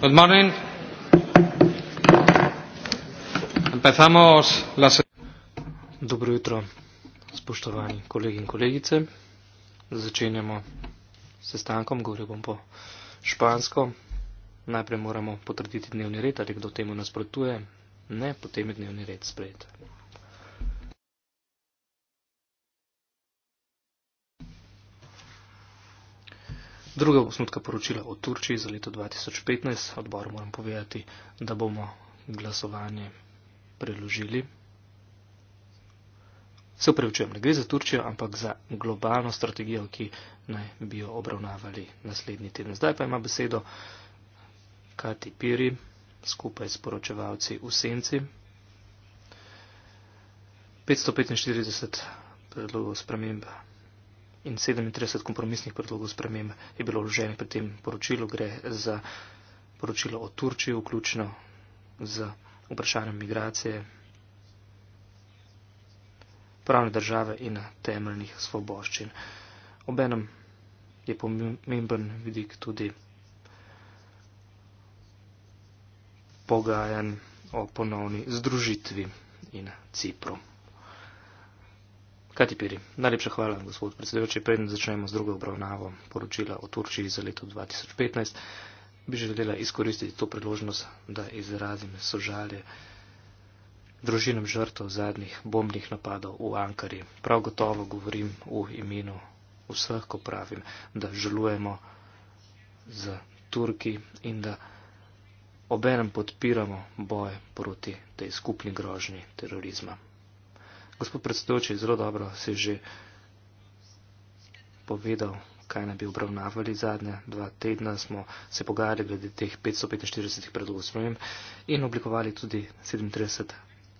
good morning. Empezamos la Dobro jutro, spoštovani kolegi in kolegice. Začenjamo s sestankom, govoril bom po špansko. Najprej moramo potrditi dnevni red, ali kdo temu nasprotuje. Ne, potem je dnevni red sprejet. Druga osnutka poročila o Turčiji za leto 2015. Odbor moram povedati, da bomo glasovanje preložili. Se upravičujem, ne gre za Turčijo, ampak za globalno strategijo, ki naj bi jo obravnavali naslednji teden. Zdaj pa ima besedo Kati Piri skupaj s poročevalci v Senci. 545 predlogov sprememba in 37 kompromisnih predlogov sprememb je bilo vloženih pri tem poročilu. Gre za poročilo o Turčiji, vključno z vprašanjem migracije, pravne države in temeljnih svoboščin. Obenem je pomemben vidik tudi pogajanj o ponovni združitvi in Cipru. Kaj ti piri? Najlepša hvala, gospod predsedujoči. Preden začnemo z drugo obravnavo poročila o Turčiji za leto 2015, bi želela izkoristiti to priložnost, da izrazim sožalje družinam žrtov zadnjih bombnih napadov v Ankari. Prav gotovo govorim v imenu vseh, ko pravim, da želujemo z Turki in da obenem podpiramo boj proti tej skupni grožnji terorizma. Gospod predstavljajoči, zelo dobro si že povedal, kaj ne bi obravnavali zadnje dva tedna. Smo se pogajali glede teh 545 predlogov sprememb in oblikovali tudi 37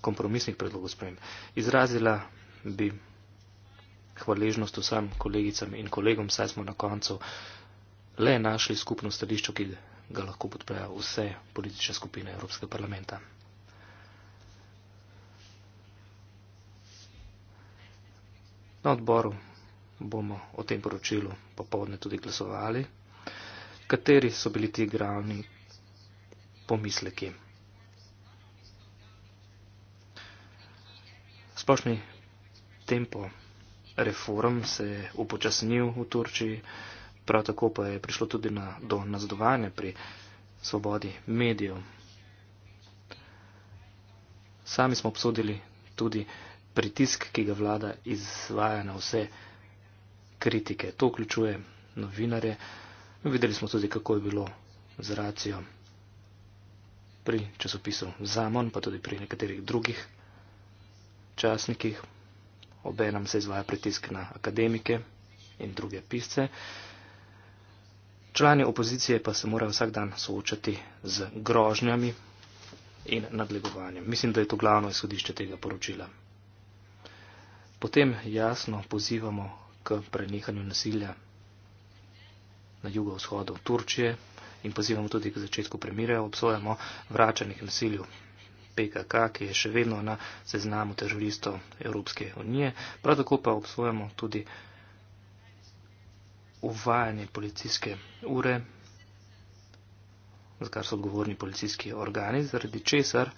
kompromisnih predlogov sprememb. Izrazila bi hvaležnost vsem kolegicam in kolegom, saj smo na koncu le našli skupno stališče, ki ga lahko podprejo vse politične skupine Evropskega parlamenta. Na odboru bomo o tem poročilu popovdne tudi glasovali, kateri so bili ti glavni pomisleki. Splošni tempo reform se je upočasnil v Turčiji, prav tako pa je prišlo tudi na, do nazadovanja pri svobodi medijev. Sami smo obsodili tudi pritisk, ki ga vlada izvaja na vse kritike. To vključuje novinarje. Videli smo tudi, kako je bilo z racijo pri časopisu Zamon, pa tudi pri nekaterih drugih časnikih. Obenem se izvaja pritisk na akademike in druge pisce. Člani opozicije pa se morajo vsak dan soočati z grožnjami in nadlegovanjem. Mislim, da je to glavno izhodišče tega poročila potem jasno pozivamo k prenehanju nasilja na jugovzhodu Turčije in pozivamo tudi k začetku premirja, obsojamo vračanih nasilju PKK, ki je še vedno na seznamu teroristov Evropske unije, prav tako pa obsojamo tudi uvajanje policijske ure, za kar so odgovorni policijski organi, zaradi česar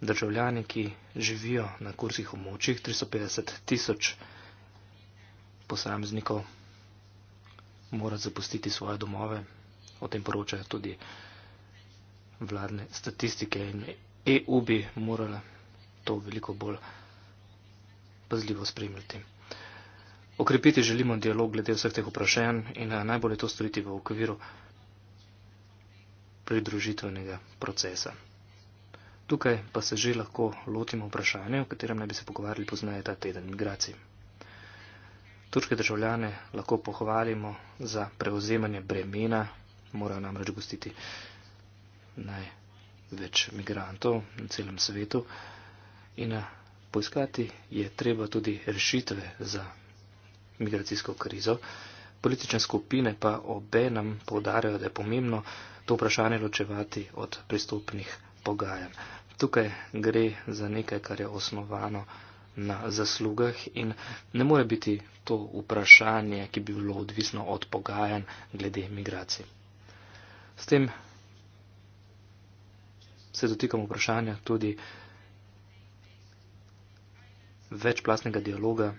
državljani, ki živijo na kurskih območjih, 350 tisoč posameznikov mora zapustiti svoje domove. O tem poročajo tudi vladne statistike in EU bi morala to veliko bolj pazljivo spremljati. Okrepiti želimo dialog glede vseh teh vprašanj in eh, najbolje to storiti v okviru pridružitvenega procesa. Tukaj pa se že lahko lotimo vprašanja, o katerem naj bi se pogovarjali poznaje ta teden migracij. Turške državljane lahko pohvalimo za prevzemanje bremena, morajo namreč gostiti največ migrantov na celem svetu in poiskati je treba tudi rešitve za migracijsko krizo. Politične skupine pa obe nam povdarjajo, da je pomembno to vprašanje ločevati od pristopnih pogajanj. Tukaj gre za nekaj, kar je osnovano na zaslugah in ne more biti to vprašanje, ki bi bilo odvisno od pogajanj glede migracij. S tem se dotikamo vprašanja tudi večplastnega dialoga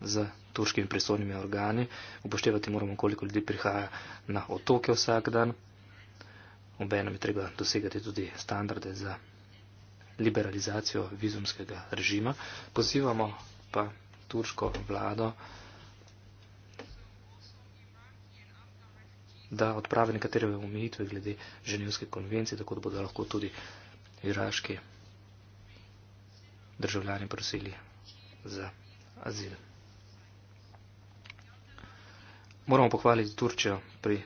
z turškimi pristojnimi organi. Upoštevati moramo, koliko ljudi prihaja na otoke vsak dan obenem je treba dosegati tudi standarde za liberalizacijo vizumskega režima. Pozivamo pa turško vlado, da odpravi nekatere omejitve glede ženevske konvencije, tako da bodo lahko tudi iraški državljani prosili za azil. Moramo pohvaliti Turčijo pri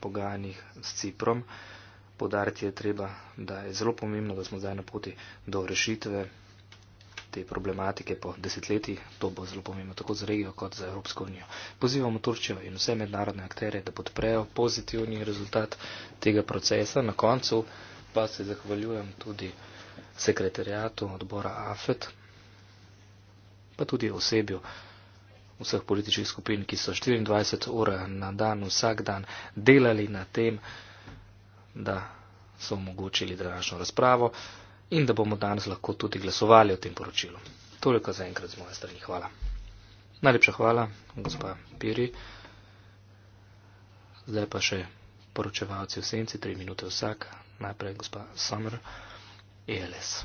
pogajanjih s Ciprom. Podariti je treba, da je zelo pomembno, da smo zdaj na poti do rešitve te problematike po desetletjih. To bo zelo pomembno tako za regijo kot za Evropsko unijo. Pozivamo Turčijo in vse mednarodne akterje, da podprejo pozitivni rezultat tega procesa. Na koncu pa se zahvaljujem tudi sekretarijatu odbora AFET, pa tudi osebju vseh političnih skupin, ki so 24 ur na dan, vsak dan delali na tem, da so omogočili današnjo razpravo in da bomo danes lahko tudi glasovali o tem poročilu. Toliko za enkrat z moje strani. Hvala. Najlepša hvala, gospa Piri. Zdaj pa še poročevalci v senci, tri minute vsak. Najprej gospa Sommer, ELS.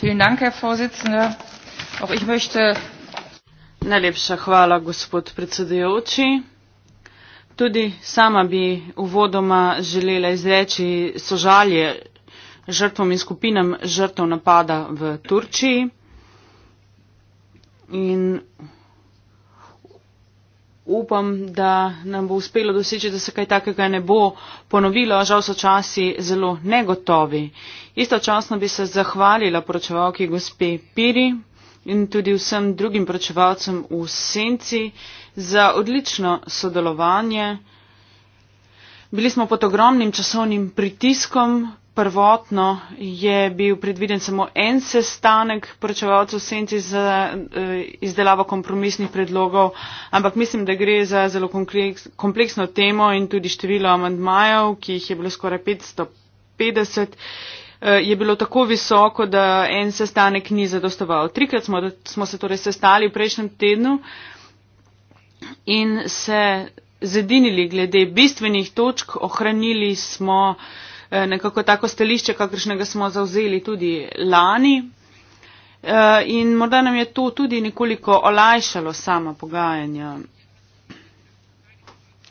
Vielen Dank, Herr Vorsitzender. Auch ich möchte Najlepša hvala, gospod predsedujoči. Tudi sama bi uvodoma želela izreči sožalje žrtvom in skupinam žrtv napada v Turčiji. In upam, da nam bo uspelo doseči, da se kaj takega ne bo ponovilo, a žal so časi zelo negotovi. Istočasno bi se zahvalila poročevalki gospe Piri, in tudi vsem drugim pročevalcem v senci za odlično sodelovanje. Bili smo pod ogromnim časovnim pritiskom. Prvotno je bil predviden samo en sestanek poročevalcev senci za eh, izdelavo kompromisnih predlogov, ampak mislim, da gre za zelo kompleksno temo in tudi število amantmajev, ki jih je bilo skoraj 550, Eh, je bilo tako visoko, da en sestanek ni zadostoval. Trikrat smo, smo se torej sestali v prejšnjem tednu in se zedinili glede bistvenih točk, ohranili smo eh, nekako tako stališče, kakršnega smo zauzeli tudi lani. Eh, in morda nam je to tudi nekoliko olajšalo sama pogajanja.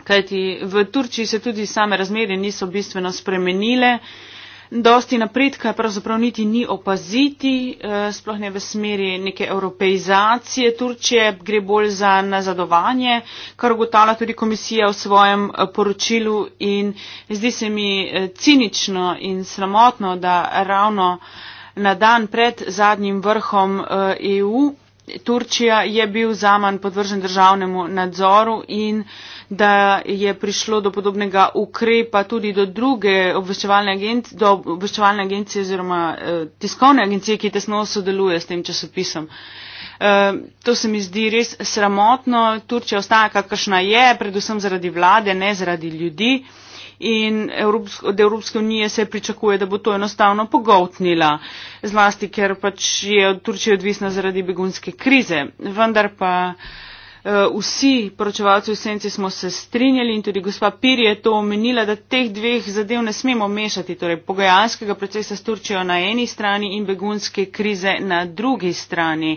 Kajti v Turčiji se tudi same razmere niso bistveno spremenile, dosti napredka pravzaprav niti ni opaziti, eh, sploh ne v smeri neke evropeizacije Turčije, gre bolj za nazadovanje, kar ugotala tudi komisija v svojem eh, poročilu in zdi se mi eh, cinično in sramotno, da ravno na dan pred zadnjim vrhom EU e Turčija je bil zaman podvržen državnemu nadzoru in da je prišlo do podobnega ukrepa tudi do druge obveščevalne agencije, do obveščevalne agencije oziroma eh, tiskovne agencije, ki tesno sodeluje s tem časopisom. Eh, to se mi zdi res sramotno. Turčija ostaja, kakršna je, predvsem zaradi vlade, ne zaradi ljudi. In Evropsko, od Evropske unije se pričakuje, da bo to enostavno pogotnila, zlasti ker pač je od Turčije odvisna zaradi begunske krize. Vendar pa. Eh, Eh, vsi poročevalci v senci smo se strinjali in tudi gospa Pir je to omenila, da teh dveh zadev ne smemo mešati, torej pogajanskega procesa s Turčijo na eni strani in begunske krize na drugi strani.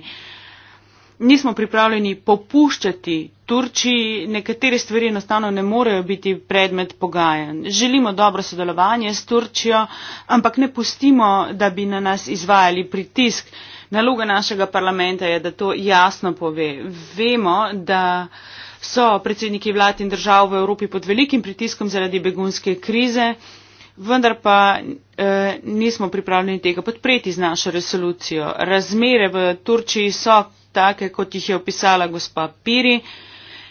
Nismo pripravljeni popuščati Turčiji, nekatere stvari enostavno ne morejo biti predmet pogajanj. Želimo dobro sodelovanje s Turčijo, ampak ne pustimo, da bi na nas izvajali pritisk naloga našega parlamenta je, da to jasno pove. Vemo, da so predsedniki vlad in držav v Evropi pod velikim pritiskom zaradi begunske krize, vendar pa eh, nismo pripravljeni tega podpreti z našo resolucijo. Razmere v Turčiji so take, kot jih je opisala gospa Piri.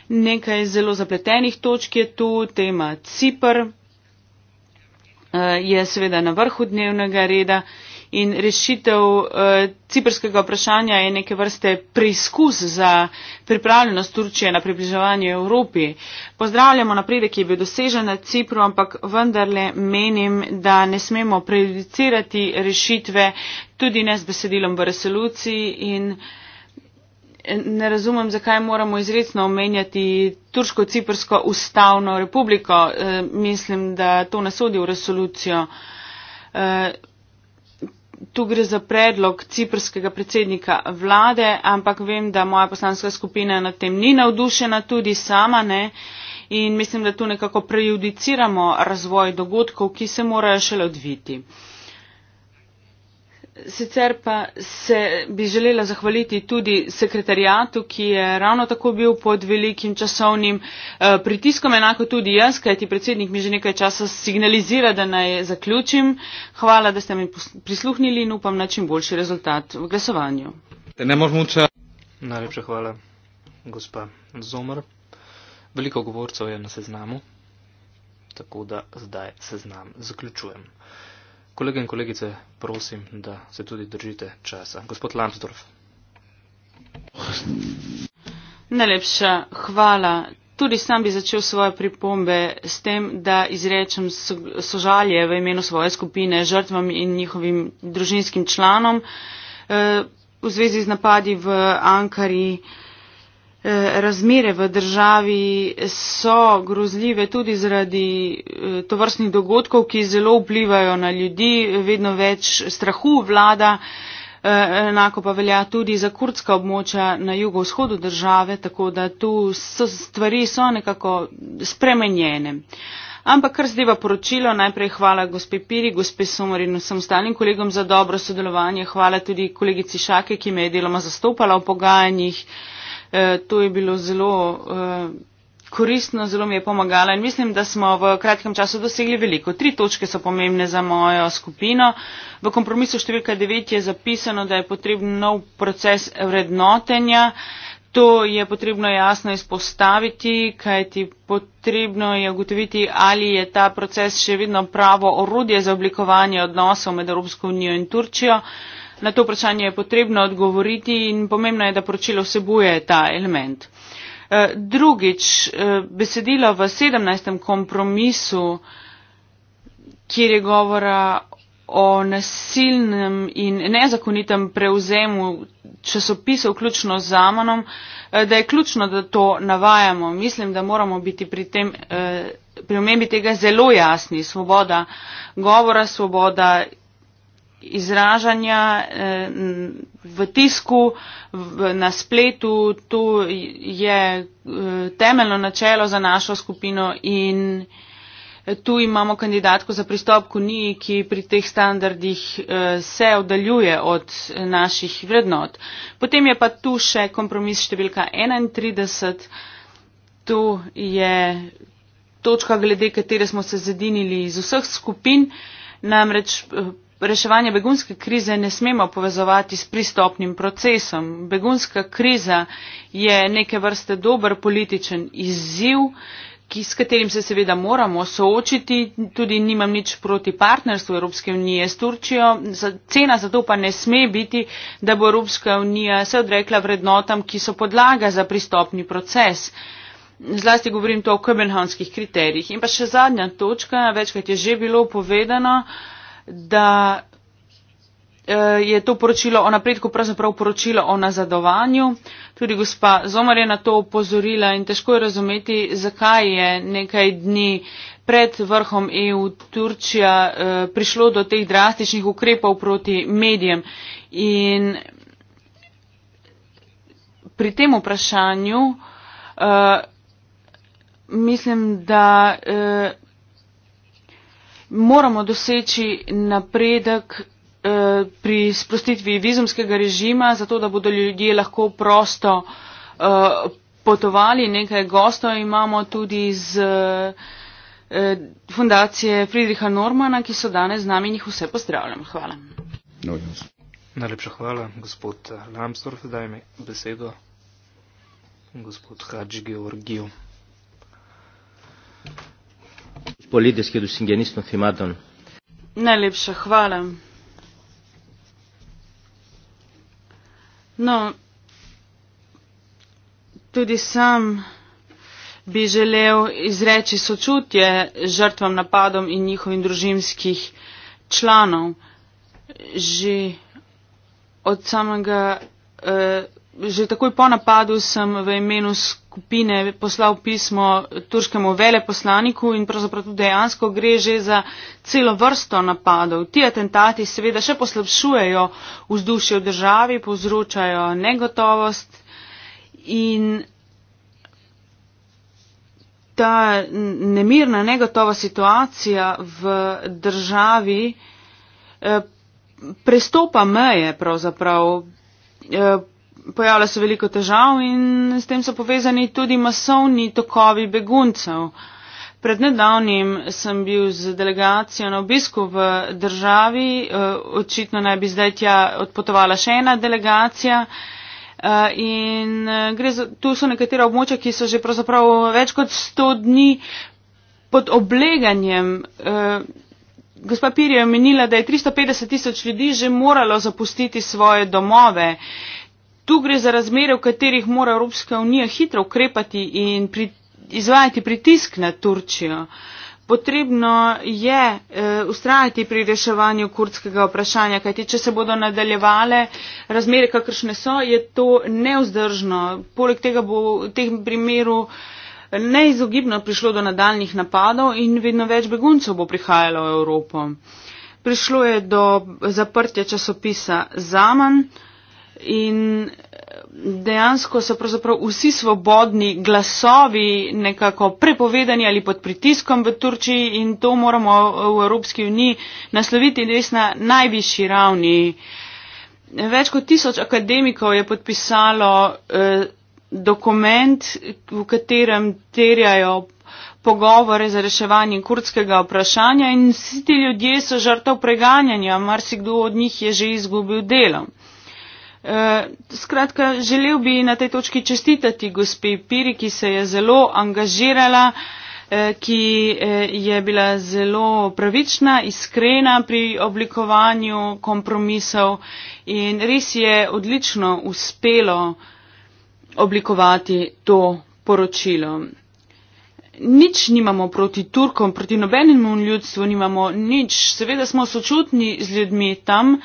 Nekaj zelo zapletenih točk je tu, tema Cipr eh, je seveda na vrhu dnevnega reda. Eh, in rešitev eh, ciprskega vprašanja je neke vrste preizkus za pripravljenost Turčije na približevanje Evropi. Pozdravljamo napredek, ki je bil dosežen na Cipru, ampak vendarle menim, da ne smemo prejudicirati rešitve tudi ne z besedilom v resoluciji in eh, ne razumem, zakaj moramo izredno omenjati Turško-Ciprsko ustavno republiko. E, mislim, da to nasodi v resolucijo. E, tu gre za predlog ciprskega predsednika vlade, ampak vem, da moja poslanska skupina nad tem ni navdušena, tudi sama ne. In mislim, da tu nekako prejudiciramo razvoj dogodkov, ki se morajo šele odviti sicer pa se bi želela zahvaliti tudi sekretarijatu, ki je ravno tako bil pod velikim časovnim eh, pritiskom, enako tudi jaz, kajti predsednik mi že nekaj časa signalizira, da naj zaključim. Hvala, da ste mi prisluhnili in upam na čim boljši rezultat v glasovanju. Najlepša hvala, gospa Zomer. Veliko govorcev je na seznamu, tako da zdaj seznam zaključujem. Kolege in kolegice, prosim, da se tudi držite časa. Gospod Lambsdorff. Najlepša hvala. Tudi sam bi začel svoje pripombe s tem, da izrečem sožalje v imenu svoje skupine žrtvam in njihovim družinskim članom eh, v zvezi z napadi v Ankari. Eh, razmere v državi so grozljive tudi zaradi eh, tovrstnih dogodkov, ki zelo vplivajo na ljudi, vedno več strahu vlada, eh, enako pa velja tudi za kurdska območja na jugovzhodu države, tako da tu so stvari so nekako spremenjene. Ampak kar zdaj pa poročilo, najprej hvala gospe Piri, gospe Somor in vsem ostalim kolegom za dobro sodelovanje, hvala tudi kolegici Šake, ki me je deloma zastopala v pogajanjih. Eh, to je bilo zelo eh, koristno, zelo mi je pomagala in mislim, da smo v kratkem času dosegli veliko. Tri točke so pomembne za mojo skupino. V kompromisu številka 9 je zapisano, da je potrebno nov proces vrednotenja. To je potrebno jasno izpostaviti, kajti potrebno je ugotoviti, ali je ta proces še vedno pravo orodje za oblikovanje odnosov med Evropsko unijo in Turčijo. Uh, Na to vprašanje je potrebno odgovoriti in pomembno je, da poročilo vsebuje ta element. Eh, drugič, eh, besedilo v 17. kompromisu, kjer je govora o nasilnem in nezakonitem prevzemu časopisov, vključno z Amanom, eh, da je ključno, da to navajamo. Mislim, da moramo biti pri tem. Pri omembi tega zelo jasni, svoboda govora, svoboda izražanja eh, v tisku, na spletu. To je eh, temeljno načelo za našo skupino in eh, tu imamo kandidatko za pristop k uniji, ki pri teh standardih se oddaljuje od naših vrednot. Potem je pa tu še kompromis številka 31. To je točka, glede katere smo se zedinili iz vseh skupin. Namreč reševanje begunske krize ne smemo povezovati s pristopnim procesom. Begunska kriza je neke vrste dober političen izziv, ki, s katerim se seveda moramo soočiti, tudi nimam nič proti partnerstvu Evropske unije s Turčijo, cena za to pa ne sme biti, da bo Evropska unija se odrekla vrednotam, ki so podlaga za pristopni proces. Zlasti govorim to o kopenhavnskih kriterijih. In pa še zadnja točka, večkrat je že bilo povedano, da eh, je to poročilo o napredku pravzaprav poročilo o nazadovanju. Tudi gospa Zomar je na to upozorila in težko je razumeti, zakaj je nekaj dni pred vrhom EU Turčija eh, prišlo do teh drastičnih ukrepov proti medijem. In pri tem vprašanju eh, mislim, da. Eh, moramo doseči napredek eh, pri sprostitvi vizumskega režima, zato da bodo ljudje lahko prosto eh, potovali. Nekaj gostov imamo tudi z eh, fundacije Friedricha Normana, ki so danes z nami in jih vse pozdravljam. Hvala. No, Najlepša hvala, gospod Lambsdorff, daj mi besedo. Gospod Hadži Georgiju πολίτες και τους συγγενείς των θυμάτων. Ναι, λείψε, χβάλα. Νο, τούτι σαμ bi želel izreči sočutje žrtvam napadom in njihovim družinskih članov. Že od samega eh, že takoj po napadu sem v imenu skupine poslal pismo turškemu veleposlaniku in pravzaprav tudi dejansko gre že za celo vrsto napadov. Ti atentati seveda še poslabšujejo vzdušje v državi, povzročajo negotovost in ta nemirna negotova situacija v državi eh, prestopa meje pravzaprav. Eh, pojavlja se veliko težav in s tem so povezani tudi masovni tokovi beguncev. Pred nedavnim sem bil z delegacijo na obisku v državi, eh, očitno naj bi zdaj tja odpotovala še ena delegacija. Eh, in eh, za, tu so nekatera območja, ki so že pravzaprav več kot sto dni pod obleganjem. Gospa Pirja je omenila, da je 350 tisoč ljudi že moralo zapustiti svoje domove tu gre za razmere, v katerih mora Evropska unija hitro ukrepati in pri, izvajati pritisk na Turčijo. Potrebno je e, ustrajati pri reševanju kurdskega vprašanja, kajti če se bodo nadaljevale razmere, kakršne so, je to neuzdržno. Poleg tega bo v tem primeru neizogibno prišlo do nadaljnih napadov in vedno več beguncev bo prihajalo v Evropo. Prišlo je do zaprtja časopisa Zaman in dejansko so pravzaprav vsi svobodni glasovi nekako prepovedani ali pod pritiskom v Turčiji in to moramo v Evropski uniji nasloviti res na najvišji ravni. Več kot tisoč akademikov je podpisalo eh, dokument, v katerem terjajo pogovore za reševanje kurdskega vprašanja in vsi ti ljudje so žrtev preganjanja, marsikdo od njih je že izgubil delo. Eh, skratka, želel bi na tej točki čestitati gospe Piri, ki se je zelo angažirala, eh, ki eh, je bila zelo pravična, iskrena pri oblikovanju kompromisov in res je odlično uspelo oblikovati to poročilo. Nič nimamo proti Turkom, proti nobenemu ljudstvu nimamo nič. Seveda smo sočutni z ljudmi tam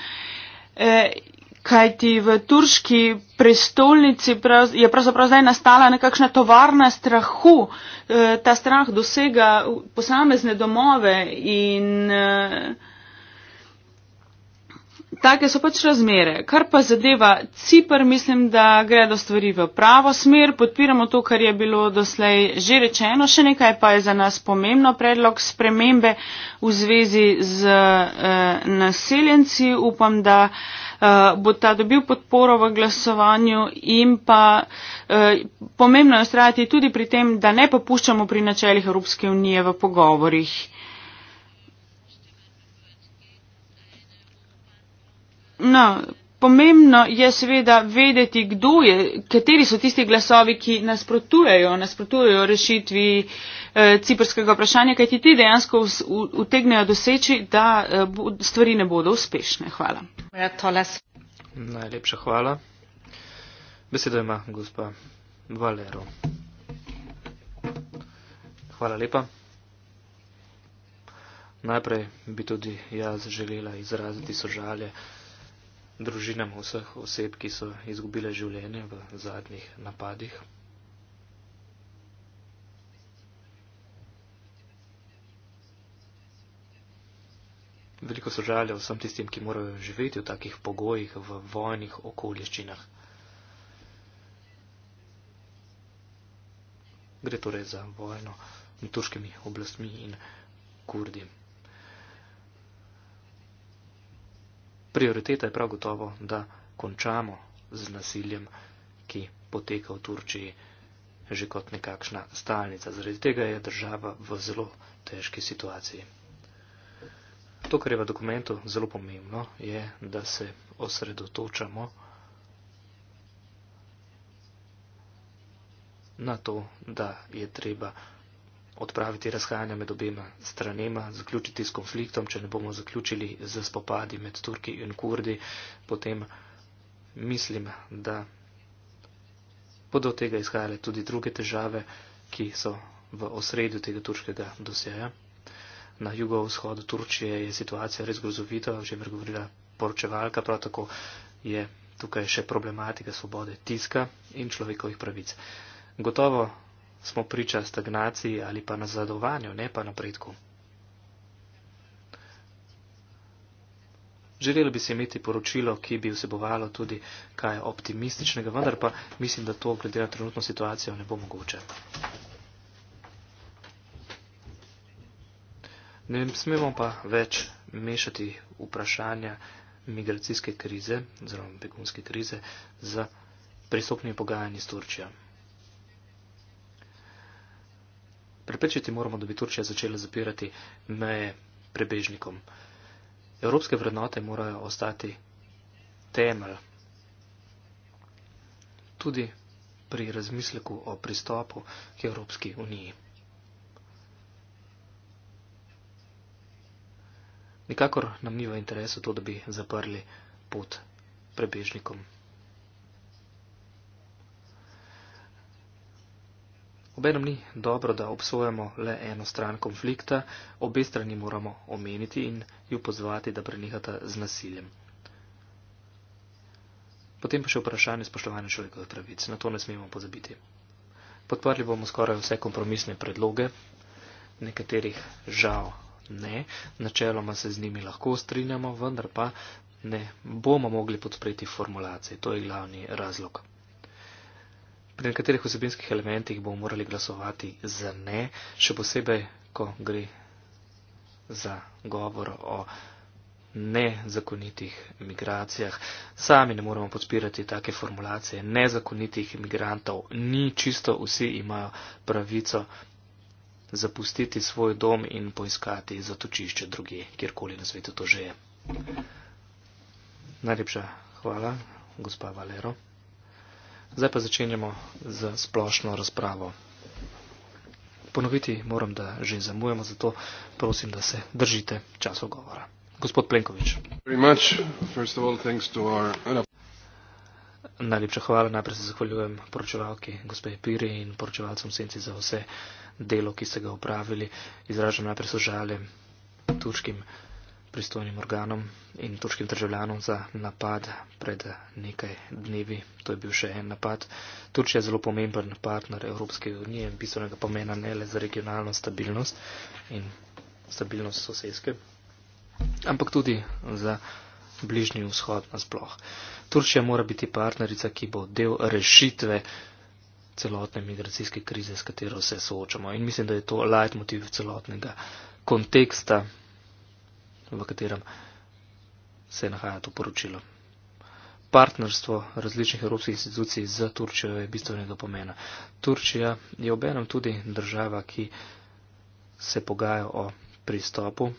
kajti v turški prestolnici prav, je pravzaprav zdaj nastala nekakšna tovarna strahu. E, ta strah dosega posamezne domove in e, take so pač razmere. Kar pa zadeva Cipr, mislim, da gre do stvari v pravo smer. Podpiramo to, kar je bilo doslej že rečeno. Še nekaj pa je za nas pomembno predlog spremembe v zvezi z e, naseljenci. Upam, da. E, Eh, bo ta dobil podporo v glasovanju in pa eh, pomembno je ustrajati tudi pri tem, da ne popuščamo pri načeljih Evropske unije v pogovorih. No, pomembno je seveda vedeti kdo je kateri so tisti glasovi ki nasprotujejo nasprotujejo rešitvi eh, ciprskega vprašanja kajti ti dejansko utegnejo doseči da eh, stvari ne bodo uspešne hvala najlepša hvala besedo ima gospa Valero hvala lepa najprej bi tudi jaz želela izraziti sožalje družinam vseh oseb, ki so izgubile življenje v zadnjih napadih. Veliko sožalja vsem tistim, ki morajo živeti v takih pogojih, v vojnih okoliščinah. Gre torej za vojno med turškimi oblastmi in kurdi. Prioriteta je prav gotovo, da končamo z nasiljem, ki poteka v Turčiji že kot nekakšna stalnica. Zaradi tega je država v zelo težki situaciji. To, kar je v dokumentu zelo pomembno, je, da se osredotočamo na to, da je treba odpraviti razhajanja med obema stranema, zaključiti s konfliktom, če ne bomo zaključili z spopadi med Turki in Kurdi, potem mislim, da bodo od tega izhajale tudi druge težave, ki so v osredju tega turškega dosjeja. Na jugovzhodu Turčije je situacija res grozovita, o čemer govorila poročevalka, prav tako je tukaj še problematika svobode tiska in človekovih pravic. Gotovo smo priča stagnaciji ali pa nazadovanju, ne pa napredku. Želeli bi si imeti poročilo, ki bi vsebovalo tudi kaj optimističnega, vendar pa mislim, da to glede na trenutno situacijo ne bo mogoče. Ne smemo pa več mešati vprašanja migracijske krize, oziroma begunske krize, z pristopnimi pogajanji s Turčijo. Prepečiti moramo, da bi Turčija začela zapirati meje prebežnikom. Evropske vrednote morajo ostati temelj. Tudi pri razmisleku o pristopu k Evropski uniji. Nikakor nam ni v interesu to, da bi zaprli pot prebežnikom. Obenem ni dobro, da obsojamo le eno stran konflikta, obe strani moramo omeniti in ju pozvati, da prenehata z nasiljem. Potem pa še vprašanje spoštovanja človekovih pravic, na to ne smemo pozabiti. Podprli bomo skoraj vse kompromisne predloge, nekaterih žal ne, načeloma se z njimi lahko strinjamo, vendar pa ne bomo mogli podpreti formulacije, to je glavni razlog. Pri nekaterih vsebinskih elementih bomo morali glasovati za ne, še posebej, ko gre za govor o nezakonitih migracijah. Sami ne moremo podpirati take formulacije. Nezakonitih migrantov ni čisto, vsi imajo pravico zapustiti svoj dom in poiskati zatočišče druge, kjerkoli na svetu to že je. Najlepša hvala, gospa Valero. Zdaj pa začenjamo z splošno razpravo. Ponoviti moram, da že zamujamo, zato prosim, da se držite časov govora. Gospod Plenkovič. Najlepša hvala. Najprej se zahvaljujem poročevalki gospe Piri in poročevalcem Senci za vse delo, ki ste ga upravili. Izražam najprej sožalje turškim pristojnim organom in turškim državljanom za napad pred nekaj dnevi. To je bil še en napad. Turčija je zelo pomemben partner Evropske unije, bistvenega pomena ne le za regionalno stabilnost in stabilnost sosedske, ampak tudi za bližnji vzhod nasploh. Turčija mora biti partnerica, ki bo del rešitve celotne migracijske krize, s katero se soočamo. In mislim, da je to leitmotiv celotnega konteksta v katerem se nahaja to poročilo. Partnerstvo različnih evropskih institucij z Turčijo je bistvenega pomena. Turčija je obenem tudi država, ki se pogaja o pristopu.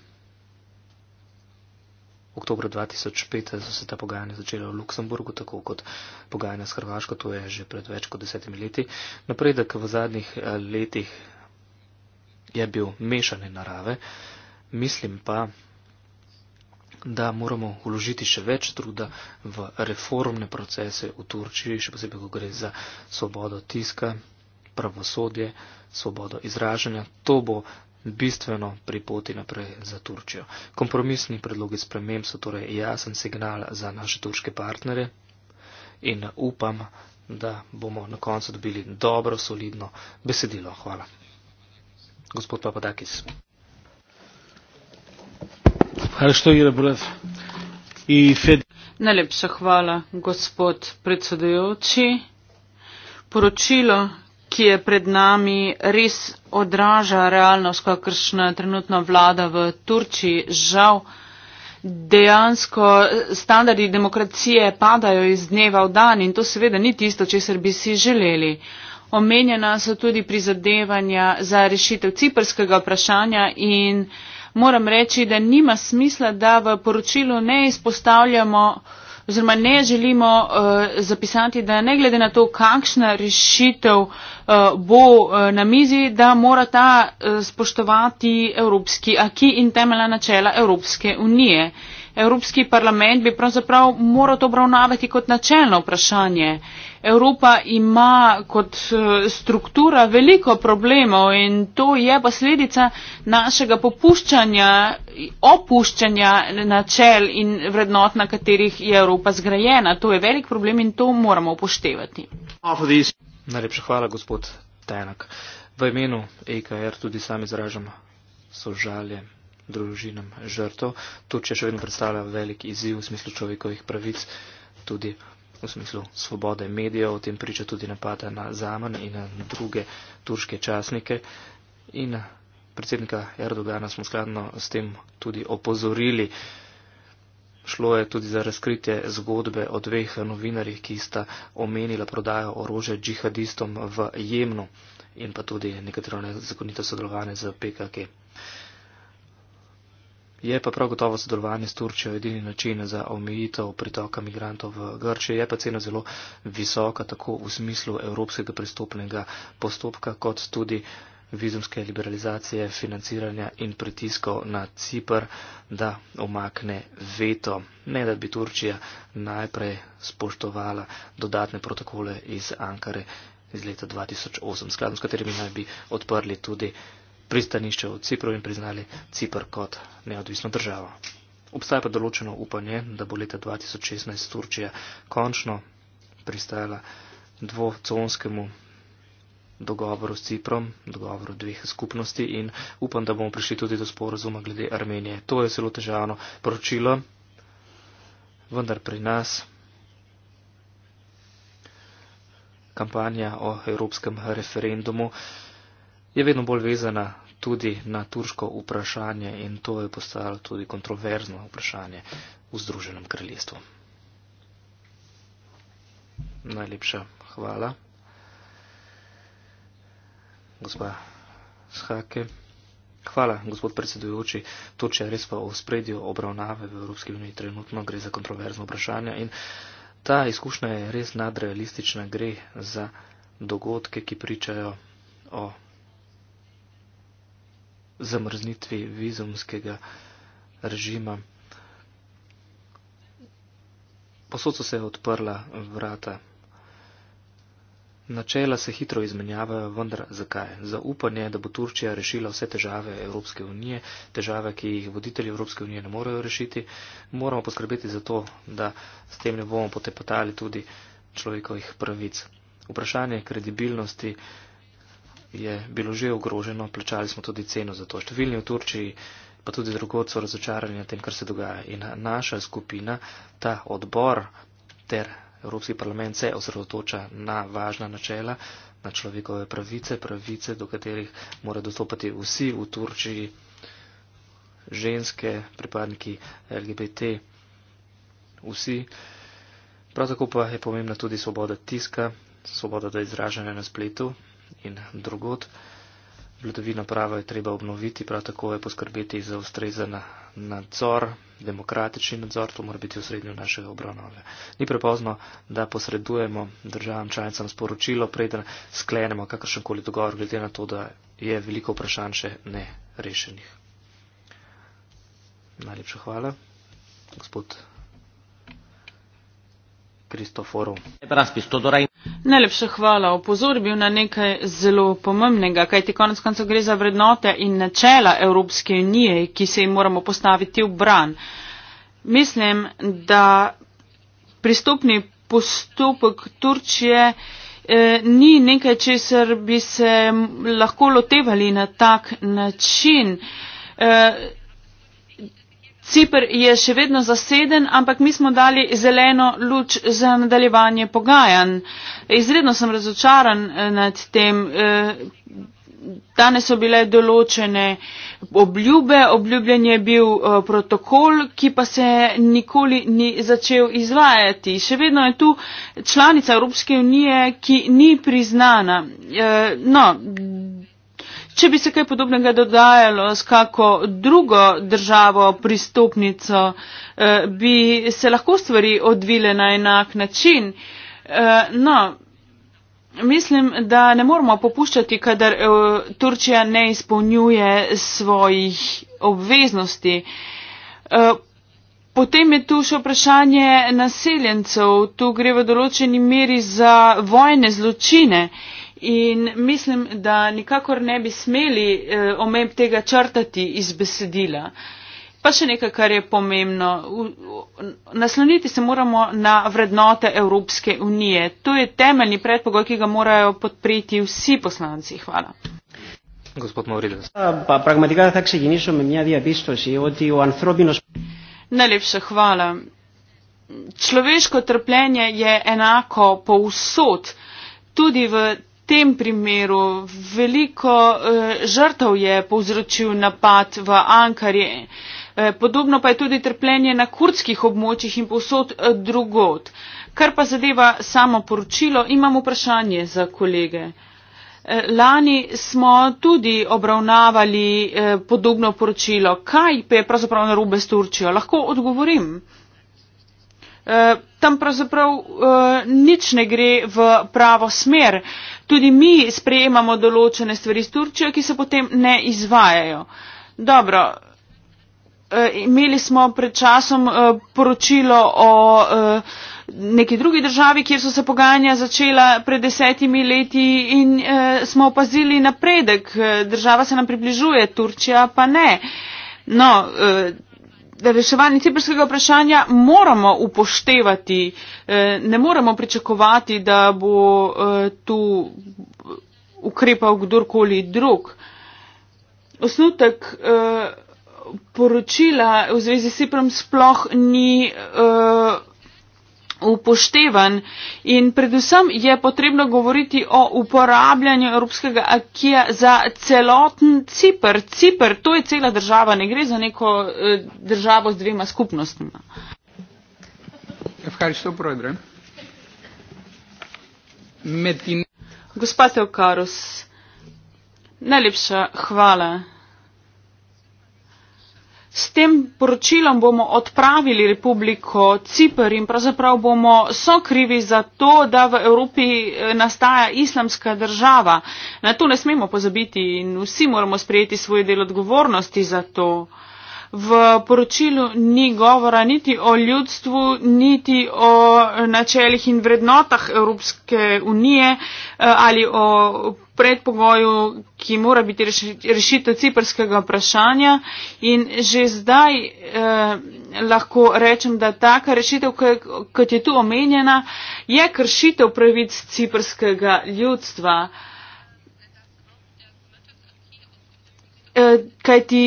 Oktober 2005 so se ta pogajanja začela v Luksemburgu, tako kot pogajanja s Hrvaško, to je že pred več kot desetimi leti. Napredek v zadnjih eh, letih je bil mešane narave, mislim pa, da moramo uložiti še več truda v reformne procese v Turčiji, še posebej, ko gre za svobodo tiska, pravosodje, svobodo izražanja. To bo bistveno pri poti naprej za Turčijo. Kompromisni predlogi sprememb so torej jasen signal za naše turške partnere in upam, da bomo na koncu dobili dobro, solidno besedilo. Hvala. Gospod Papadakis. Najlepša hvala, gospod predsedujoči. Poročilo, ki je pred nami, res odraža realnost, kakršna je trenutna vlada v Turčiji. Žal, dejansko standardi demokracije padajo iz dneva v dan in to seveda ni tisto, česar bi si želeli. Omenjena so tudi prizadevanja za rešitev ciprskega vprašanja in moram reči, da nima smisla, da v poročilu ne izpostavljamo oziroma ne želimo uh, zapisati, da ne glede na to, kakšna rešitev uh, bo uh, na mizi, da mora ta uh, spoštovati evropski aki in temeljna načela Evropske unije. Uh, Evropski parlament bi pravzaprav moral to obravnavati kot načelno vprašanje. Evropa ima kot eh, struktura veliko problemov in to je posledica našega popuščanja, opuščanja načel in vrednot, na katerih je Evropa zgrajena. To je velik problem in to moramo upoštevati. Najlepša hvala, gospod Tenak. V imenu EKR tudi sam izražam sožalje družinam žrtov. Tu če še vedno predstavlja velik izziv v smislu človekovih pravic, tudi v smislu svobode medijev, o tem priča tudi napada na Zaman in na druge turške časnike. In predsednika Erdogana smo skladno s tem tudi opozorili. Šlo je tudi za razkritje zgodbe o dveh novinarjih, ki sta omenila prodajo orože džihadistom v Jemnu in pa tudi nekatero nezakonito sodelovanje z PKK. Je pa prav gotovo sodelovanje s Turčijo edini način za omejitev pritoka migrantov v Grčijo. Je pa cena zelo visoka, tako v smislu evropskega pristopnega postopka, kot tudi vizumske liberalizacije, financiranja in pritiskov na Cipr, da omakne veto, ne da bi Turčija najprej spoštovala dodatne protokole iz Ankare iz leta 2008, skladno s katerimi naj bi odprli tudi pristanišče v Cipru in priznali Cipr kot neodvisno državo. Obstaja pa določeno upanje, da bo leta 2016 Turčija končno pristajala dvoconskemu dogovoru s Ciprom, dogovoru dveh skupnosti in upam, da bomo prišli tudi do sporozuma glede Armenije. To je zelo težavno poročilo, vendar pri nas kampanja o evropskem referendumu je vedno bolj vezana tudi na turško vprašanje in to je postalo tudi kontroverzno vprašanje v Združenem kraljestvu. Najlepša hvala. Gospa Schake. Hvala, gospod predsedujoči. To, če je res pa v spredju obravnave v Evropski uniji, trenutno gre za kontroverzno vprašanje in ta izkušnja je res nadrealistična, gre za dogodke, ki pričajo o zamrznitvi vizumskega režima. Posod so se odprla vrata. Načela se hitro izmenjavajo, vendar zakaj? Za upanje, da bo Turčija rešila vse težave Evropske unije, težave, ki jih voditelji Evropske unije ne morejo rešiti, moramo poskrbeti za to, da s tem ne bomo potepatali tudi človekovih pravic. Vprašanje kredibilnosti je bilo že ogroženo, plačali smo tudi ceno za to. Številni v Turčiji, pa tudi drugod so razočarani na tem, kar se dogaja. In naša skupina, ta odbor ter Evropski parlament se osredotoča na važna načela, na človekove pravice, pravice, do katerih mora dostopati vsi v Turčiji, ženske, pripadniki LGBT, vsi. Prav tako pa je pomembna tudi svoboda tiska, svoboda do izražanja na spletu in drugod. Vladovino prava je treba obnoviti, prav tako je poskrbeti za ustrezen nadzor, demokratični nadzor, to mora biti v srednjo našega obravnave. Ni prepozno, da posredujemo državam članicam sporočilo, preden sklenemo kakršenkoli dogovor, glede na to, da je veliko vprašanj še nerešenih. Najlepša hvala. Gospod Kristoforu. Najlepša hvala. Opozor bil na nekaj zelo pomembnega, kaj ti konec konca gre za vrednote in načela Evropske unije, ki se jim moramo postaviti v bran. Mislim, da pristopni postopek Turčije eh, ni nekaj, česar bi se lahko lotevali na tak način. Eh, ciper je še vedno zaseden ampak mi smo dali zeleno luč za nadaljevanje pogajanj izredno sem razočaran eh, nad tem eh, danes so bile določene obljube obljubljen je bil eh, protokol ki pa se nikoli ni začel izvajati še vedno je tu članica evropske unije ki ni priznana no Če bi se kaj podobnega dodajalo s kako drugo državo pristopnico, eh, bi se lahko stvari odvile na enak način. Eh, no, mislim, da ne moramo popuščati, kadar eh, Turčija ne izpolnjuje svojih obveznosti. Potem je tu še vprašanje naseljencev. Tu gre v določeni meri za vojne zločine. Uh, in mislim da nikakor ne bi smeli eh, omemb tega črtati iz besedila. Pa še nekaj, kar je pomembno. Nasloniti se moramo na vrednote Evropske unije. To je temeljni predpogoj, ki ga morajo podpreti vsi poslanci. Hvala. Gospod Mauridis. Najlepša hvala. Človeško trpljenje je enako povsod, tudi v tem primeru veliko uh, žrtev je povzročil napad v Ankarje. Eh, podobno pa je tudi trpljenje na kurdskih območjih in posod eh, drugot. Kar pa zadeva samo poročilo, imam vprašanje za kolege. Lani smo tudi obravnavali podobno poročilo. Kaj pa je pravzaprav narobe s Turčijo? Lahko odgovorim. Tam pravzaprav nič ne gre v pravo smer tudi mi sprejemamo določene stvari s turčijo ki se potem ne izvajajo dobro e, imeli smo pred časom e, poročilo o e, neki drugi državi, kjer so se pogajanja začela pred desetimi leti in smo opazili napredek. Država se nam približuje, Turčija pa ne. No, reševanje ciprskega vprašanja moramo upoštevati. Eh, ne moramo pričakovati, da bo eh, tu ukrepal kdorkoli drug. Osnutek eh, poročila v zvezi s Ciprom sploh ni upoštevan in predvsem je potrebno govoriti o uporabljanju Evropskega akija za celoten Cipr. Cipr, to je cela država, ne gre za neko eh, državo z dvema skupnostma. Gospa Teokaros, najlepša hvala. S tem poročilom bomo odpravili Republiko Cipr in pravzaprav bomo sokrivi za to, da v Evropi eh, nastaja islamska država. Na to ne smemo pozabiti in vsi moramo sprejeti svoje del odgovornosti za to v poročilu ni govora niti o ljudstvu, niti o načeljih in vrednotah Evropske unije eh, ali o predpogoju, ki mora biti rešitev ciprskega vprašanja. In že zdaj eh, lahko rečem, da taka rešitev, kot je tu omenjena, je kršitev pravic ciprskega ljudstva. Eh, Eh, kaj ti,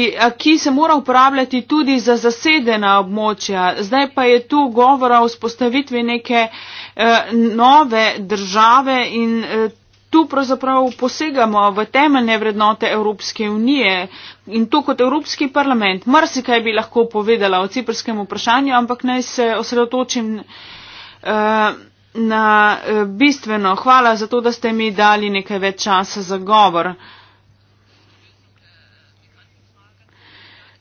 ki se mora uporabljati tudi za zasedena območja. Zdaj pa je tu govora o spostavitvi neke eh, nove države in eh, tu pravzaprav posegamo v temeljne vrednote Evropske unije in to kot Evropski parlament. Mrsi kaj bi lahko povedala o ciprskem vprašanju, ampak naj se osredotočim na bistveno. Hvala za to, da ste mi dali nekaj več časa za govor.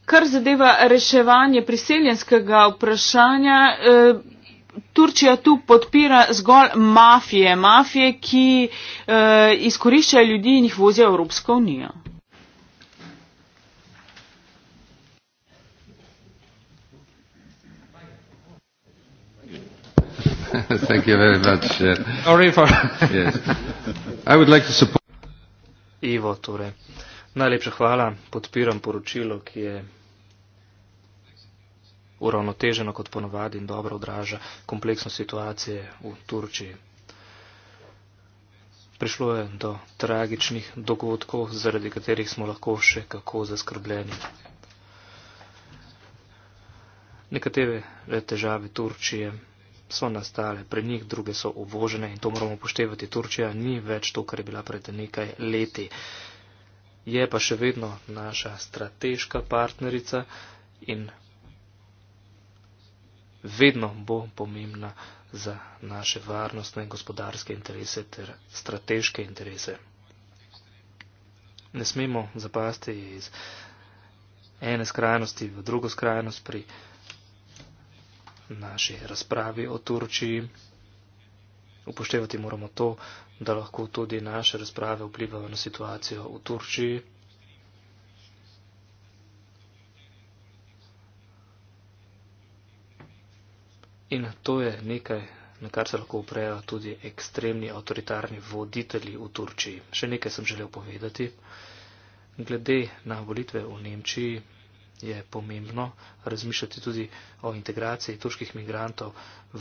kar zadeva reševanje priseljenskega vprašanja, eh, Turčija tu podpira zgolj mafije, mafije, ki eh, izkoriščajo ljudi in jih vozijo v Evropsko unijo. Thank you very much. Uh, Sorry for. Yes. I would like to support. Ivo, torej. Najlepša hvala. Podpiram poročilo, ki je uravnoteženo kot ponovadi in dobro odraža kompleksno situacije v Turčiji. Prišlo je do tragičnih dogodkov, zaradi katerih smo lahko še kako zaskrbljeni. Nekatere težave Turčije so nastale, pre njih druge so uvožene in to moramo upoštevati. Turčija ni več to, kar je bila pred nekaj leti. Je pa še vedno naša strateška partnerica in vedno bo pomembna za naše varnostne in gospodarske interese ter strateške interese. Ne smemo zapasti iz ene skrajnosti v drugo skrajnost pri naši razpravi o Turčiji. Upoštevati moramo to, da lahko tudi naše razprave vplivajo na situacijo v Turčiji. In to je nekaj, na kar se lahko uprejo tudi ekstremni avtoritarni voditelji v Turčiji. Še nekaj sem želel povedati. Glede na volitve v Nemčiji je pomembno razmišljati tudi o integraciji turških migrantov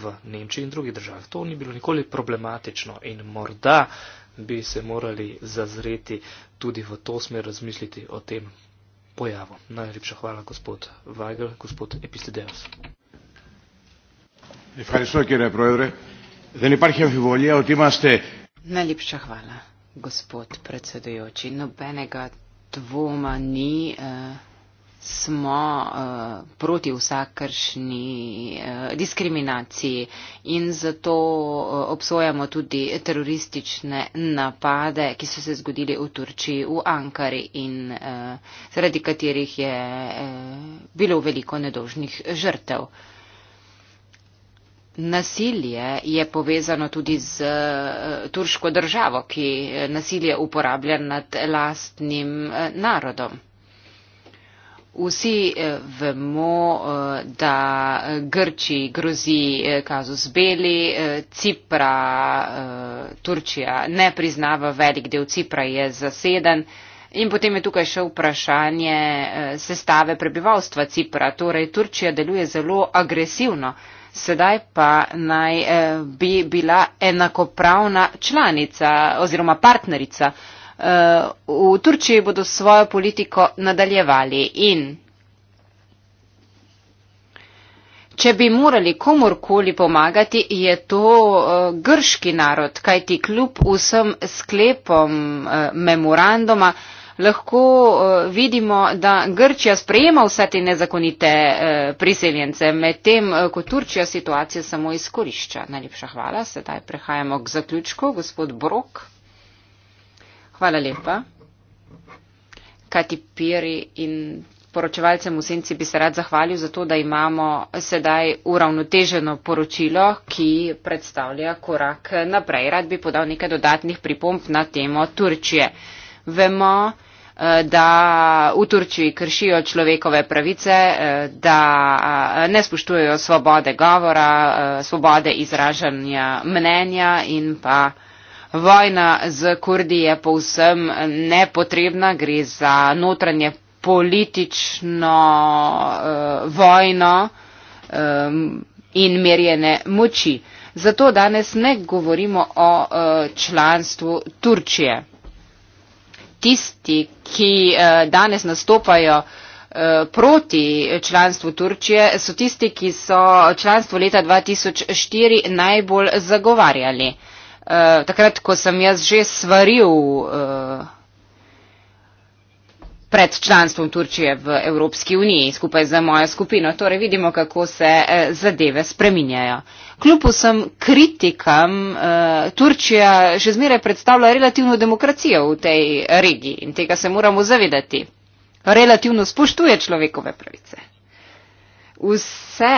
v Nemčiji in drugih državah. To ni bilo nikoli problematično in morda bi se morali zazreti tudi v to smer razmisliti o tem pojavu. Najlepša hvala, gospod Weigl, gospod Epistedeus. Ευχαριστώ κύριε Πρόεδρε. Δεν υπάρχει αμφιβολία ότι είμαστε... Najlepša hvala, gospod predsedujoči. Nobenega dvoma ni, uh, smo uh, proti vsakršni uh, diskriminaciji in zato uh, obsojamo tudi teroristične napade, ki so se zgodili v Turčiji, v Ankari in uh, zaradi katerih je uh, bilo veliko nedožnih žrtev. Uh, Nasilje je povezano tudi z eh, turško državo, ki eh, nasilje uporablja nad lastnim eh, narodom. Vsi vemo, da Grči grozi kazus beli, Cipra, Turčija ne priznava, velik del Cipra je zaseden. In potem je tukaj še vprašanje sestave prebivalstva Cipra. Torej, Turčija deluje zelo agresivno sedaj pa naj eh, bi bila enakopravna članica oziroma partnerica. Eh, v Turčiji bodo svojo politiko nadaljevali in. Če bi morali komorkoli pomagati, je to eh, grški narod, kajti kljub vsem sklepom memoranduma, lahko eh, vidimo, da Grčija sprejema vse te nezakonite eh, priseljence, medtem eh, ko Turčija situacijo samo izkorišča. Najlepša hvala. Sedaj prehajamo k zaključku. Gospod Brok. Hvala lepa. Kati Piri in poročevalcem v Senci bi se rad zahvalil za to, da imamo sedaj uravnoteženo poročilo, ki predstavlja korak naprej. Rad bi podal nekaj dodatnih pripomp na temo Turčije. Vemo, da v Turčiji kršijo človekove pravice, eh, da eh, ne spoštujejo svobode govora, eh, svobode izražanja mnenja in pa vojna z Kurdi je povsem nepotrebna, gre za notranje politično vojno ehm, in merjene moči. Zato danes ne govorimo o članstvu Turčije tisti, ki eh, danes nastopajo eh, proti članstvu Turčije, so tisti, ki so članstvo leta 2004 najbolj zagovarjali. Eh, takrat, ko sem jaz že svaril pred članstvom Turčije v Evropski uniji skupaj z mojo skupino. Torej vidimo, kako se zadeve spreminjajo kljub vsem kritikam eh, Turčija še zmeraj predstavlja relativno demokracijo v tej regiji in tega se moramo zavedati. Relativno spoštuje človekove pravice. Vse,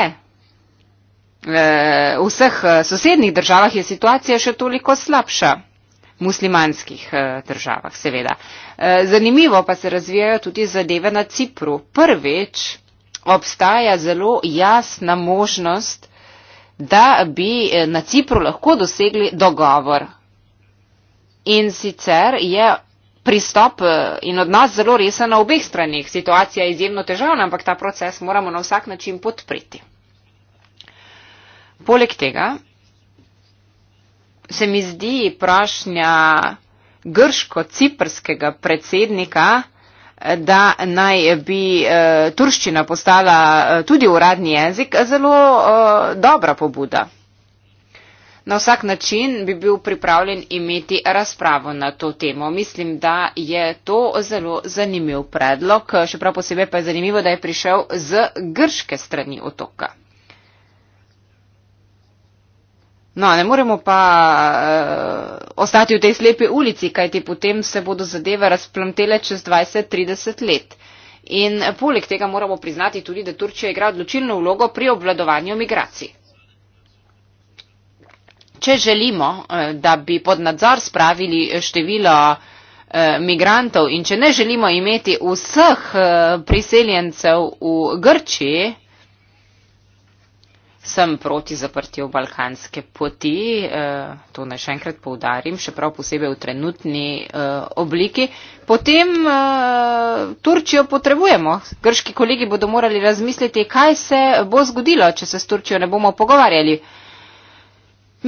eh, v vseh eh, sosednjih državah je situacija še toliko slabša. Muslimanskih državah, seveda. Zanimivo pa se razvijajo tudi zadeve na Cipru. Prvič obstaja zelo jasna možnost, da bi eh, na Cipru lahko dosegli dogovor. In sicer je pristop eh, in odnos zelo resen na obeh stranih. Situacija je izjemno težavna, ampak ta proces moramo na vsak način podpreti. Poleg tega se mi zdi prašnja grško-ciprskega predsednika, da naj bi eh, turščina postala eh, tudi uradni jezik, zelo eh, dobra pobuda. Na vsak način bi bil pripravljen imeti razpravo na to temo. Mislim, da je to zelo zanimiv predlog, še prav posebej pa je zanimivo, da je prišel z grške strani otoka. No, ne moremo pa uh, ostati v tej slepi ulici, kajti potem se bodo zadeve razplamtele čez 20-30 let. In poleg tega moramo priznati tudi, da Turčija igra odločilno vlogo pri obvladovanju migracij. Če želimo, eh, da bi pod nadzor spravili število eh, migrantov in če ne želimo imeti vseh priseljencev v Grčiji, sem proti zaprtju balkanske poti, eh, to naj še enkrat poudarim, še prav posebej v trenutni eh, obliki. Potem eh, Turčijo potrebujemo. Grški kolegi bodo morali razmisliti, kaj se bo zgodilo, če se s Turčijo ne bomo pogovarjali.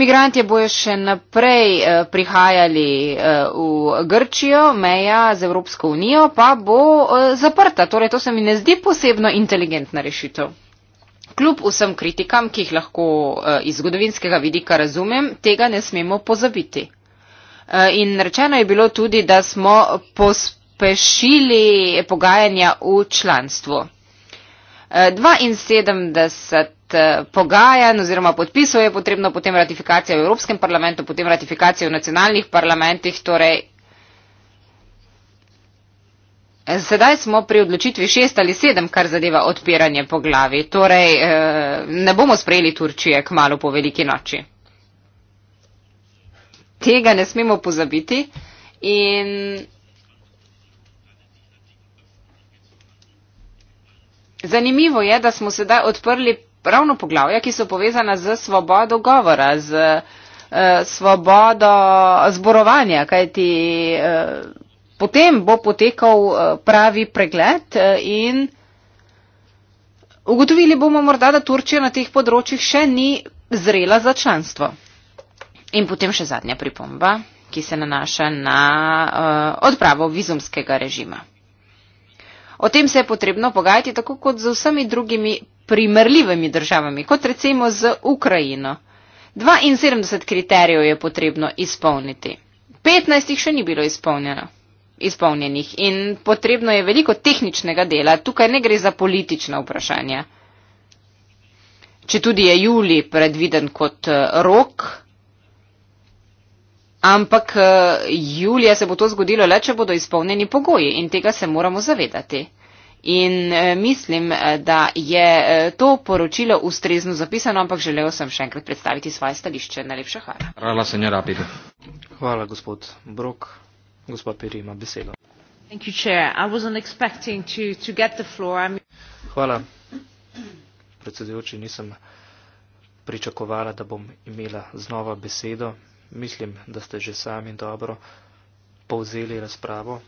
Migrantje bojo še naprej prihajali v Grčijo, meja z Evropsko unijo pa bo zaprta. Torej, to se mi ne zdi posebno inteligentna rešitev. Kljub vsem kritikam, ki jih lahko eh, iz zgodovinskega vidika razumem, tega ne smemo pozabiti. Eh, in rečeno je bilo tudi, da smo pospešili pogajanja v članstvu. 72 eh, pogajanj oziroma podpisov je potrebno, potem ratifikacija v Evropskem parlamentu, potem ratifikacija v nacionalnih parlamentih, torej Sedaj smo pri odločitvi šest ali sedem, kar zadeva odpiranje po glavi. Torej, eh, ne bomo sprejeli Turčije k malu po veliki noči. Tega ne smemo pozabiti in zanimivo je, da smo sedaj odprli ravno poglavja, ki so povezana z svobodo govora, z eh, svobodo zborovanja, kajti eh, Potem bo potekal eh, pravi pregled eh, in ugotovili bomo morda, da Turčija na teh področjih še ni zrela za članstvo. In potem še zadnja pripomba, ki se nanaša na eh, odpravo vizumskega režima. O tem se je potrebno pogajati tako kot z vsemi drugimi primerljivimi državami, kot recimo z Ukrajino. 72 kriterijev je potrebno izpolniti. 15 jih še ni bilo izpolnjeno izpolnjenih. In potrebno je veliko tehničnega dela, tukaj ne gre za politična vprašanja. Če tudi je juli predviden kot eh, rok, ampak eh, julija se bo to zgodilo le, če bodo izpolnjeni pogoji in tega se moramo zavedati. In eh, mislim, da je to poročilo ustrezno zapisano, ampak želel sem še enkrat predstaviti svoje stališče. Najlepša hvala. Hvala, gospod Brok. Hvala, predsedujoči, nisem pričakovala, da bom imela znova besedo. Mislim, da ste že sami dobro povzeli razpravo.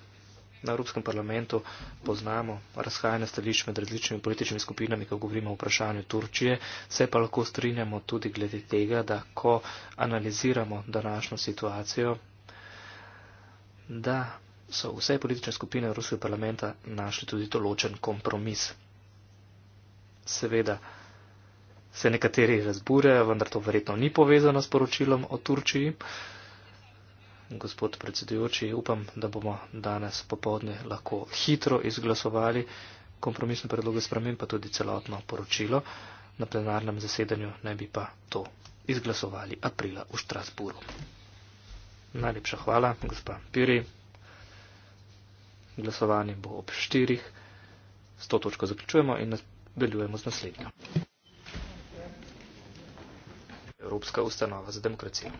Na Evropskem parlamentu poznamo razhajanje stališč med različnimi političnimi skupinami, ko govorimo o vprašanju Turčije, se pa lahko strinjamo tudi glede tega, da ko analiziramo današnjo situacijo, da so vse politične skupine Ruskega parlamenta našli tudi določen kompromis. Seveda se nekateri razburejo, vendar to verjetno ni povezano s poročilom o Turčiji. Gospod predsedujoči, upam, da bomo danes popovdne lahko hitro izglasovali kompromisne predloge spremen, pa tudi celotno poročilo. Na plenarnem zasedanju naj bi pa to izglasovali aprila v Štrasburu. Najlepša hvala, gospa Piri. Glasovanje bo ob štirih. S to točko zaključujemo in nadaljujemo z naslednjo. Evropska ustanova za demokracijo.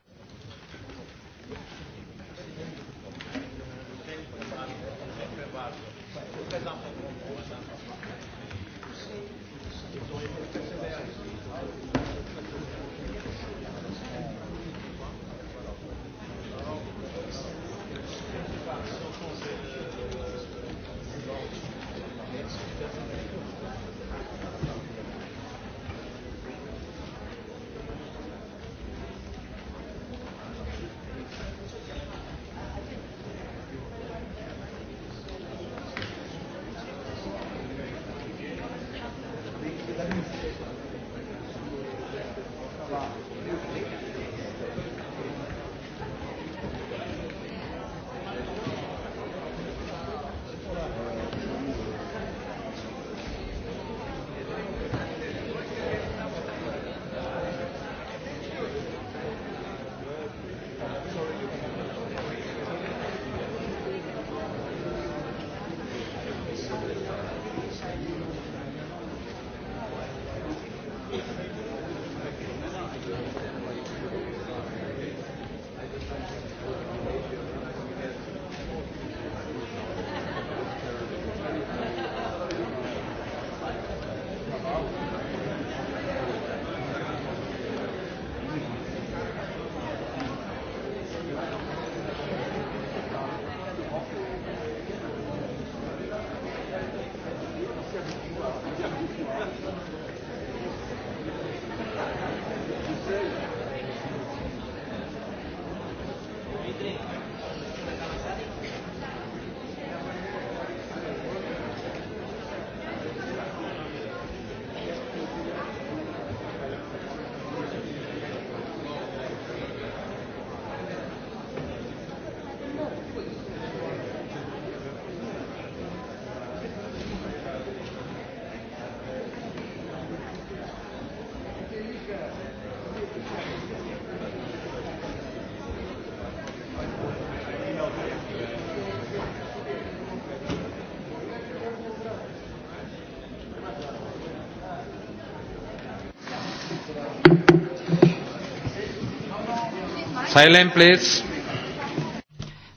Silent, please.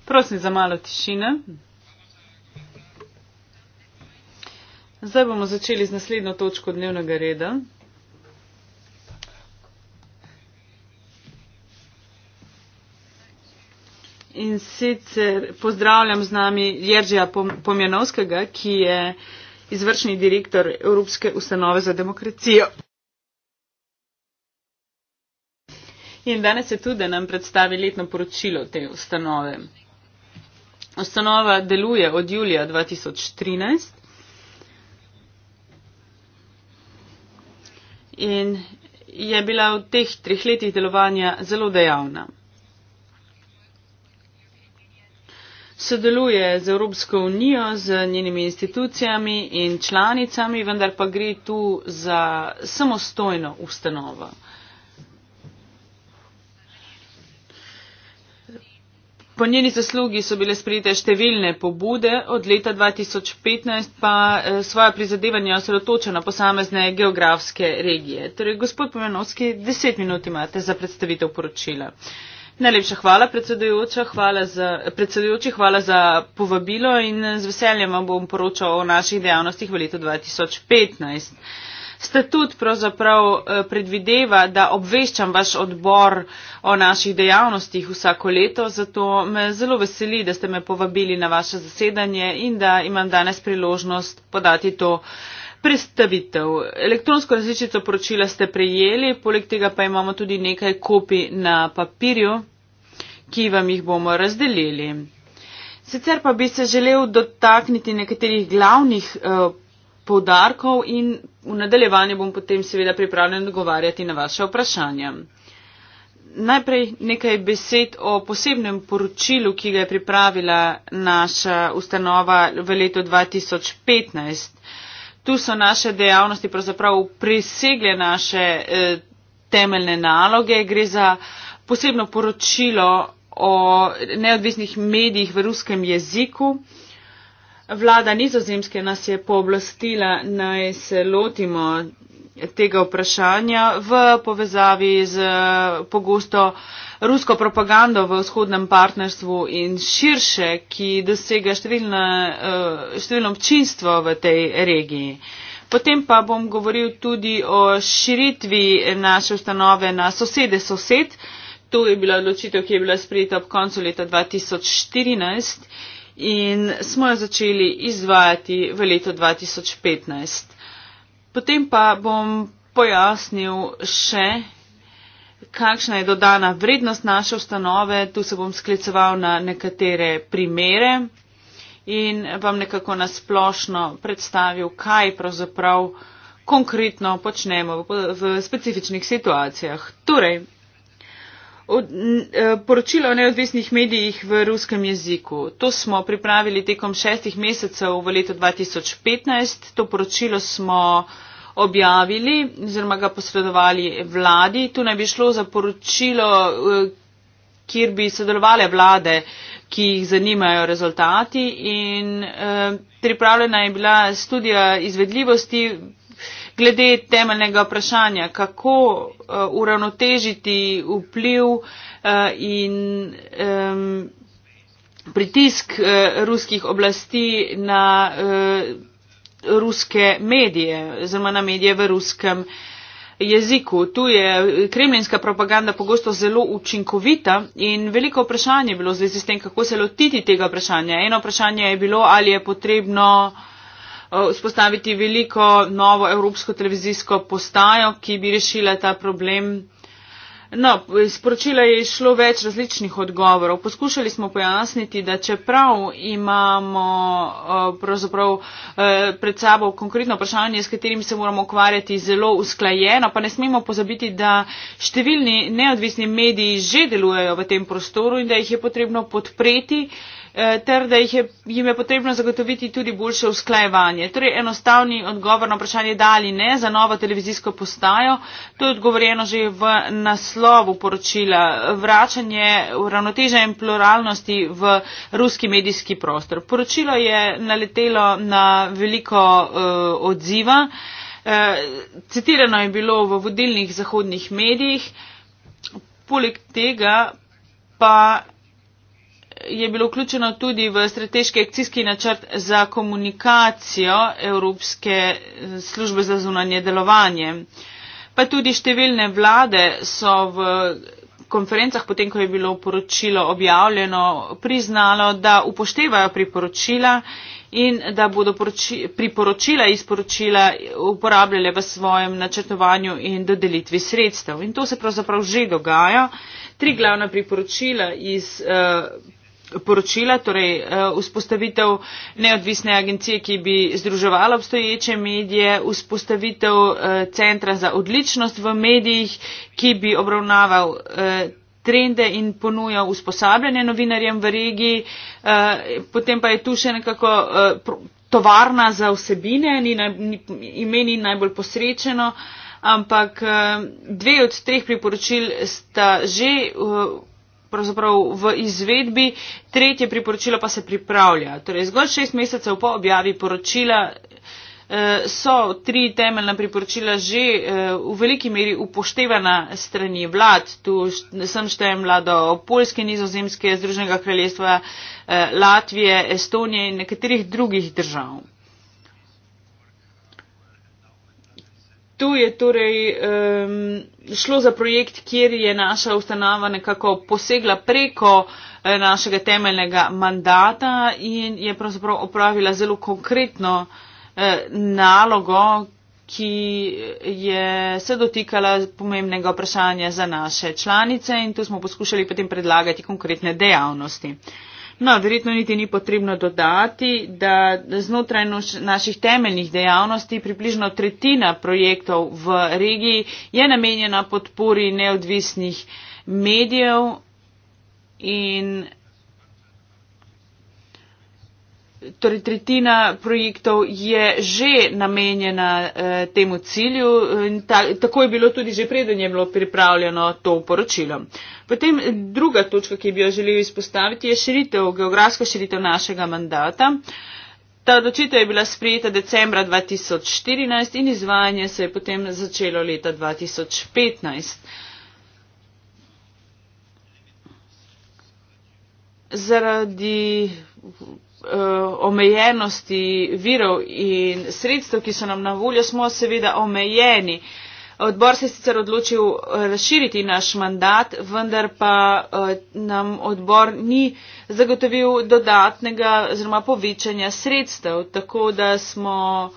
Prosim za malo tišine. Zdaj bomo začeli z naslednjo točko dnevnega reda. In sicer pozdravljam z nami Jeržija Pomjanovskega, ki je izvršni direktor Evropske ustanove za demokracijo. In danes je tudi, da nam predstavi letno poročilo te ustanove. Ustanova deluje od julija 2013 in je bila v teh treh letih delovanja zelo dejavna. Sodeluje z Evropsko unijo, z njenimi institucijami in članicami, vendar pa gre tu za samostojno ustanovo. Po njeni zaslugi so bile sprejete številne pobude, od leta 2015 pa eh, svoja prizadevanja osredotoča na posamezne geografske regije. Torej, gospod Pomenovski, deset minut imate za predstavitev poročila. Najlepša hvala, predsedujoča, hvala za, predsedujoči, hvala za povabilo in z veseljem vam bom poročal o naših dejavnostih v letu 2015 statut pravzaprav eh, predvideva, da obveščam vaš odbor o naših dejavnostih vsako leto, zato me zelo veseli, da ste me povabili na vaše zasedanje in da imam danes priložnost podati to. Predstavitev. Elektronsko različico poročila ste prejeli, poleg tega pa imamo tudi nekaj kopij na papirju, ki vam jih bomo razdelili. Sicer pa bi se želel dotakniti nekaterih glavnih eh, poudarkov in v nadaljevanju bom potem seveda pripravljen odgovarjati na vaše vprašanja. Najprej nekaj besed o posebnem poročilu, ki ga je pripravila naša ustanova v letu 2015. Tu so naše dejavnosti pravzaprav presegle naše eh, temeljne naloge. Gre za posebno poročilo o neodvisnih medijih v ruskem jeziku. Vlada nizozemske nas je pooblastila naj se lotimo tega vprašanja v povezavi z eh, pogosto rusko propagando v vzhodnem partnerstvu in širše, ki dosega številne, eh, številno občinstvo v tej regiji. Potem pa bom govoril tudi o širitvi naše ustanove na sosede sosed. To je bila odločitev, ki je bila sprejeta ob koncu leta 2014 in smo jo začeli izvajati v letu 2015. Potem pa bom pojasnil še, kakšna je dodana vrednost naše ustanove. Tu se bom skliceval na nekatere primere in vam nekako nasplošno predstavil, kaj pravzaprav konkretno počnemo v specifičnih situacijah. Torej, Eh, poročilo o neodvisnih medijih v ruskem jeziku. To smo pripravili tekom šestih mesecev v letu 2015. To poročilo smo objavili oziroma ga posredovali vladi. Tu naj bi šlo za poročilo, eh, kjer bi sodelovali vlade, ki jih zanimajo rezultati in eh, pripravljena je bila studija izvedljivosti glede temeljnega vprašanja, kako uh, uravnotežiti vpliv uh, in um, pritisk uh, ruskih oblasti na uh, ruske medije, oziroma na medije v ruskem jeziku. Tu je kremlinska propaganda pogosto zelo učinkovita in veliko vprašanje je bilo v zvezi s tem, kako se lotiti tega vprašanja. Eno vprašanje je bilo, ali je potrebno uh, Eh, vzpostaviti veliko novo evropsko televizijsko postajo ki bi rešila ta problem. No, iz poročila je išlo več različnih odgovorov. Poskušali smo pojasniti, da čeprav imamo eh, pravzaprav eh, pred sabo konkretno vprašanje, s katerim se moramo ukvarjati zelo usklajeno, pa ne smemo pozabiti, da številni neodvisni mediji že delujejo v tem prostoru in da jih je potrebno podpreti eh, ter da je, jim je potrebno zagotoviti tudi boljše usklajevanje. Torej enostavni odgovor na vprašanje, da ali ne za novo televizijsko postajo, to je odgovorjeno že v naslovu naslovu poročila, vračanje ravnoteže in pluralnosti v ruski medijski prostor. Poročilo je naletelo na veliko uh, odziva. Uh, citirano je bilo v vodilnih zahodnih medijih, poleg tega pa je bilo vključeno tudi v strateški akcijski načrt za komunikacijo Evropske eh, službe za zunanje delovanje. Uh, pa tudi številne vlade so v konferencah, potem ko je bilo poročilo objavljeno, priznalo, da upoštevajo priporočila in da bodo priporočila iz poročila uporabljale v svojem načrtovanju in dodelitvi sredstev. In to se pravzaprav že dogaja. Tri glavna priporočila iz uh, poročila, torej eh, vzpostavitev neodvisne agencije, ki bi združevala obstoječe medije, vzpostavitev eh, centra za odličnost v medijih, ki bi obravnaval eh, trende in ponujal usposabljanje novinarjem v regiji. Potem pa je tu še nekako tovarna za vsebine, ni naj, ni, ime ni najbolj posrečeno, ampak dve od treh priporočil sta že pravzaprav v izvedbi, tretje priporočilo pa se pripravlja. Torej, zgolj šest mesecev po objavi poročila eh, so tri temeljna priporočila že eh, v veliki meri upoštevana strani vlad. Tu sem štejem vlado Poljske, Nizozemske, Združenega kraljestva, eh, Latvije, Estonije in nekaterih drugih držav. Tu je torej um, šlo za projekt, kjer je naša ustanova nekako posegla preko eh, našega temeljnega mandata in je pravzaprav opravila zelo konkretno eh, nalogo, ki je se dotikala pomembnega vprašanja za naše članice in tu smo poskušali potem predlagati konkretne dejavnosti. Eh, No, verjetno niti ni potrebno dodati, da znotraj noš, naših temeljnih dejavnosti približno tretjina projektov v regiji je namenjena podpori neodvisnih medijev in torej tretjina projektov je že namenjena eh, temu cilju eh, in ta, tako je bilo tudi že preden je bilo pripravljeno to poročilo. Potem druga točka, ki bi jo želel izpostaviti, je širitev, geografska širitev našega mandata. Ta odločitev je bila sprejeta decembra 2014 in izvajanje se je potem začelo leta 2015. Zaradi Eh, omejenosti virov in sredstev, ki so nam na voljo, smo seveda omejeni. Odbor se je sicer odločil eh, razširiti naš mandat, vendar pa eh, nam odbor ni zagotovil dodatnega oziroma povečanja sredstev, tako da smo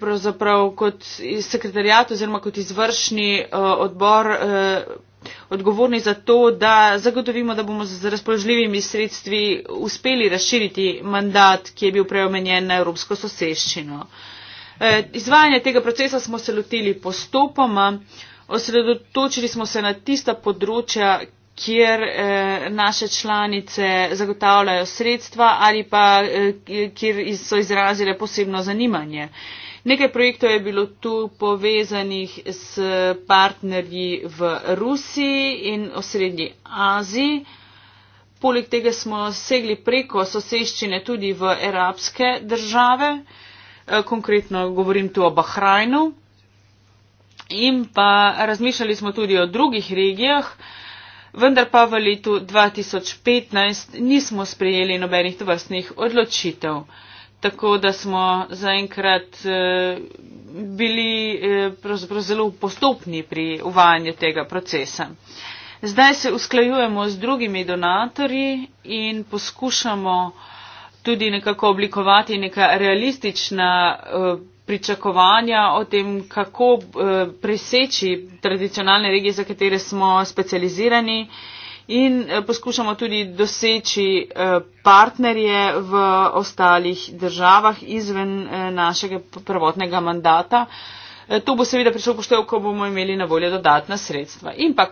pravzaprav kot sekretarjat oziroma kot izvršni odbor odgovorni za to, da zagotovimo, da bomo z razpoložljivimi sredstvi uspeli razširiti mandat, ki je bil preomenjen na evropsko soseščino. E, izvajanje tega procesa smo se lotili postopoma, osredotočili smo se na tista področja, kjer e, naše članice zagotavljajo sredstva ali pa e, kjer so izrazile posebno zanimanje. Nekaj projektov je bilo tu povezanih s partnerji v Rusiji in v Srednji Aziji. Poleg tega smo segli preko soseščine tudi v arabske države, eh, konkretno govorim tu o Bahrajnu. In pa razmišljali smo tudi o drugih regijah, vendar pa v letu 2015 nismo sprejeli nobenih tovrstnih odločitev tako da smo zaenkrat eh, bili eh, zelo postopni pri uvajanju tega procesa. Zdaj se usklajujemo z drugimi donatorji in poskušamo tudi nekako oblikovati neka realistična eh, pričakovanja o tem, kako preseči tradicionalne regije, za katere smo specializirani in eh, poskušamo tudi doseči eh, partnerje v ostalih državah izven eh, našega prvotnega mandata. To bo seveda prišlo poštev, ko bomo imeli na voljo dodatna sredstva. In pa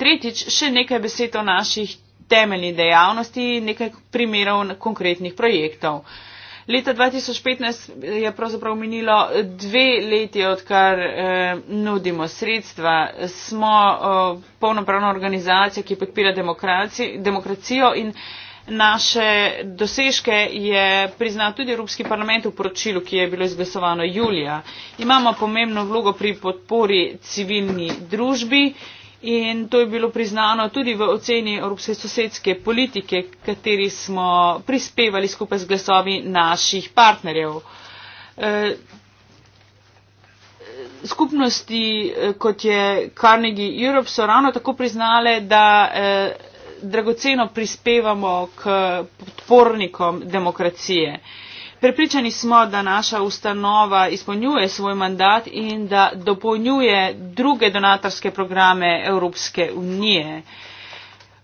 tretjič, še nekaj besed o naših temeljnih dejavnosti, nekaj primerov konkretnih projektov. Leta 2015 je pravzaprav minilo dve leti, odkar eh, nudimo sredstva. Smo eh, polnopravna organizacija, ki podpira demokracijo in naše dosežke je priznal tudi Evropski parlament v poročilu, ki je bilo izglasovano julija. Imamo pomembno vlogo pri podpori civilni družbi. Eh, in to je bilo priznano tudi v oceni evropske sosedske politike, kateri smo prispevali skupaj z glasovi naših partnerjev. E, skupnosti, e, kot je Carnegie Europe, so ravno tako priznale, da e, dragoceno prispevamo k podpornikom demokracije. Prepričani smo, da naša ustanova izpolnjuje svoj mandat in da dopolnjuje druge donatorske programe Evropske unije.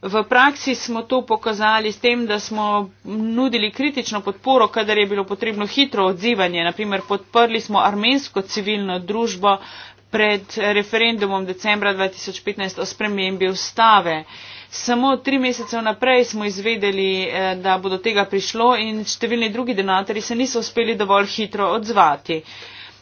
V praksi smo to pokazali s tem, da smo nudili kritično podporo, kadar je bilo potrebno hitro odzivanje. Naprimer, podprli smo armensko civilno družbo pred referendumom decembra 2015 o spremembi ustave. Samo tri mesece naprej smo izvedeli, eh, da bo do tega prišlo in številni drugi donatori se niso uspeli dovolj hitro odzvati.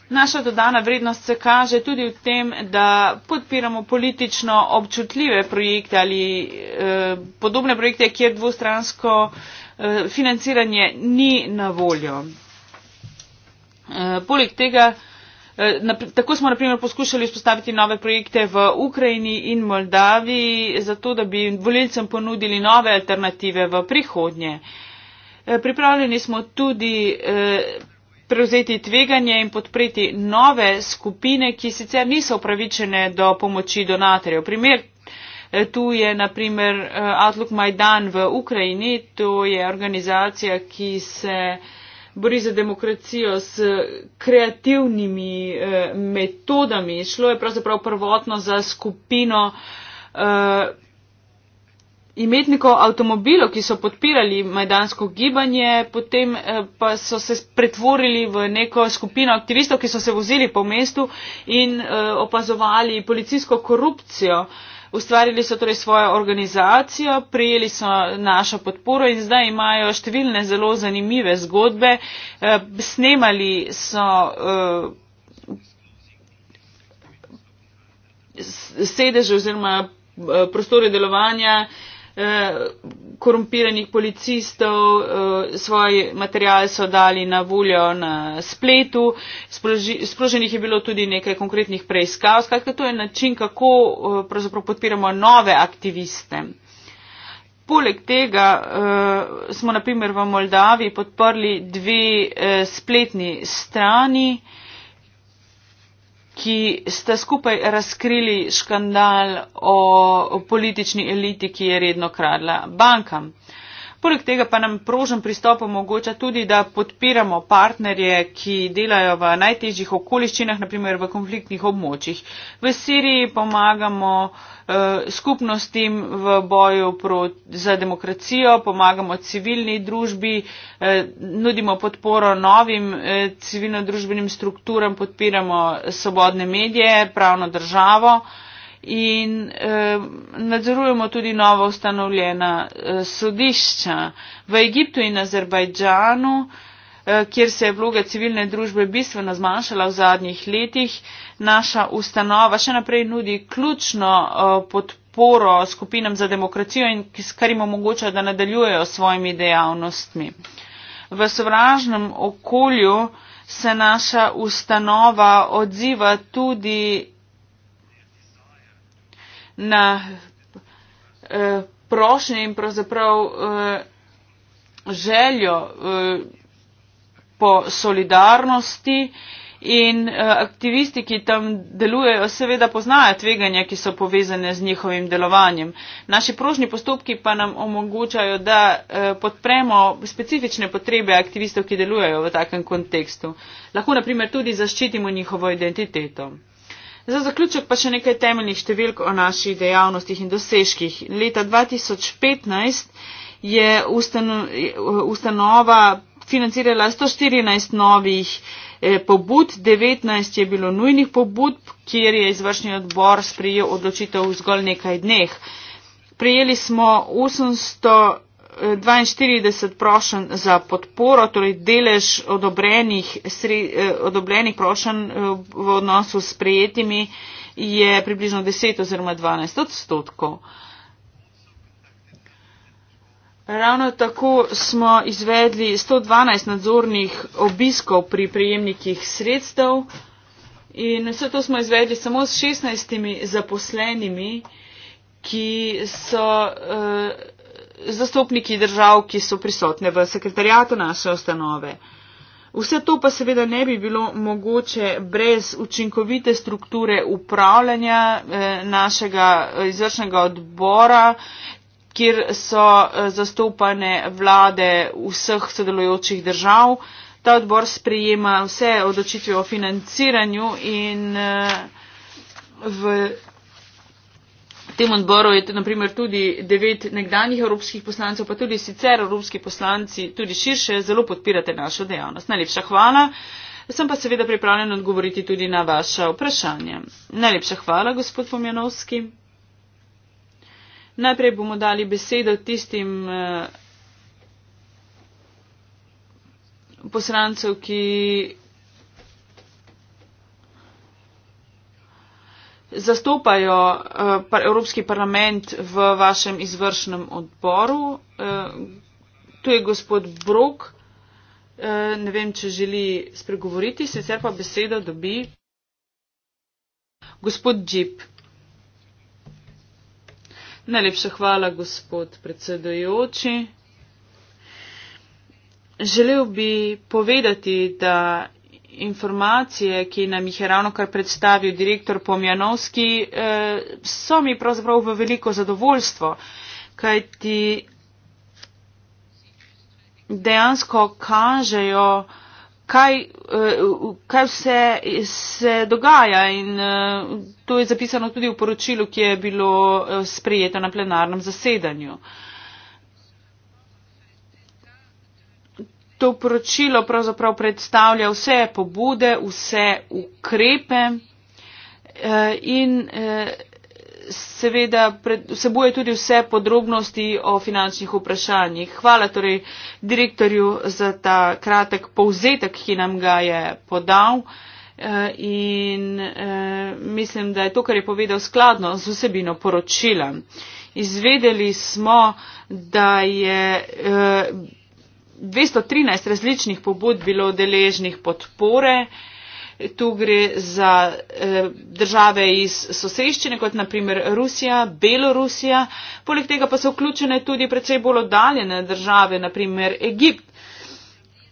Naša dodana vrednost se kaže tudi v tem, da podpiramo politično občutljive projekte ali eh, podobne projekte, kjer dvostransko eh, financiranje ni na voljo. Eh, poleg tega eh, Eh, tako smo na primer poskušali vzpostaviti nove projekte v Ukrajini in Moldaviji, zato da bi volilcem ponudili nove alternative v prihodnje. Eh, pripravljeni smo tudi eh, prevzeti tveganje in podpreti nove skupine, ki sicer niso upravičene do pomoči donatorjev. Primer tu je naprimer Outlook Majdan v Ukrajini, to je organizacija, ki se bori za demokracijo s kreativnimi eh, metodami. Šlo je pravzaprav prvotno za skupino eh, imetnikov avtomobilov, ki so podpirali majdansko gibanje, potem eh, pa so se pretvorili v neko skupino aktivistov, ki so se vozili po mestu in eh, opazovali policijsko korupcijo. Eh, ustvarili so torej svojo organizacijo, prijeli so našo podporo in zdaj imajo številne zelo zanimive zgodbe. Eh, snemali so eh, sedeže oziroma eh, prostore delovanja Eh, korumpiranih policistov, eh, svoj material so dali na voljo na spletu, sproženih je bilo tudi nekaj konkretnih preiskav. Skratka, to je način, kako eh, pravzaprav podpiramo nove aktiviste. Poleg tega smo, na primer, v Moldavi podprli dve spletni strani, ki ste skupaj razkrili škandal o politični eliti, ki je redno kradla bankam. Poleg tega pa nam prožen pristop omogoča tudi, da podpiramo partnerje, ki delajo v najtežjih okoliščinah, naprimer v konfliktnih območjih. V Siriji pomagamo Eh, skupnostim v boju za demokracijo, pomagamo civilni družbi, eh, nudimo podporo novim eh, civilno-družbenim strukturam, podpiramo svobodne medije, pravno državo in nadzorujemo tudi novo ustanovljena sodišča. V Egiptu in Azerbajdžanu Eh, kjer se je vloga civilne družbe bistveno zmanjšala v zadnjih letih. Naša ustanova še naprej nudi ključno eh, podporo skupinam za demokracijo in kar jim omogoča, da nadaljujejo s svojimi dejavnostmi. V sovražnem okolju se naša ustanova odziva tudi na eh, prošnje in pravzaprav eh, željo eh, po solidarnosti in eh, aktivisti, ki tam delujejo, seveda poznajo tveganja, ki so povezane z njihovim delovanjem. Naši prožni postopki pa nam omogočajo, da eh, podpremo specifične potrebe aktivistov, ki delujejo v takem kontekstu. Lahko naprimer tudi zaščitimo njihovo identiteto. Za zaključek pa še nekaj temeljnih številk o naših dejavnostih in dosežkih. Leta 2015 je eh, ustanova financirala 114 novih eh, pobud, 19 je bilo nujnih pobud, kjer je izvršni odbor sprijel odločitev v zgolj nekaj dneh. Prijeli smo 842 eh, prošen za podporo, torej delež odobrenih, eh, odobrenih prošen v odnosu s prijetimi je približno 10 oziroma 12 odstotkov. Ravno tako smo izvedli 112 nadzornih obiskov pri prejemnikih sredstev in vse to smo izvedli samo s 16 zaposlenimi, ki so eh, zastopniki držav, ki so prisotne v sekretarijatu naše ustanove. Vse to pa seveda ne bi bilo mogoče brez učinkovite strukture upravljanja eh, našega eh, izvršnega odbora, kjer so eh, zastopane vlade vseh sodelujočih držav. Ta odbor sprejema vse odločitve o financiranju in eh, v tem odboru je naprimer tudi devet nekdanjih evropskih poslancev, pa tudi sicer evropski poslanci, tudi širše, zelo podpirate našo dejavnost. Najlepša hvala. Sem pa seveda pripravljen odgovoriti tudi na vaše vprašanje. Najlepša hvala, gospod Pomjanovski. Najprej bomo dali besedo tistim eh, poslancev, ki zastopajo eh, Evropski parlament v vašem izvršnem odboru. Eh, tu je gospod Brok. Ne vem, če želi spregovoriti, sicer pa besedo dobi gospod Džip. Najlepša hvala, gospod predsedojoči. Želel bi povedati, da informacije, ki nam jih je ravno kar predstavil direktor Pomjanovski, eh, so mi pravzaprav v veliko zadovoljstvo, kajti dejansko kažejo, kaj, eh, kaj vse se dogaja in eh, to je zapisano tudi v poročilu, ki je bilo eh, sprejeto na plenarnem zasedanju. To poročilo pravzaprav predstavlja vse pobude, vse ukrepe in seveda vsebuje tudi vse podrobnosti o finančnih vprašanjih. Hvala torej direktorju za ta kratek povzetek, ki nam ga je podal. Eh, in eh, mislim, da je to, kar je povedal, skladno z vsebino poročila. Izvedeli smo, da je 213 eh, različnih pobud bilo deležnih podpore tu gre za eh, države iz soseščine, kot naprimer Rusija, Belorusija, poleg tega pa so vključene tudi precej bolj oddaljene države, naprimer Egipt.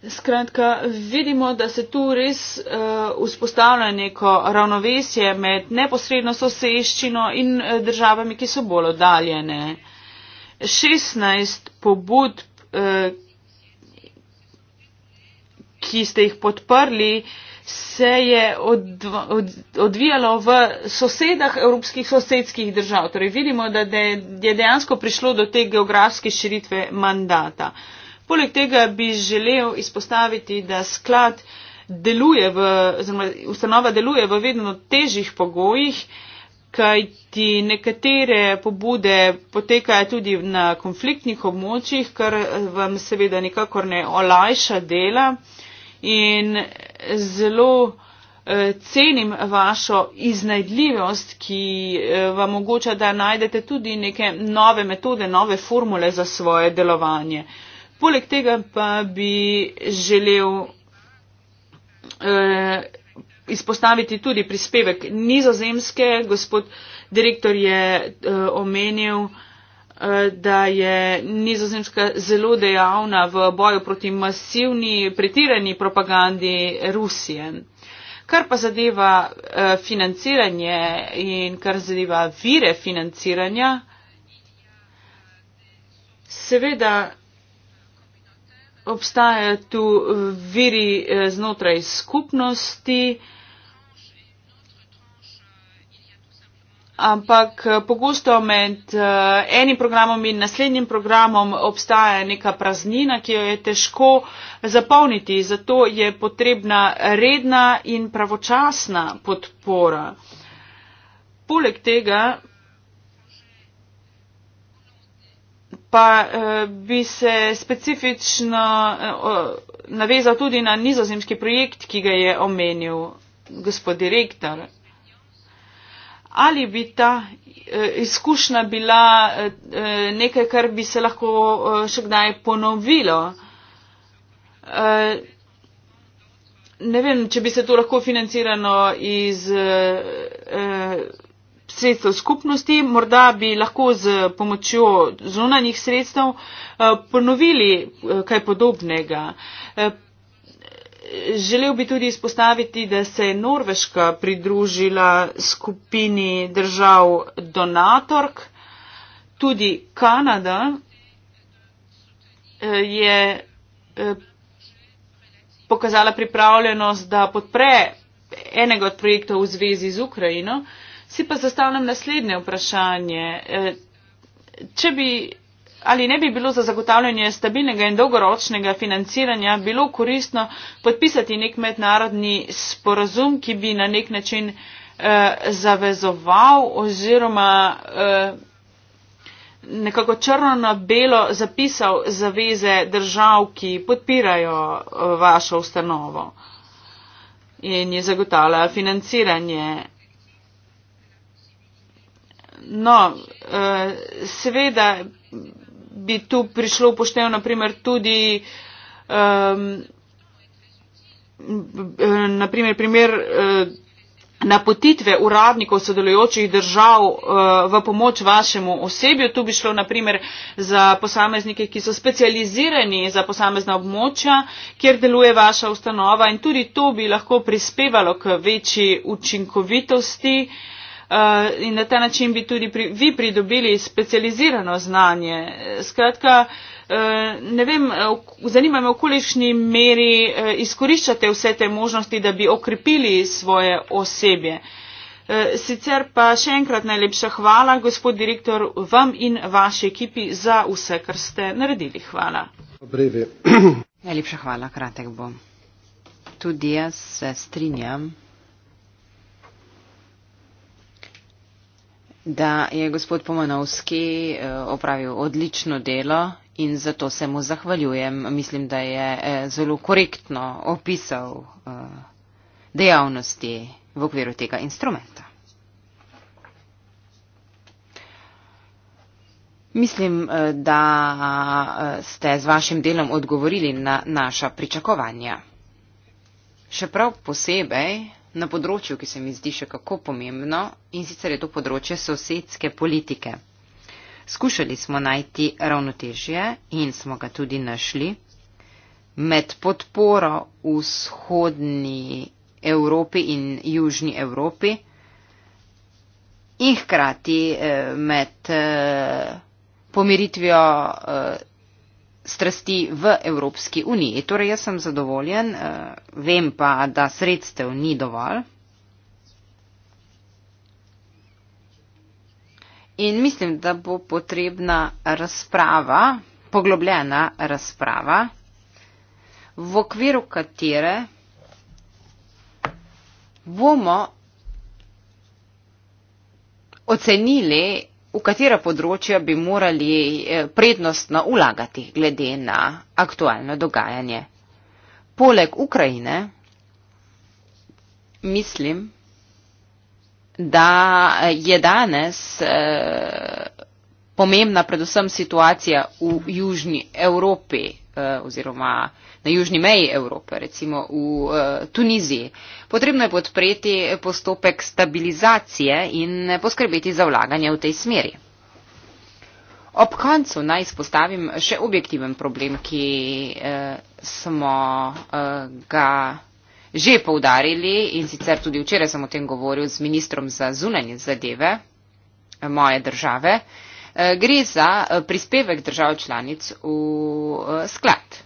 Skratka, vidimo, da se tu res uh, vzpostavlja neko ravnovesje med neposredno soseščino in eh, državami, ki so bolj oddaljene. 16 pobud, uh, ki ste jih podprli, uh, se je odvijalo v sosedah evropskih sosedskih držav. Torej vidimo, da je dejansko prišlo do te geografske širitve mandata. Poleg tega bi želel izpostaviti, da sklad deluje v, oziroma ustanova deluje v vedno težjih pogojih, kajti nekatere pobude potekajo tudi na konfliktnih območjih, kar vam seveda nikakor ne olajša dela in zelo eh, cenim vašo iznajdljivost, ki eh, vam mogoče, da najdete tudi neke nove metode, nove formule za svoje delovanje. Poleg tega pa bi želel eh, izpostaviti tudi prispevek nizozemske. Gospod direktor je eh, omenil, da je nizozemska zelo dejavna v boju proti masivni pretirani propagandi Rusije. Kar pa zadeva eh, financiranje in kar zadeva vire financiranja, seveda obstajajo tu viri eh, znotraj skupnosti, ampak eh, pogosto med eh, enim programom in naslednjim programom obstaja neka praznina, ki jo je težko zapolniti. Zato je potrebna redna in pravočasna podpora. Poleg tega pa eh, bi se specifično navezal tudi na nizozemski projekt, ki ga je omenil gospod direktor ali bi ta eh, izkušnja bila eh, eh, nekaj, kar bi se lahko še kdaj ponovilo. Ne vem, če bi se to lahko financirano iz sredstev skupnosti, morda bi lahko z pomočjo zunanjih sredstev ponovili kaj podobnega. Želel bi tudi izpostaviti, da se je Norveška pridružila skupini držav donatork, tudi Kanada eh, je eh, pokazala pripravljenost, da podpre enega od projektov v zvezi z Ukrajino. Si pa zastavljam naslednje vprašanje. Eh, če bi ali ne bi bilo za zagotavljanje stabilnega in dolgoročnega financiranja bilo koristno podpisati nek mednarodni sporazum ki bi na nek način eh, zavezoval oziroma eh, nekako črno na belo zapisal zaveze držav, ki podpirajo eh, vašo ustanovo in je zagotavljala financiranje. No, eh, seveda bi tu prišlo upoštevo naprimer tudi um, naprimer primer uh, napotitve uradnikov sodelujočih držav uh, v pomoč vašemu osebju. Tu bi šlo naprimer za posameznike, ki so specializirani za posamezna območja, kjer deluje vaša ustanova in tudi to bi lahko prispevalo k večji učinkovitosti. Uh, Eh, in na ta način bi tudi pri, vi pridobili specializirano znanje. Skratka, eh, ne vem, eh, zanima me, v kolikšni meri izkoriščate vse te možnosti, da bi okrepili svoje osebje. Sicer pa še enkrat najlepša hvala, gospod direktor, vam in vaši ekipi za vse, kar ste naredili. Hvala. Najlepša hvala, kratek bom. Tudi jaz se strinjam. da je gospod Pomanovski eh, opravil odlično delo in zato se mu zahvaljujem. Mislim, da je eh, zelo korektno opisal eh, dejavnosti v okviru tega instrumenta. Mislim, da ste z vašim delom odgovorili na naša pričakovanja. Še prav posebej na področju, ki se mi zdi še kako pomembno, in sicer je to področje sosedske politike. Skušali smo najti ravnotežje in smo ga tudi našli med podporo vzhodni Evropi in južni Evropi in hkrati eh, med eh, pomiritvijo eh, strasti v Evropski uniji. Torej, jaz sem zadovoljen, eh, vem pa, da sredstev ni dovolj. In mislim, da bo potrebna razprava, poglobljena razprava, v okviru katere bomo ocenili, v katera področja bi morali eh, prednostno ulagati glede na aktualno dogajanje. Poleg Ukrajine mislim, da je danes eh, pomembna predvsem situacija v Južni Evropi. Eh, oziroma na južni meji Evrope, recimo v eh, Tuniziji. Potrebno je podpreti postopek stabilizacije in poskrbeti za vlaganje v tej smeri. Ob koncu naj izpostavim še objektiven problem, ki eh, smo eh, ga že poudarili in sicer tudi včeraj sem o tem govoril z ministrom za zunanje zadeve eh, moje države. Eh, Eh, gre za eh, prispevek držav članic v eh, sklad.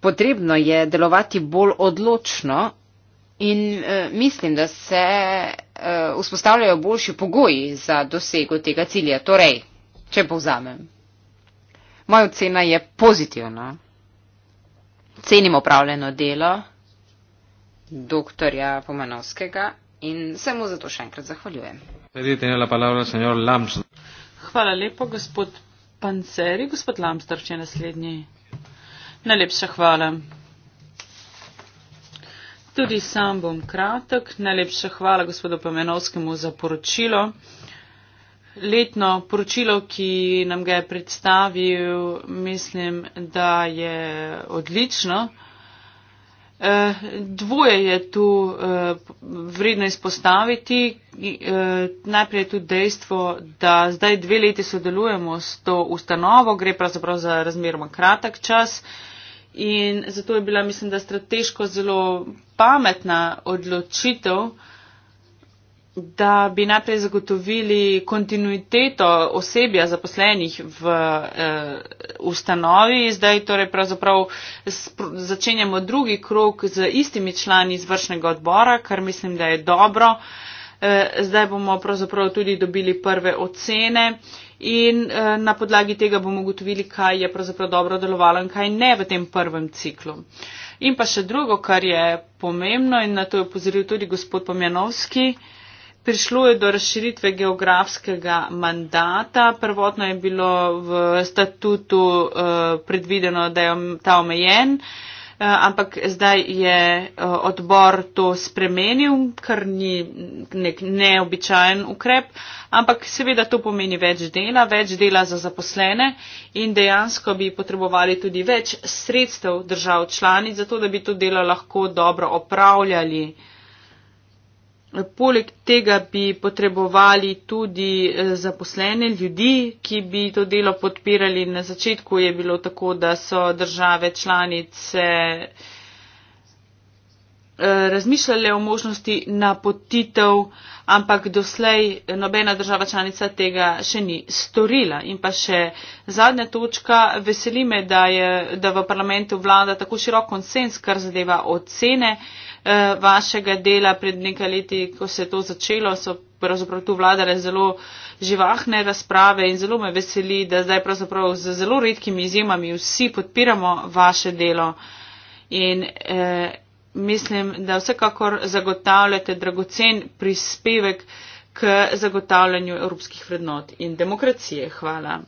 Potrebno je delovati bolj odločno in mislim, da se vzpostavljajo boljši pogoji za dosego tega cilja. Torej, če povzamem, moja ocena je pozitivna. Cenim opravljeno delo doktorja Pomanovskega in se mu zato še enkrat zahvaljujem. Hvala lepo, gospod Panceri. Gospod Lamstr, če je naslednji. Najlepša hvala. Tudi sam bom kratek. Najlepša hvala gospodu Pamenovskemu za poročilo. Letno poročilo, ki nam ga je predstavil, mislim, da je odlično. Eh, dvoje je tu eh, vredno izpostaviti. Eh, najprej je tu dejstvo, da zdaj dve leti sodelujemo s to ustanovo, gre pravzaprav za razmeroma kratek čas. In zato je bila, mislim, da strateško zelo pametna odločitev, da bi najprej zagotovili kontinuiteto osebja zaposlenih v eh, ustanovi. Zdaj torej pravzaprav začenjamo drugi krok z istimi člani izvršnega odbora, kar mislim, da je dobro. Eh, zdaj bomo pravzaprav tudi dobili prve ocene in eh, na podlagi tega bomo ugotovili, kaj je pravzaprav dobro delovalo in kaj ne v tem prvem ciklu. In pa še drugo, kar je pomembno in na to je upozoril tudi gospod Pomjanovski, eh, Prišlo je do razširitve geografskega mandata. Prvotno je bilo v statutu uh, predvideno, da je ta omejen, uh, ampak zdaj je uh, odbor to spremenil, kar ni nek neobičajen ukrep, ampak seveda to pomeni več dela, več dela za zaposlene in dejansko bi potrebovali tudi več sredstev držav članic, zato da bi to delo lahko dobro opravljali. Uh, Poleg tega bi potrebovali tudi eh, zaposlene ljudi, ki bi to delo podpirali. Na začetku je bilo tako, da so države članice eh, razmišljale o možnosti napotitev, ampak doslej nobena država članica tega še ni storila. In pa še zadnja točka, veseli me, da, je, da v parlamentu vlada tako širok konsens, kar zadeva ocene. Eh, vašega dela pred nekaj leti, ko se je to začelo, so pravzaprav tu vladale zelo živahne razprave in zelo me veseli, da zdaj pravzaprav z zelo redkimi izjemami vsi podpiramo vaše delo. In eh, mislim, da vsekakor zagotavljate dragocen prispevek k zagotavljanju evropskih vrednot in demokracije. Hvala.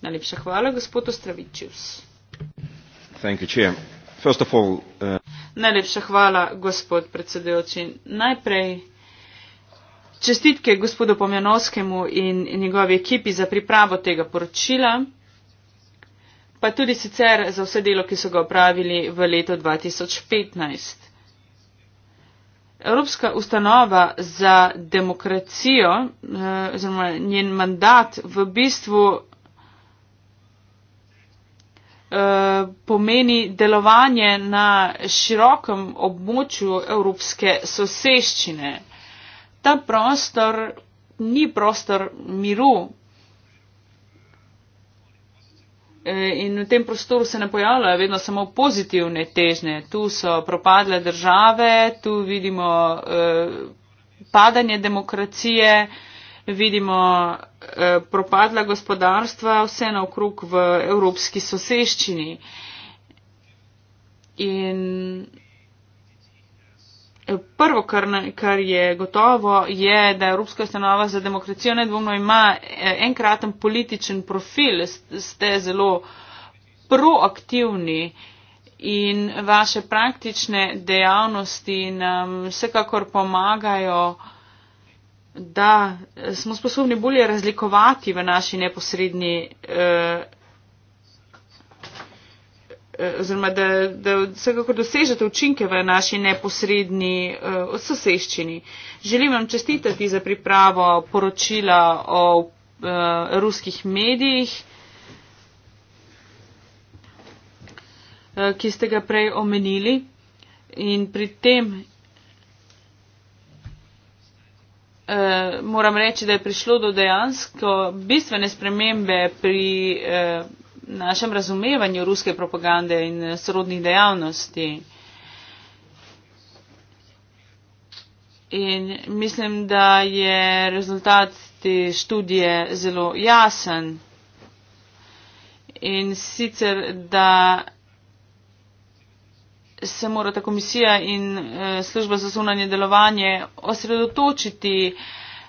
Najlepša hvala, gospod Ostravičius. Thank you, Chair. First of all, uh... Najlepša hvala, gospod predsedujoči. Najprej čestitke gospodu Pomjanovskemu in njegovi ekipi za pripravo tega poročila, pa tudi sicer za vse delo, ki so ga opravili v letu 2015. Evropska ustanova za demokracijo, eh, oziroma njen mandat v bistvu Eh, pomeni delovanje na širokem območju evropske soseščine. Ta prostor ni prostor miru. Eh, in v tem prostoru se ne pojavljajo vedno samo pozitivne težnje. Tu so propadle države, tu vidimo eh, padanje demokracije, eh, vidimo eh, propadla gospodarstva vse naokrog v evropski soseščini. In eh, prvo, kar, ne, kar je gotovo, je, da Evropska ustanova za demokracijo nedvomno ima eh, enkraten političen profil, ste zelo proaktivni in vaše praktične dejavnosti nam vsekakor pomagajo uh, da smo sposobni bolje razlikovati v naši neposredni. Eh, eh, oziroma da, da vsekakor dosežete učinke v naši neposredni eh, soseščini. Želim vam čestitati za pripravo poročila o ruskih medijih, ki ste ga prej omenili. In pri tem eh, moram reči, da je prišlo do dejansko bistvene spremembe pri eh, našem razumevanju ruske propagande in srodnih dejavnosti. In mislim, da je rezultat te študije zelo jasen. In sicer, da se morata komisija in eh, služba za zunanje delovanje osredotočiti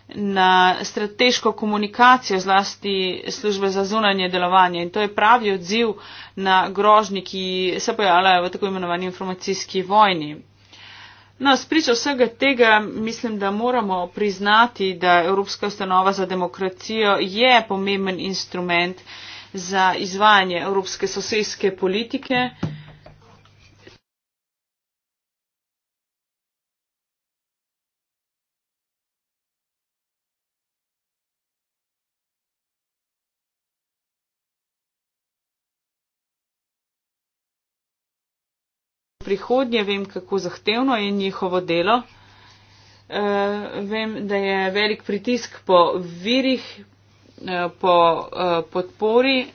na strateško komunikacijo zlasti službe za zunanje delovanje. In to je pravi odziv na grožnje, ki se pojavljajo v tako imenovani informacijski vojni. No, spričo vsega tega mislim, da moramo priznati, da Evropska ustanova za demokracijo je pomemben instrument za izvajanje evropske sosedske politike. prihodnje, vem, kako zahtevno je njihovo delo. Uh, vem, da je velik pritisk po virih, uh, po uh, podpori,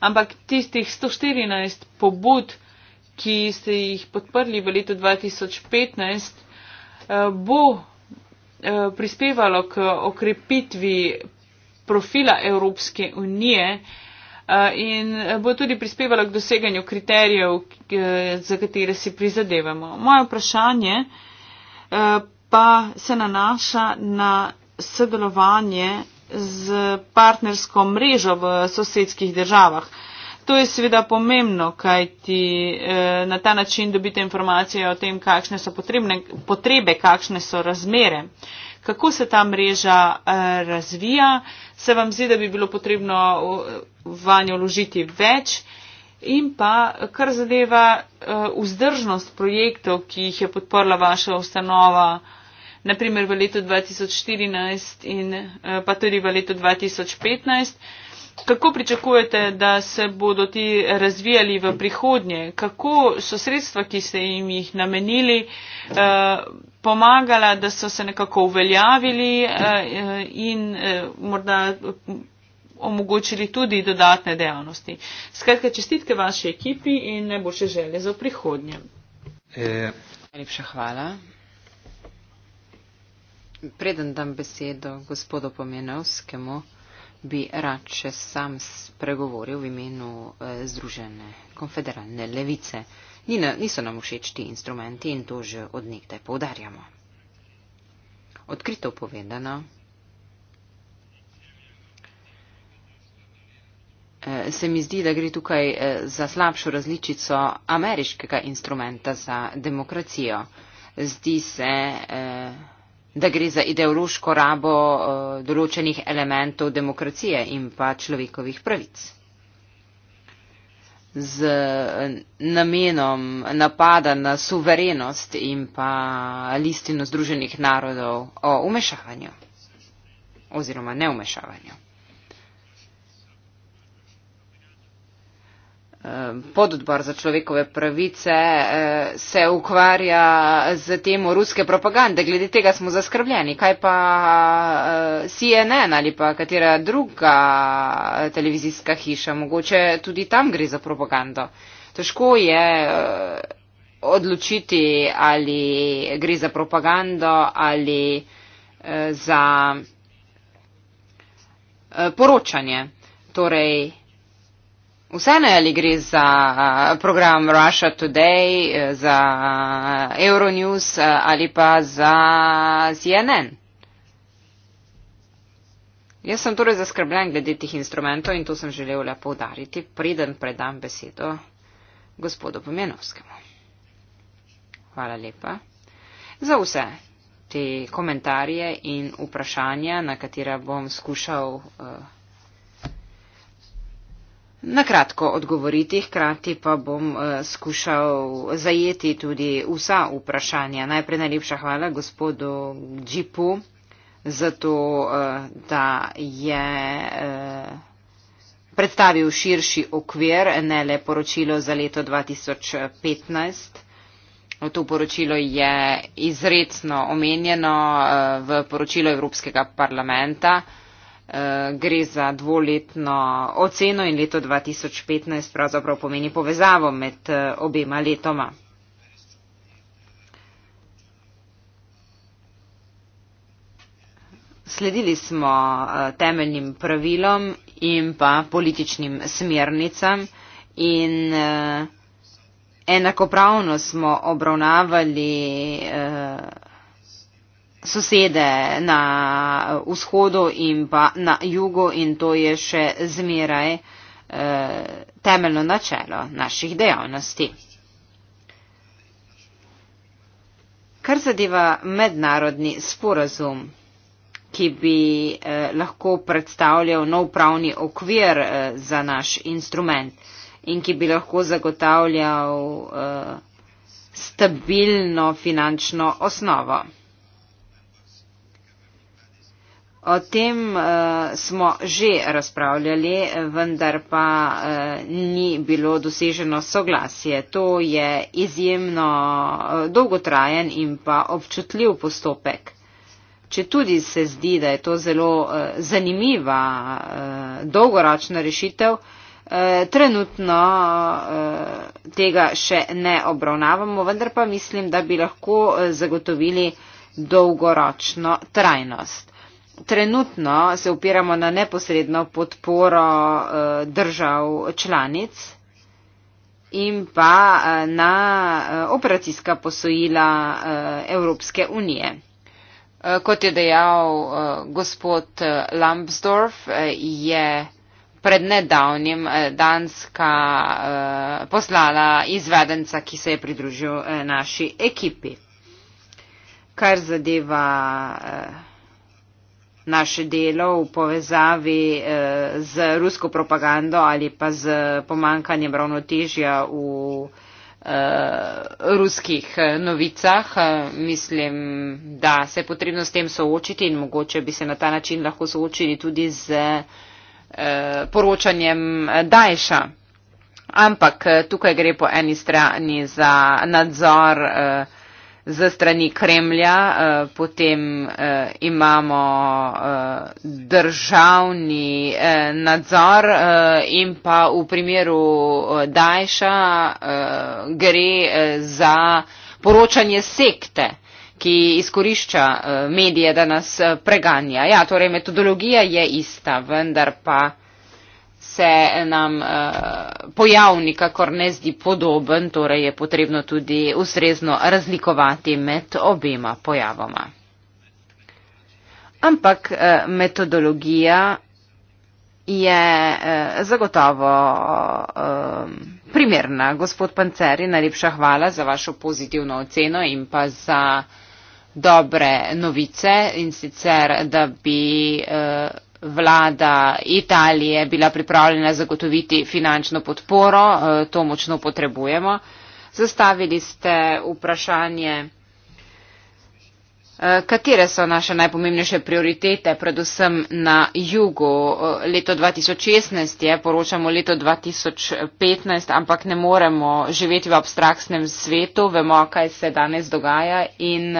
ampak tistih 114 pobud, ki ste jih podprli v letu 2015, uh, bo uh, prispevalo k okrepitvi profila Evropske unije uh, Eh, in bo tudi prispevala k doseganju kriterijev, eh, za katere si prizadevamo. Moje vprašanje eh, pa se nanaša na sodelovanje z partnersko mrežo v sosedskih državah. To je seveda pomembno, kaj ti na ta način dobite informacije o tem, kakšne so potrebe, kakšne so razmere kako se ta mreža eh, razvija, se vam zdi, da bi bilo potrebno eh, vanjo vložiti več in pa kar zadeva eh, vzdržnost projektov, ki jih je podprla vaša ustanova, naprimer v letu 2014 in pa tudi v letu 2015. Kako pričakujete, da se bodo ti razvijali v prihodnje? Kako so sredstva, ki ste jim jih namenili, pomagala, da so se nekako uveljavili eh, eh in eh, morda eh, omogočili tudi dodatne dejavnosti. Skratka, čestitke vaši ekipi in najboljše želje za prihodnje. Eh. Najlepša e... hvala. Preden dam besedo gospodu Pomenovskemu, bi rad še sam spregovoril v imenu eh, Združene konfederalne levice. Nina, niso nam všeč ti instrumenti in to že od nekdaj poudarjamo. Odkrito povedano, eh, se mi zdi, da gre tukaj eh, za slabšo različico ameriškega instrumenta za demokracijo. Zdi se, eh, da gre za ideološko rabo določenih elementov demokracije in pa človekovih pravic z eh, namenom napada na suverenost in pa listino Združenih narodov o umešavanju oziroma neumešavanju. Eh, pododbor za človekove pravice eh, se ukvarja z temo ruske propagande. Glede tega smo zaskrbljeni. Kaj pa eh, CNN ali pa katera druga televizijska hiša? Mogoče tudi tam gre za propagando. Težko je odločiti, ali gre za propagando ali za poročanje. Torej, Vseeno ali gre za program Russia Today, e, za Euronews e, ali pa za CNN. Jaz sem torej zaskrbljen glede tih instrumentov in to sem želel le povdariti, preden predam besedo gospodu Pomenovskemu. Hvala lepa za vse te komentarje in vprašanja, na katera bom skušal. Uh, Na kratko odgovoriti, hkrati pa bom uh, skušal zajeti tudi vsa vprašanja. Najprej najlepša hvala gospodu Džipu za to, uh, da je uh, predstavil širši okvir, ne le poročilo za leto 2015. To poročilo je izredno omenjeno uh, v poročilo Evropskega parlamenta. Uh, Eh, gre za dvoletno oceno in leto 2015 pravzaprav pomeni povezavo med eh, obema letoma. Sledili smo eh, temeljnim pravilom in pa političnim smernicam in enakopravno smo obravnavali eh, sosede na vzhodu in pa na jugu in to je še zmeraj eh, temeljno načelo naših dejavnosti. Kar zadeva mednarodni sporazum, ki bi eh, lahko predstavljal nov pravni okvir eh, za naš instrument in ki bi lahko zagotavljal eh, stabilno finančno osnovo. O tem uh, smo že razpravljali, vendar pa uh, ni bilo doseženo soglasje. To je izjemno uh, dolgotrajen in pa občutljiv postopek. Če tudi se zdi, da je to zelo uh, zanimiva uh, dolgoročna rešitev, uh, trenutno uh, tega še ne obravnavamo, vendar pa mislim, da bi lahko uh, zagotovili dolgoročno trajnost trenutno se upiramo na neposredno podporo eh, držav članic in pa eh, na eh, operacijska posojila Evropske unije. Kot je dejal gospod Lambsdorff, je pred nedavnim Danska poslala izvedenca, ki se je pridružil naši ekipi. Kar zadeva naše delo v povezavi eh, z rusko propagando ali pa z pomankanjem ravnotežja v eh, ruskih eh, novicah. Mislim, da se je potrebno s tem soočiti in mogoče bi se na ta način lahko soočili tudi z poročanjem Daesha. Ampak tukaj gre po eni strani za nadzor eh, za strani Kremlja, eh, potem eh, imamo eh, državni nadzor in pa v primeru Dajša gre za poročanje sekte ki izkorišča medije, da nas preganja. Ja, torej metodologija je ista, vendar pa se nam eh, pojav nikakor ne zdi podoben, torej je potrebno tudi ustrezno razlikovati med obema pojavoma. Ampak eh, metodologija je eh, zagotovo primerna. Gospod Panceri, najlepša hvala za vašo pozitivno oceno in pa za dobre novice in sicer, da bi vlada Italije bila pripravljena zagotoviti finančno podporo, eh, to močno potrebujemo. Zastavili ste vprašanje, eh, katere so naše najpomembnejše prioritete, predvsem na jugu. Eh, leto 2016 je, poročamo leto 2015, ampak ne moremo živeti v abstraktnem svetu, vemo, kaj se danes dogaja in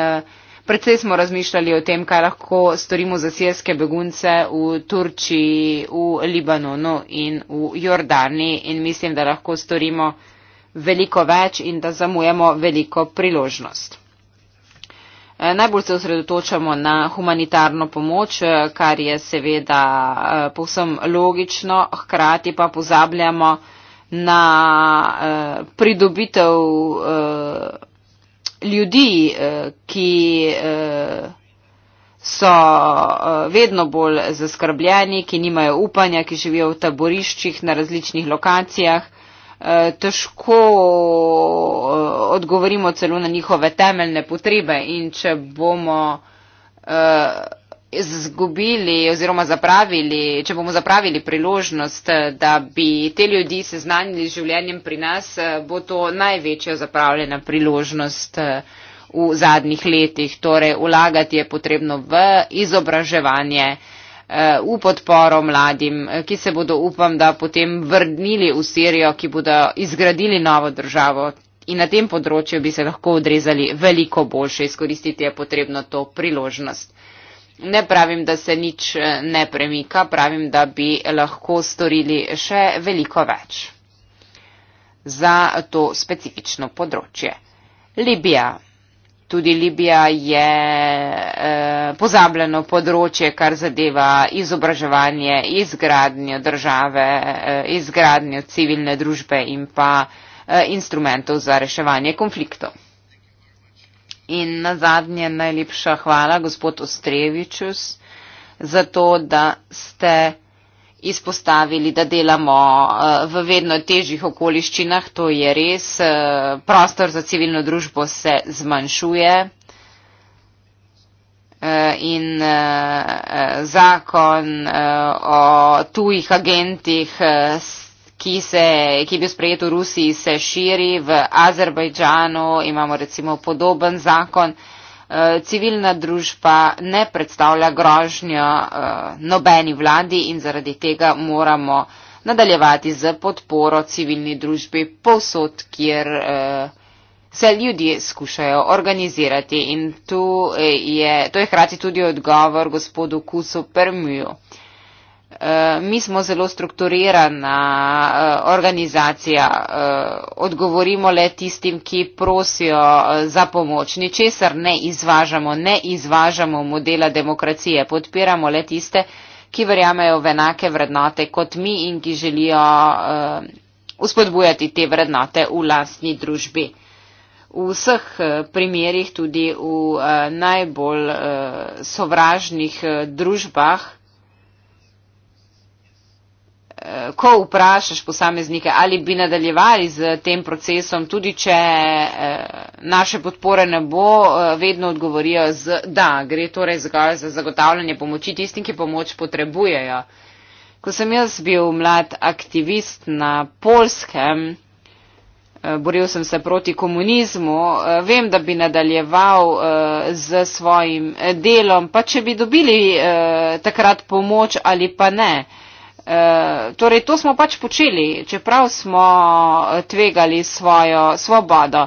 Predvsej smo razmišljali o tem, kaj lahko storimo za sirske begunce v Turčiji, v Libanonu in v Jordani in mislim, da lahko storimo veliko več in da zamujemo veliko priložnost. Eh, najbolj se osredotočamo na humanitarno pomoč, eh, kar je seveda eh, povsem logično, hkrati pa pozabljamo na pridobitev ljudi, eh, ki eh, so eh, vedno bolj zaskrbljeni, ki nimajo upanja, ki živijo v taboriščih na različnih lokacijah. Težko odgovorimo celo na njihove temeljne potrebe in če bomo izgubili oziroma zapravili, če bomo zapravili priložnost, da bi te ljudi seznanili z življenjem pri nas, bo to največja zapravljena priložnost eh, v zadnjih letih. Torej, ulagati je potrebno v izobraževanje, eh, v podporo mladim, eh, ki se bodo, upam, da potem vrnili v Sirijo, ki bodo izgradili novo državo. In na tem področju bi se lahko odrezali veliko boljše. Izkoristiti je potrebno to priložnost. Ne pravim, da se nič eh, ne premika, pravim, da bi lahko storili še veliko več za to specifično področje. Libija. Tudi Libija je eh, pozabljeno področje, kar zadeva izobraževanje, izgradnjo države, eh, izgradnjo civilne družbe in pa eh, instrumentov za reševanje konfliktov. In na zadnje najlepša hvala, gospod Ostrevičus, za to, da ste izpostavili, da delamo eh, v vedno težjih okoliščinah. To je res. Eh, prostor za civilno družbo se zmanjšuje. Eh, in zakon o tujih agentih se ki, se, ki je bil sprejet v Rusiji, se širi v Azerbajdžanu, imamo recimo podoben zakon. E, civilna družba ne predstavlja grožnjo e, nobeni vladi in zaradi tega moramo nadaljevati z podporo civilni družbi povsod, kjer e, se ljudje skušajo organizirati. In tu je, to je hkrati tudi odgovor gospodu Kusu Permiju. Eh, mi smo zelo strukturirana eh, organizacija, eh, odgovorimo le tistim, ki prosijo za pomoč. Ničesar ne izvažamo, ne izvažamo modela demokracije, podpiramo le tiste, ki verjamejo v enake vrednote kot mi in ki želijo uspodbujati te vrednote v lastni družbi. V vseh primerjih, tudi v najbolj sovražnih družbah, Eh, ko vprašaš posameznike, ali bi nadaljevali z tem procesom, tudi če eh, naše podpore ne bo, eh, vedno odgovorijo z da, gre torej za zagotavljanje pomoči tistim, ki pomoč potrebujejo. Ko sem jaz bil mlad aktivist na Polskem, boril sem se proti komunizmu, vem, da bi nadaljeval z svojim delom, pa če bi dobili takrat pomoč ali pa ne. Eh, torej to smo pač počeli, čeprav smo eh, tvegali svojo svobodo.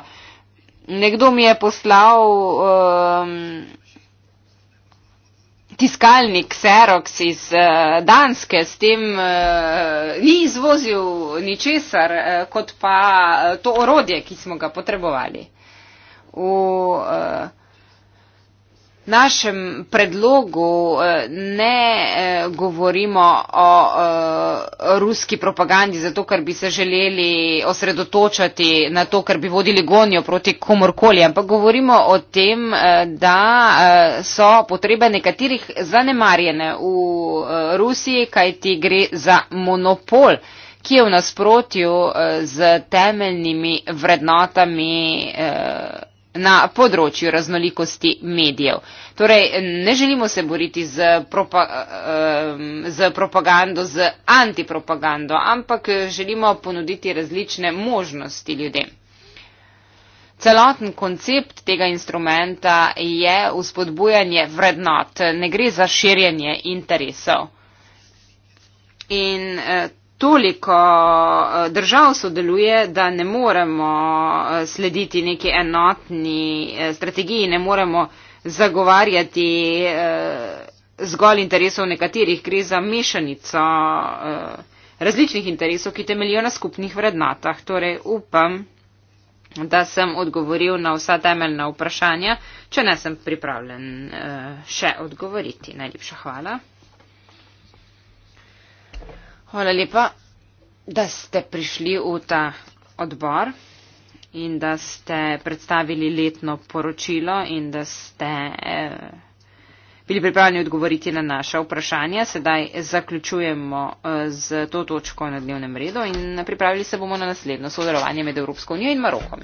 Nekdo mi je poslal um, tiskalnik Xerox iz uh, Danske, s tem uh, ni izvozil ničesar, uh, kot pa uh, to orodje, ki smo ga potrebovali. V, uh, našem predlogu eh, ne eh, govorimo o eh, ruski propagandi zato, ker bi se želeli osredotočati na to, ker bi vodili gonjo proti komorkoli, ampak govorimo o tem, da so potrebe nekaterih zanemarjene v Rusiji, kaj ti gre za monopol ki je v nasprotju z temeljnimi vrednotami eh, na področju raznolikosti medijev. Torej, ne želimo se boriti z, propa, z propagando, z antipropagando, ampak želimo ponuditi različne možnosti ljudem. Celoten koncept tega instrumenta je uspodbujanje vrednot, ne gre za širjenje interesov. In eh, toliko eh, držav sodeluje, da ne moremo eh, slediti neki enotni eh, strategiji, ne moremo zagovarjati zgolj interesov nekaterih, gre za mešanico različnih interesov, ki temeljijo na skupnih vrednotah. Torej upam, da sem odgovoril na vsa temeljna vprašanja, če ne sem pripravljen še odgovoriti. Najlepša hvala. Hvala lepa, da ste prišli v ta odbor in da ste predstavili letno poročilo in da ste eh, bili pripravljeni odgovoriti na naša vprašanja. Sedaj zaključujemo eh, z to točko na dnevnem redu in pripravili se bomo na naslednjo sodelovanje med Evropsko unijo in Marokom.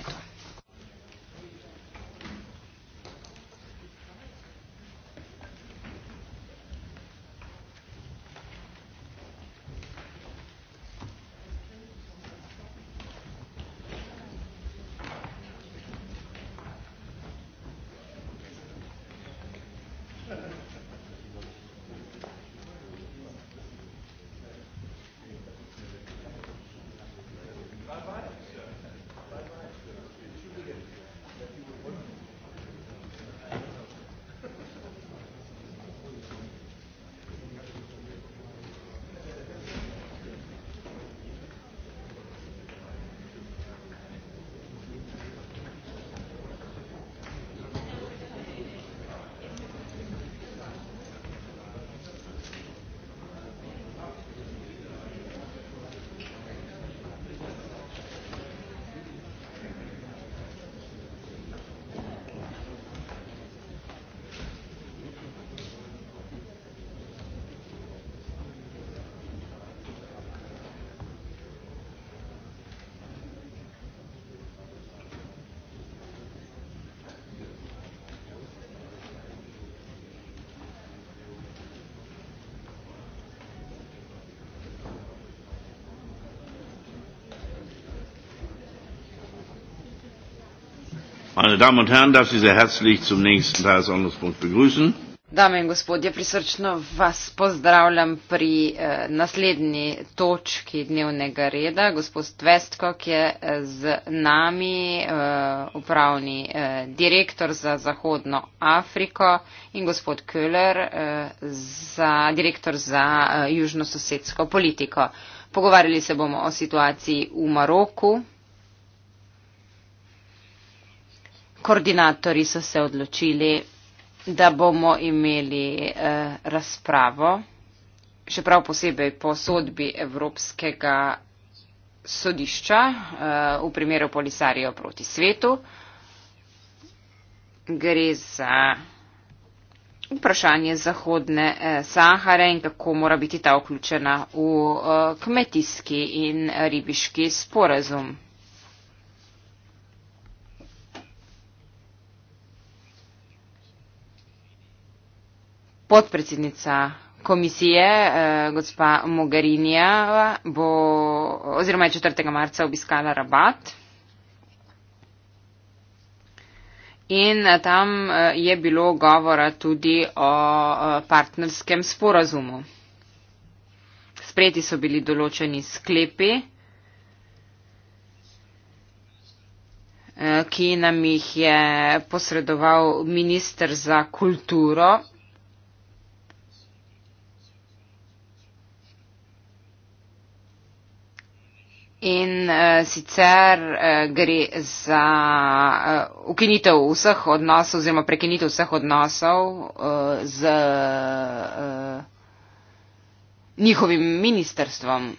Meine Damen und Herren, darf ich Sie herzlich zum nächsten Tagesordnungspunkt begrüßen. Dame in gospodje, prisrčno vas pozdravljam pri eh, naslednji točki dnevnega reda. Gospod Vestko, ki je eh, z nami eh, upravni eh, direktor za Zahodno Afriko in gospod Köhler, eh, za, direktor za eh, južnososedsko politiko. Pogovarjali se bomo o situaciji v Maroku. koordinatori so se odločili, da bomo imeli eh, razpravo, še prav posebej po sodbi Evropskega sodišča eh, v primeru Polisarijo proti svetu. Gre za vprašanje Zahodne eh, Sahare in kako mora biti ta vključena v eh, kmetijski in ribiški sporazum. podpredsednica komisije, eh, gospa Mogarinija, bo oziroma je 4. marca obiskala Rabat. In eh, tam eh, je bilo govora tudi o partnerskem sporazumu. Sprejeti so bili določeni sklepi, ki nam jih je posredoval ministr za kulturo In uh, sicer uh, gre za uh, ukinitev vseh odnosov oziroma prekinitev vseh odnosov uh, z uh, njihovim ministerstvom.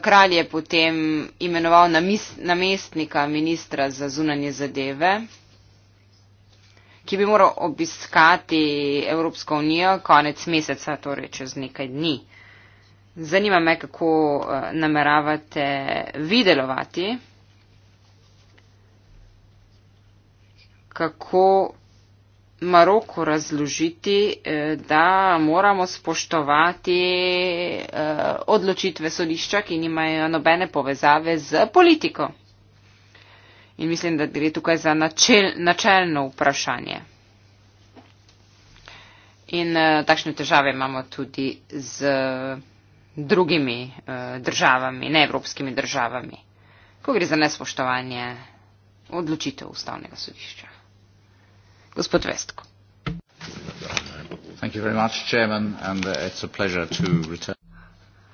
Kralj je potem imenoval namestnika ministra za zunanje zadeve ki bi moral obiskati Evropsko unijo konec meseca, torej čez nekaj dni. Zanima me, kako eh, nameravate videlovati, kako Maroko razložiti, eh, da moramo spoštovati eh, odločitve sodišča, ki nimajo nobene povezave z politiko. In mislim, da gre tukaj za načel, načelno vprašanje. In uh, takšne težave imamo tudi z eh, drugimi uh, državami, neevropskimi državami, ko gre za nespoštovanje odločitev ustavnega sodišča. Gospod Vestko. Uh,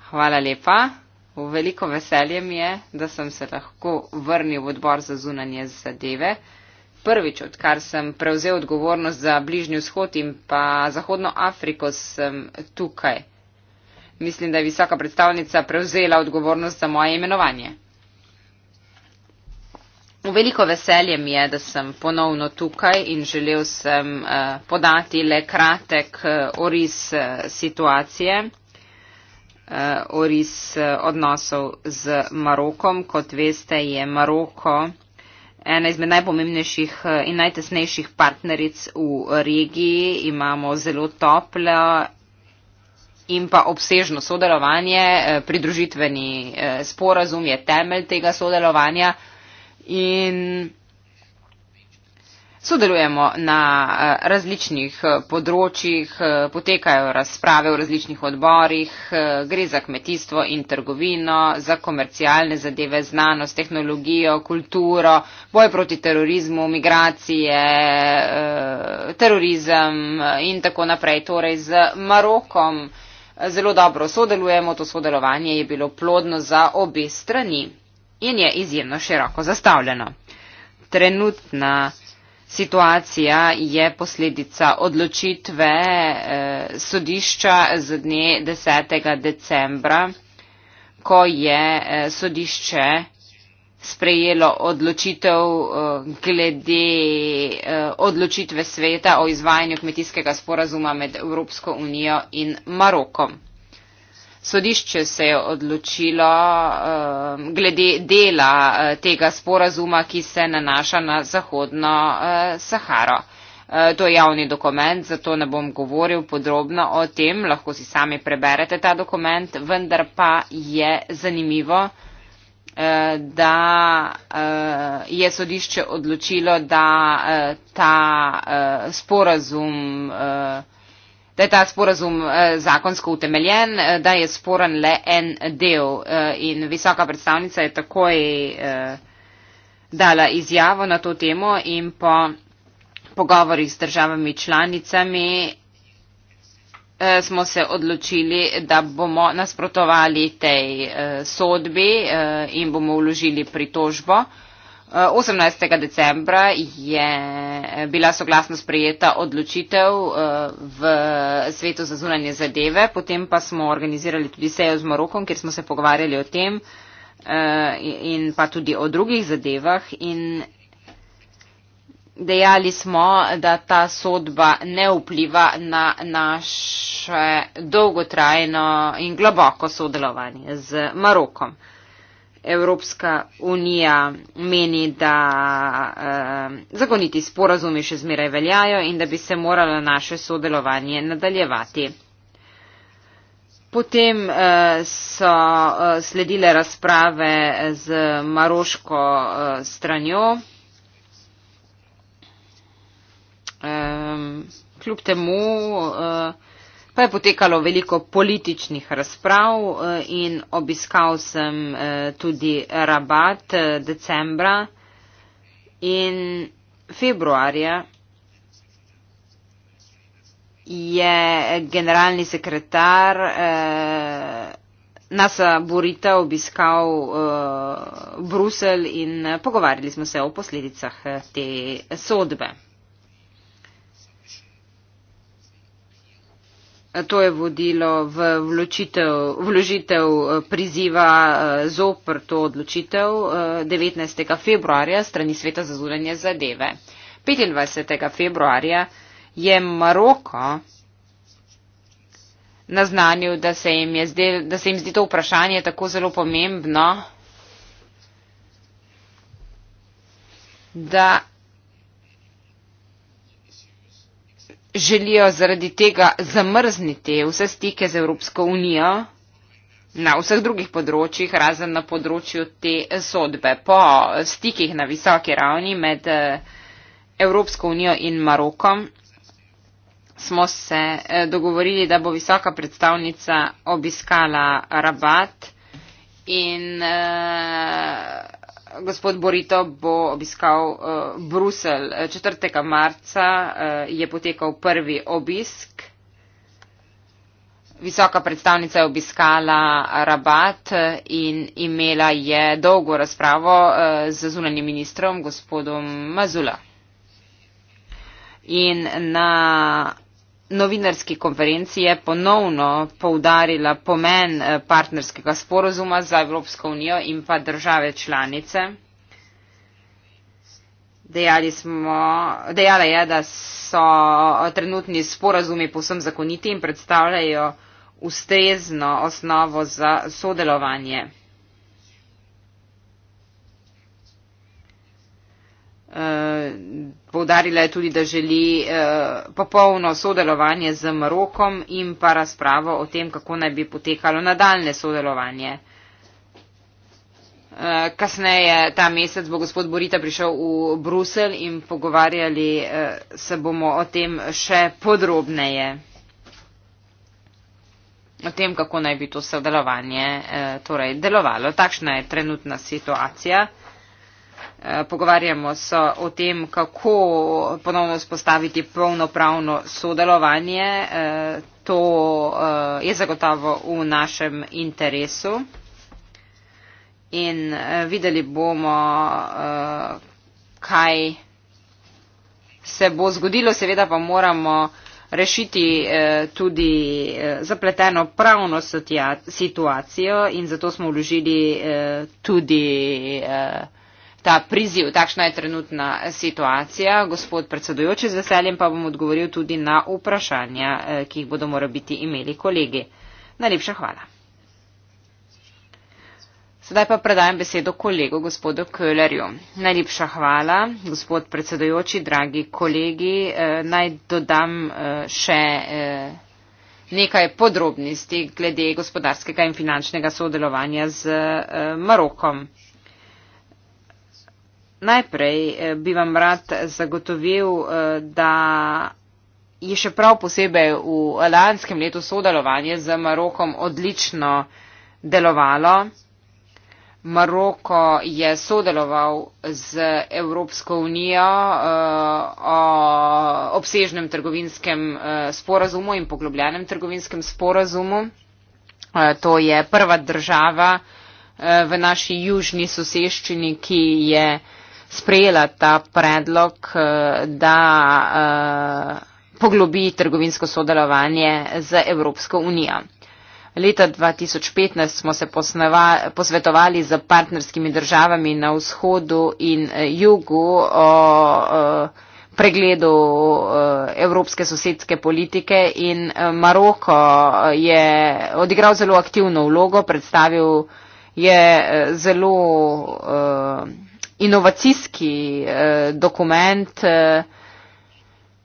Hvala lepa. V veliko veselje mi je, da sem se lahko vrnil v odbor za zunanje zadeve. Prvič, odkar sem prevzel odgovornost za Bližnji vzhod in pa Zahodno Afriko, sem tukaj. Mislim, da je visoka predstavnica prevzela odgovornost za moje imenovanje. V veliko veselje mi je, da sem ponovno tukaj in želel sem eh, podati le kratek eh, oris eh, situacije uh, oris eh, odnosov z Marokom. Kot veste, je Maroko ena izmed najpomembnejših eh, in najtesnejših partneric v regiji. Imamo zelo toplo in pa obsežno sodelovanje. Pridružitveni sporazum je temelj tega sodelovanja. In sodelujemo na eh, različnih eh, področjih, eh, potekajo razprave v različnih odborih, gre za kmetijstvo in trgovino, za komercialne zadeve, znanost, tehnologijo, kulturo, boj proti terorizmu, migracije, terorizem in tako naprej. Torej z Marokom zelo dobro sodelujemo, to sodelovanje je bilo plodno za obe strani in je izjemno široko zastavljeno. Trenutna situacija je posledica odločitve eh, sodišča z dne 10. decembra, ko je eh, sodišče sprejelo odločitev eh, glede odločitve sveta o izvajanju kmetijskega sporazuma med Evropsko unijo in Marokom sodišče se je odločilo ehm, glede dela eh, tega sporazuma, ki se nanaša na Zahodno eh, Saharo. Eh, to je javni dokument, zato ne bom govoril podrobno o tem, lahko si sami preberete ta dokument, vendar pa je zanimivo, da je sodišče odločilo, da ta sporazum da je ta sporazum eh, zakonsko utemeljen, eh, da je sporen le en del. Eh, in visoka predstavnica je takoj dala izjavo na to temo in po pogovorih z državami članicami smo se odločili, da bomo nasprotovali tej sodbi in bomo vložili pritožbo. 18. decembra je bila soglasno sprejeta odločitev eh, v svetu za zunanje zadeve, potem pa smo organizirali tudi sejo z Morokom, kjer smo se pogovarjali o tem eh, in pa tudi o drugih zadevah in dejali smo, da ta sodba ne vpliva na naše dolgotrajno in globoko sodelovanje z Marokom. Evropska unija meni, da eh, zakoniti sporazumi še zmeraj veljajo in da bi se moralo naše sodelovanje nadaljevati. Potem eh, so eh, sledile razprave z maroško eh, stranjo. Eh, kljub temu. Eh, pa je potekalo veliko političnih razprav eh, in obiskal sem eh, tudi Rabat eh, decembra in februarja je generalni sekretar Nasa Burita obiskal Brusel in pogovarjali smo se o posledicah te sodbe. To je vodilo v vločitev, vložitev eh, priziva eh, zopr to odločitev 19. Eh, februarja strani Sveta za zunanje zadeve. 25. februarja je Maroko naznanil, da se jim, je zdel, da se jim zdi to vprašanje tako zelo pomembno, da želijo zaradi tega zamrzniti vse stike z Evropsko unijo na vseh drugih področjih, razen na področju te sodbe, po stikih na visoki ravni med eh, Evropsko unijo in Marokom smo se eh, dogovorili, da bo visoka predstavnica obiskala rabat in eh, gospod Borito bo obiskal uh, eh, Brusel. 4. marca uh, je potekal prvi obisk. Visoka predstavnica je obiskala Rabat eh, in imela je dolgo razpravo uh, z zunanim ministrom, gospodom Mazula. In na novinarski konferenci je ponovno poudarila pomen eh, partnerskega sporozuma za Evropsko unijo in pa države članice. Smo, dejala je, da so trenutni sporazumi posem zakoniti in predstavljajo ustrezno osnovo za sodelovanje. Eh, poudarila je tudi, da želi eh, popolno sodelovanje z Marokom in pa razpravo o tem, kako naj bi potekalo nadaljne sodelovanje. Eh, kasneje ta mesec bo gospod Borita prišel v Brusel in pogovarjali se bomo o tem še podrobneje. O tem, kako naj bi to sodelovanje torej, delovalo. Takšna je trenutna situacija. Eh, pogovarjamo se o tem, kako ponovno spostaviti polnopravno sodelovanje. Eh, to eh, je zagotovo v našem interesu. In videli bomo, kaj se bo zgodilo. Seveda pa moramo rešiti tudi zapleteno pravno situacijo in zato smo vložili tudi ta priziv. Takšna je trenutna situacija. Gospod predsedujoči, z veseljem pa bom odgovoril tudi na vprašanja, eh, ki jih bodo morali biti imeli kolegi. Najlepša hvala. Sedaj pa predajam besedo kolegu gospodu Köllerju. Najlepša hvala, gospod predsedujoči, dragi kolegi. Eh, naj dodam eh, še nekaj podrobnosti glede gospodarskega in finančnega sodelovanja z Marokom. Najprej eh, bi vam rad zagotovil, eh, da je še prav posebej v lanskem letu sodelovanje z Marokom odlično delovalo. Maroko je sodeloval z Evropsko unijo eh, o obsežnem trgovinskem sporazumu in poglobljenem trgovinskem sporazumu. To je prva država v naši južni soseščini, ki je sprejela ta predlog, eh, da eh, poglobi trgovinsko sodelovanje z Evropsko unijo. Leta 2015 smo se posvetovali z partnerskimi državami na vzhodu in eh, jugu o pregledu evropske sosedske politike in Maroko je odigral zelo aktivno vlogo, predstavil je zelo inovacijski eh, dokument, eh,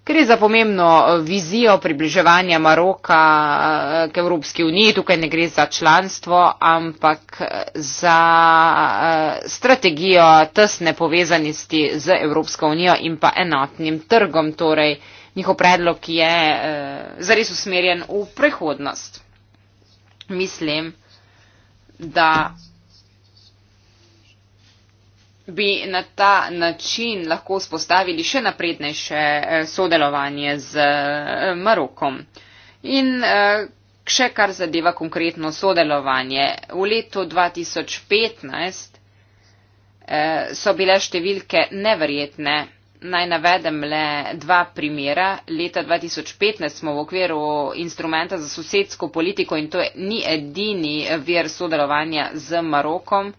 ker je za pomembno eh, vizijo približevanja Maroka eh, k Evropski uniji. Tukaj ne gre za članstvo, ampak eh, za eh, strategijo tesne povezanosti z Evropsko unijo in pa enotnim trgom. Torej, njihov predlog je eh, zares usmerjen v prihodnost. Mislim, da bi na ta način lahko spostavili še naprednejše eh, sodelovanje z eh, Marokom. In eh, še kar zadeva konkretno sodelovanje. V letu 2015 so bile številke neverjetne. Naj navedem le dva primera. Leta 2015 smo v okviru instrumenta za sosedsko politiko in to ni edini vir sodelovanja z Marokom.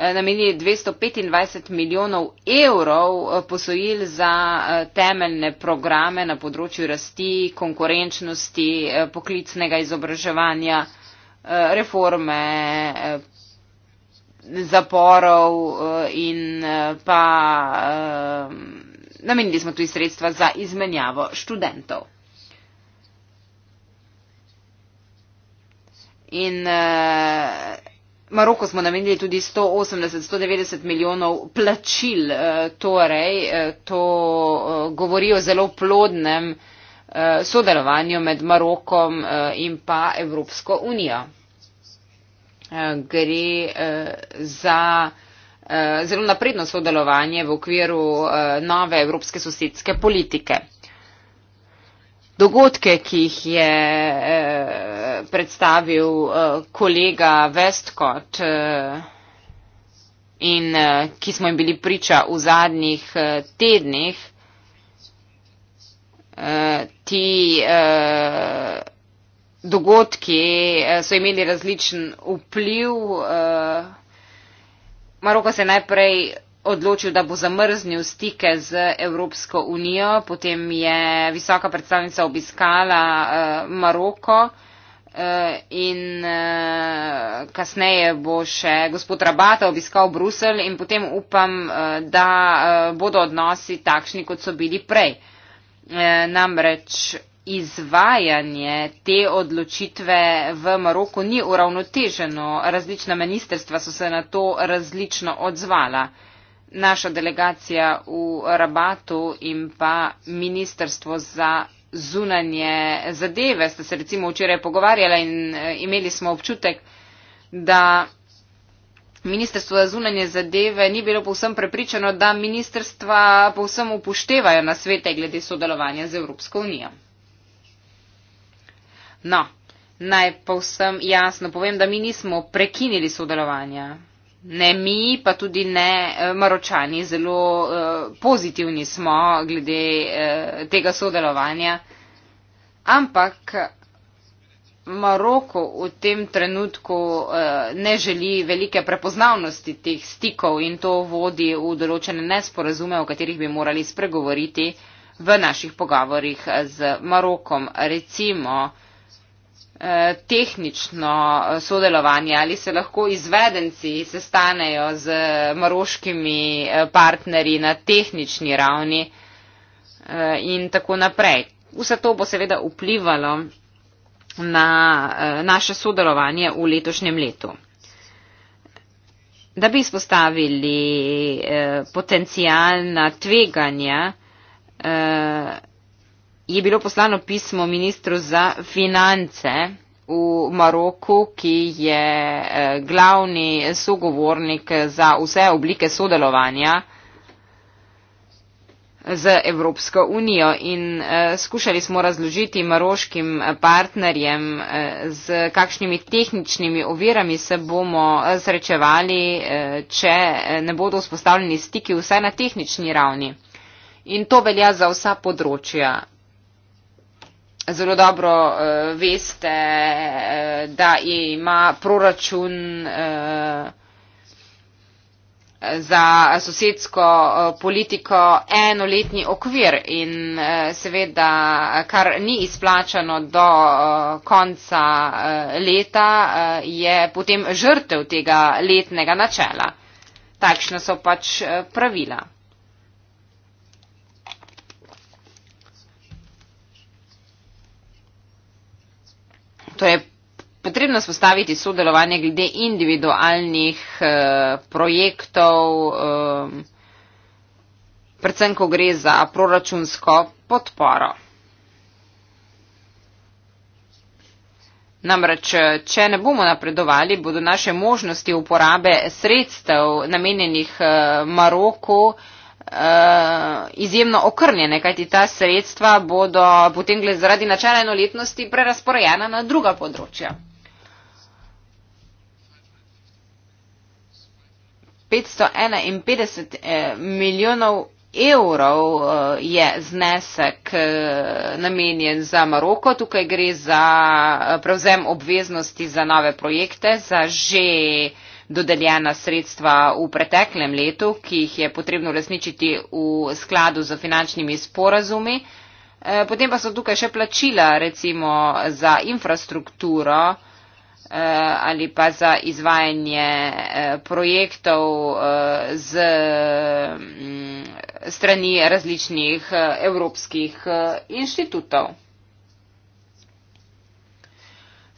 Eh, namenili 225 milijonov evrov eh, posojil za eh, temeljne programe na področju rasti, konkurenčnosti, poklicnega izobraževanja, reforme zaporov in pa namenili smo tudi sredstva za izmenjavo študentov. In Maroko smo namenili tudi 180-190 milijonov plačil, eh, torej eh, to eh, govori o zelo plodnem sodelovanju med Marokom in pa Evropsko unijo. Gre za zelo napredno sodelovanje v okviru nove evropske sosedske politike dogodke, ki jih je eh, predstavil eh, kolega Vestkot eh, in ki smo jim bili priča v zadnjih tednih, ti dogodki so imeli različen vpliv. Maroko se najprej odločil, da bo zamrznil stike z Evropsko unijo, potem je visoka predstavnica obiskala uh, Maroko uh, in uh, kasneje bo še gospod Rabata obiskal Bruselj in potem upam, uh, da uh, bodo odnosi takšni, kot so bili prej. Uh, namreč izvajanje te odločitve v Maroku ni uravnoteženo. Različna ministerstva so se na to različno odzvala naša delegacija v Rabatu in pa Ministrstvo za zunanje zadeve sta se recimo včeraj pogovarjala in eh, imeli smo občutek, da Ministrstvo za zunanje zadeve ni bilo povsem prepričano, da ministrstva povsem upoštevajo na svete glede sodelovanja z Evropsko unijo. No, naj povsem jasno povem, da mi nismo prekinili sodelovanja ne mi, pa tudi ne eh, Maročani, zelo eh, pozitivni smo glede eh, tega sodelovanja. Ampak Maroko v tem trenutku ne želi velike prepoznavnosti teh stikov in to vodi v določene nesporazume, o katerih bi morali spregovoriti v naših pogovorjih z Marokom. Recimo, Eh, tehnično eh, sodelovanje, ali se lahko izvedenci sestanejo z maroškimi eh, partnerji na tehnični ravni in tako naprej. Vse to bo seveda vplivalo na naše sodelovanje v letošnjem letu. Da bi izpostavili potencijalna tveganja, je bilo poslano pismo ministru za finance v Maroku, ki je eh, glavni sogovornik za vse oblike sodelovanja z Evropsko unijo in eh, skušali smo razložiti maroškim partnerjem, eh, z kakšnimi tehničnimi ovirami se bomo srečevali, če ne bodo vzpostavljeni stiki vsaj na tehnični ravni. In to velja za vsa področja zelo dobro uh, veste, uh, da ima proračun uh, za sosedsko uh, politiko enoletni okvir in uh, seveda, kar ni izplačano do uh, konca uh, leta, uh, je potem žrtev tega letnega načela. Takšna so pač pravila. Torej, potrebno spostaviti sodelovanje glede individualnih uh, projektov, um, predvsem, ko gre za proračunsko podporo. Namreč, če ne bomo napredovali, bodo naše možnosti uporabe sredstev namenjenih eh, Maroku uh, Eh, izjemno okrnjene, kajti ta sredstva bodo potem gled zaradi načela enoletnosti prerasporejena na druga področja. 551 eh, milijonov evrov eh, je znesek namenjen za Maroko. Tukaj gre za prevzem obveznosti za nove projekte, za že uh, dodeljena sredstva v preteklem letu, ki jih je potrebno uresničiti v skladu z finančnimi sporazumi. Eh, potem pa so tukaj še plačila recimo za infrastrukturo eh, ali pa za izvajanje eh, projektov z mm, strani različnih evropskih inštitutov.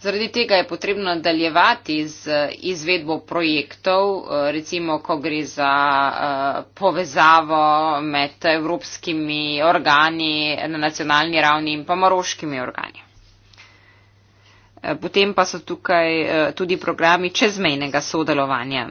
Zaradi tega je potrebno nadaljevati z izvedbo projektov, eh, recimo, ko gre za eh, povezavo med evropskimi organi na nacionalni ravni in pa maroškimi organi. Eh, potem pa so tukaj tudi programi čezmejnega sodelovanja.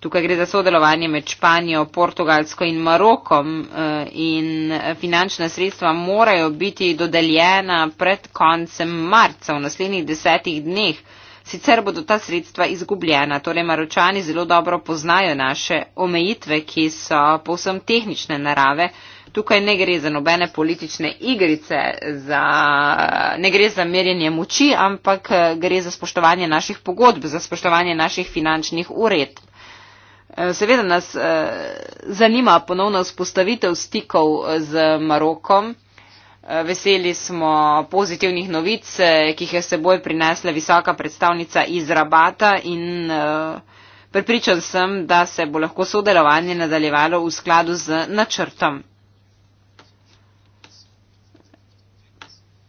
Tukaj gre za sodelovanje med Španijo, Portugalsko in Marokom eh, in finančna sredstva morajo biti dodeljena pred koncem marca v naslednjih desetih dneh. Sicer bodo ta sredstva izgubljena, torej Maročani zelo dobro poznajo naše omejitve, ki so povsem tehnične narave. Tukaj ne gre za nobene politične igrice, za, ne gre za merjenje moči, ampak eh, gre za spoštovanje naših pogodb, za spoštovanje naših finančnih ured. Seveda nas eh, zanima ponovno vzpostavitev stikov eh, z Marokom. Eh, veseli smo pozitivnih novic, ki jih je seboj prinesla visoka predstavnica iz Rabata in pripričan sem, da se bo lahko sodelovanje nadaljevalo v skladu z načrtom.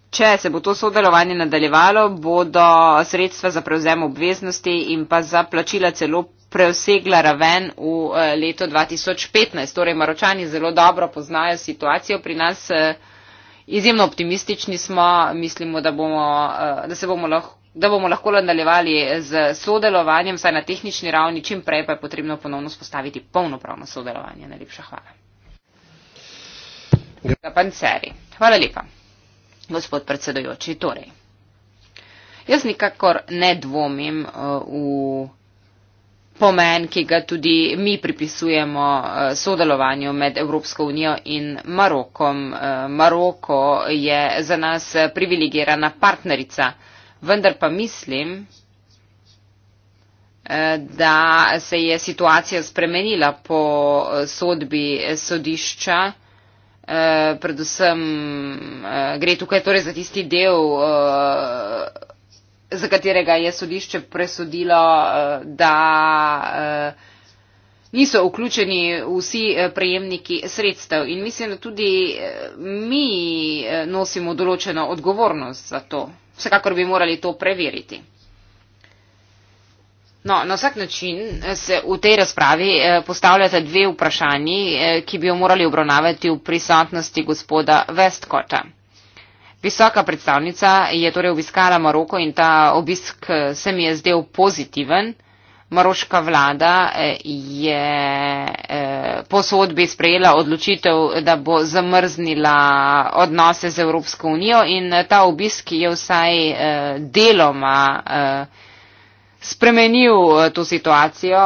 Če se bo to sodelovanje nadaljevalo, bodo sredstva za prevzem obveznosti in pa za plačila celo preosegla raven v eh, letu 2015. Torej, Maročani zelo dobro poznajo situacijo pri nas. Eh, izjemno optimistični smo, mislimo, da, bomo, eh, da, bomo lahko, da bomo lahko nadaljevali z sodelovanjem, saj na tehnični ravni, čim prej pa je potrebno ponovno spostaviti polnopravno sodelovanje. Najlepša hvala. Hvala lepa, gospod predsedojoči. Torej, jaz nikakor ne dvomim v pomen, ki ga tudi mi pripisujemo eh, sodelovanju med Evropsko unijo in Marokom. Eh, Maroko je za nas privilegirana partnerica, vendar pa mislim, eh, da se je situacija spremenila po sodbi sodišča. Predvsem gre tukaj torej za tisti del za katerega je sodišče presodilo, eh, da eh, niso vključeni vsi eh, prejemniki sredstev. In mislim, da tudi mi nosimo določeno odgovornost za to. Vsekakor bi morali to preveriti. No, na vsak način se v tej razpravi postavljate dve vprašanji, ki bi jo morali obravnavati v prisotnosti gospoda Vestkota. Visoka predstavnica je torej obiskala Maroko in ta obisk eh, se mi je zdel pozitiven. Maroška vlada eh, je eh, po sodbi sprejela odločitev, da bo zamrznila odnose z Evropsko unijo in ta obisk je vsaj deloma spremenil to situacijo.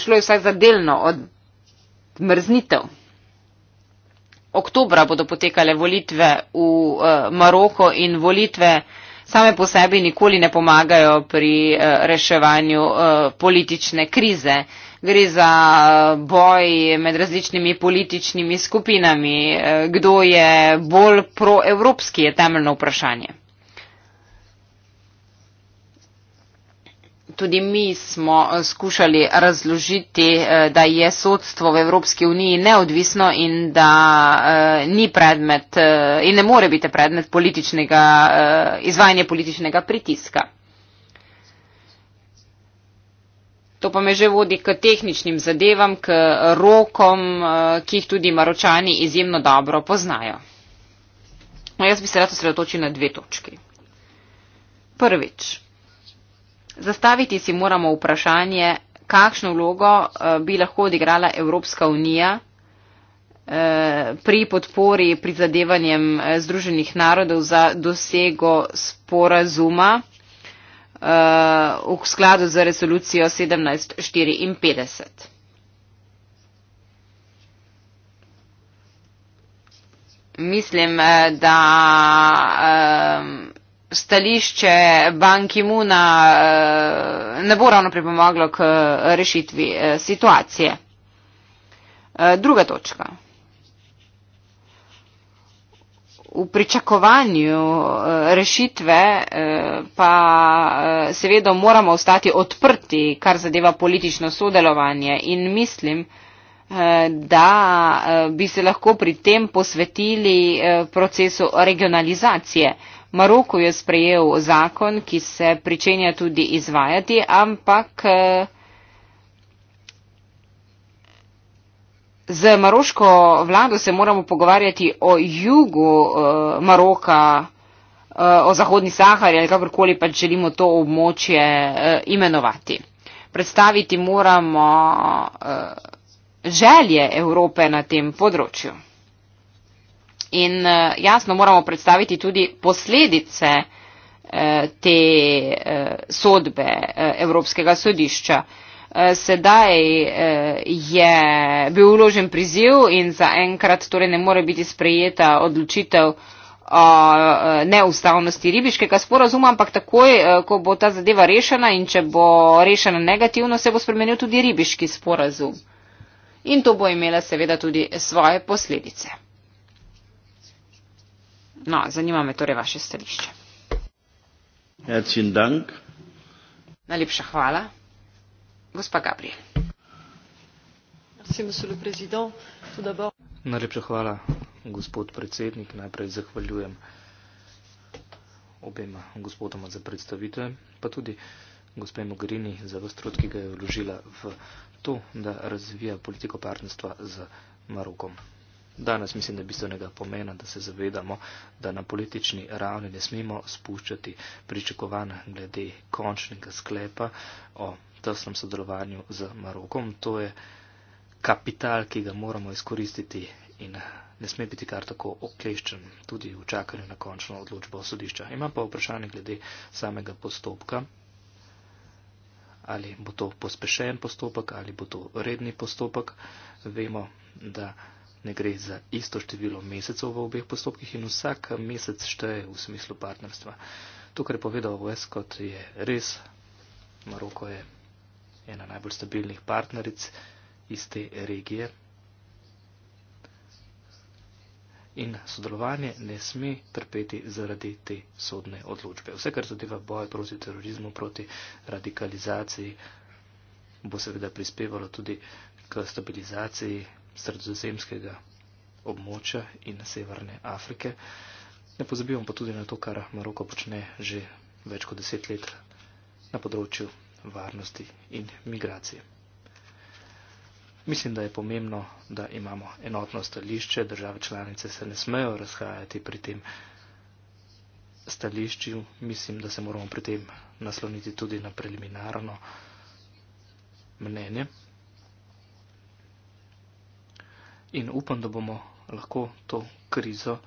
Šlo je vsaj za delno odmrznitev oktobra bodo potekale volitve v eh, Maroko in volitve same po sebi nikoli ne pomagajo pri eh, reševanju eh, politične krize. Gre za boj med različnimi političnimi skupinami. Kdo je bolj proevropski, je temeljno vprašanje. Tudi mi smo eh, skušali razložiti, eh, da je sodstvo v Evropski uniji neodvisno in da eh, ni predmet in ne more biti predmet političnega, izvajanja političnega pritiska. To pa me že vodi k tehničnim zadevam, k rokom, ki jih tudi maročani izjemno dobro poznajo. No, jaz bi se rad osredotočil na dve točki. Prvič. Zastaviti si moramo vprašanje, kakšno vlogo eh, bi lahko odigrala Evropska unija eh, pri podpori prizadevanjem eh, Združenih narodov za dosego sporazuma v skladu z resolucijo 1754. Mislim, da stališče banki Muna eh, ne bo ravno pripomoglo k eh, rešitvi eh, situacije. Druga točka. V pričakovanju rešitve pa seveda moramo ostati odprti, kar zadeva politično sodelovanje in mislim, da bi se lahko pri tem posvetili procesu regionalizacije Maroko je sprejel zakon, ki se pričenja tudi izvajati, ampak eh, z maroško vlado se moramo pogovarjati o jugu eh, Maroka, eh, o zahodni Sahari ali kakorkoli pač želimo to območje imenovati. Predstaviti moramo želje Evrope na tem področju in eh, jasno moramo predstaviti tudi posledice eh, te eh, sodbe Evropskega sodišča. Sedaj je bil uložen priziv in zaenkrat torej ne more biti sprejeta odločitev o neustavnosti ribiškega sporazuma, ampak takoj, ko bo ta zadeva rešena in če bo rešena negativno, se bo spremenil tudi ribiški sporazum. In to bo imela seveda tudi svoje posledice. No, zanima me torej vaše stališče. Najlepša hvala. Gospa Gabriel. Najlepša hvala, gospod predsednik. Najprej zahvaljujem obema gospodoma za predstavitve, pa tudi gospe Mogherini za vse trud, ki ga je vložila v to, da razvija politiko partnerstva z Marokom. Danes mislim, da je bistvenega pomena, da se zavedamo, da na politični ravni ne smemo spuščati pričakovanja glede končnega sklepa o tesnem sodelovanju z Marokom. To je kapital, ki ga moramo izkoristiti in ne sme biti kar tako okleščen tudi v čakanju na končno odločbo sodišča. Imam pa vprašanje glede samega postopka. Ali bo to pospešen postopek ali bo to redni postopek. Vemo, da ne gre za isto število mesecev v obeh postopkih in vsak mesec šteje v smislu partnerstva. To, kar je povedal Westcott, je res. Maroko je ena najbolj stabilnih partneric iz te regije. In sodelovanje ne sme trpeti zaradi te sodne odločbe. Vse, kar zadeva boj proti terorizmu, proti radikalizaciji, bo seveda prispevalo tudi k stabilizaciji sredozemskega območja in severne Afrike. Ne pozabimo pa tudi na to, kar Maroko počne že več kot deset let na področju varnosti in migracije. Mislim, da je pomembno, da imamo enotno stališče, države članice se ne smejo razhajati pri tem stališču. Mislim, da se moramo pri tem nasloniti tudi na preliminarno mnenje. in upam, da bomo lahko to krizo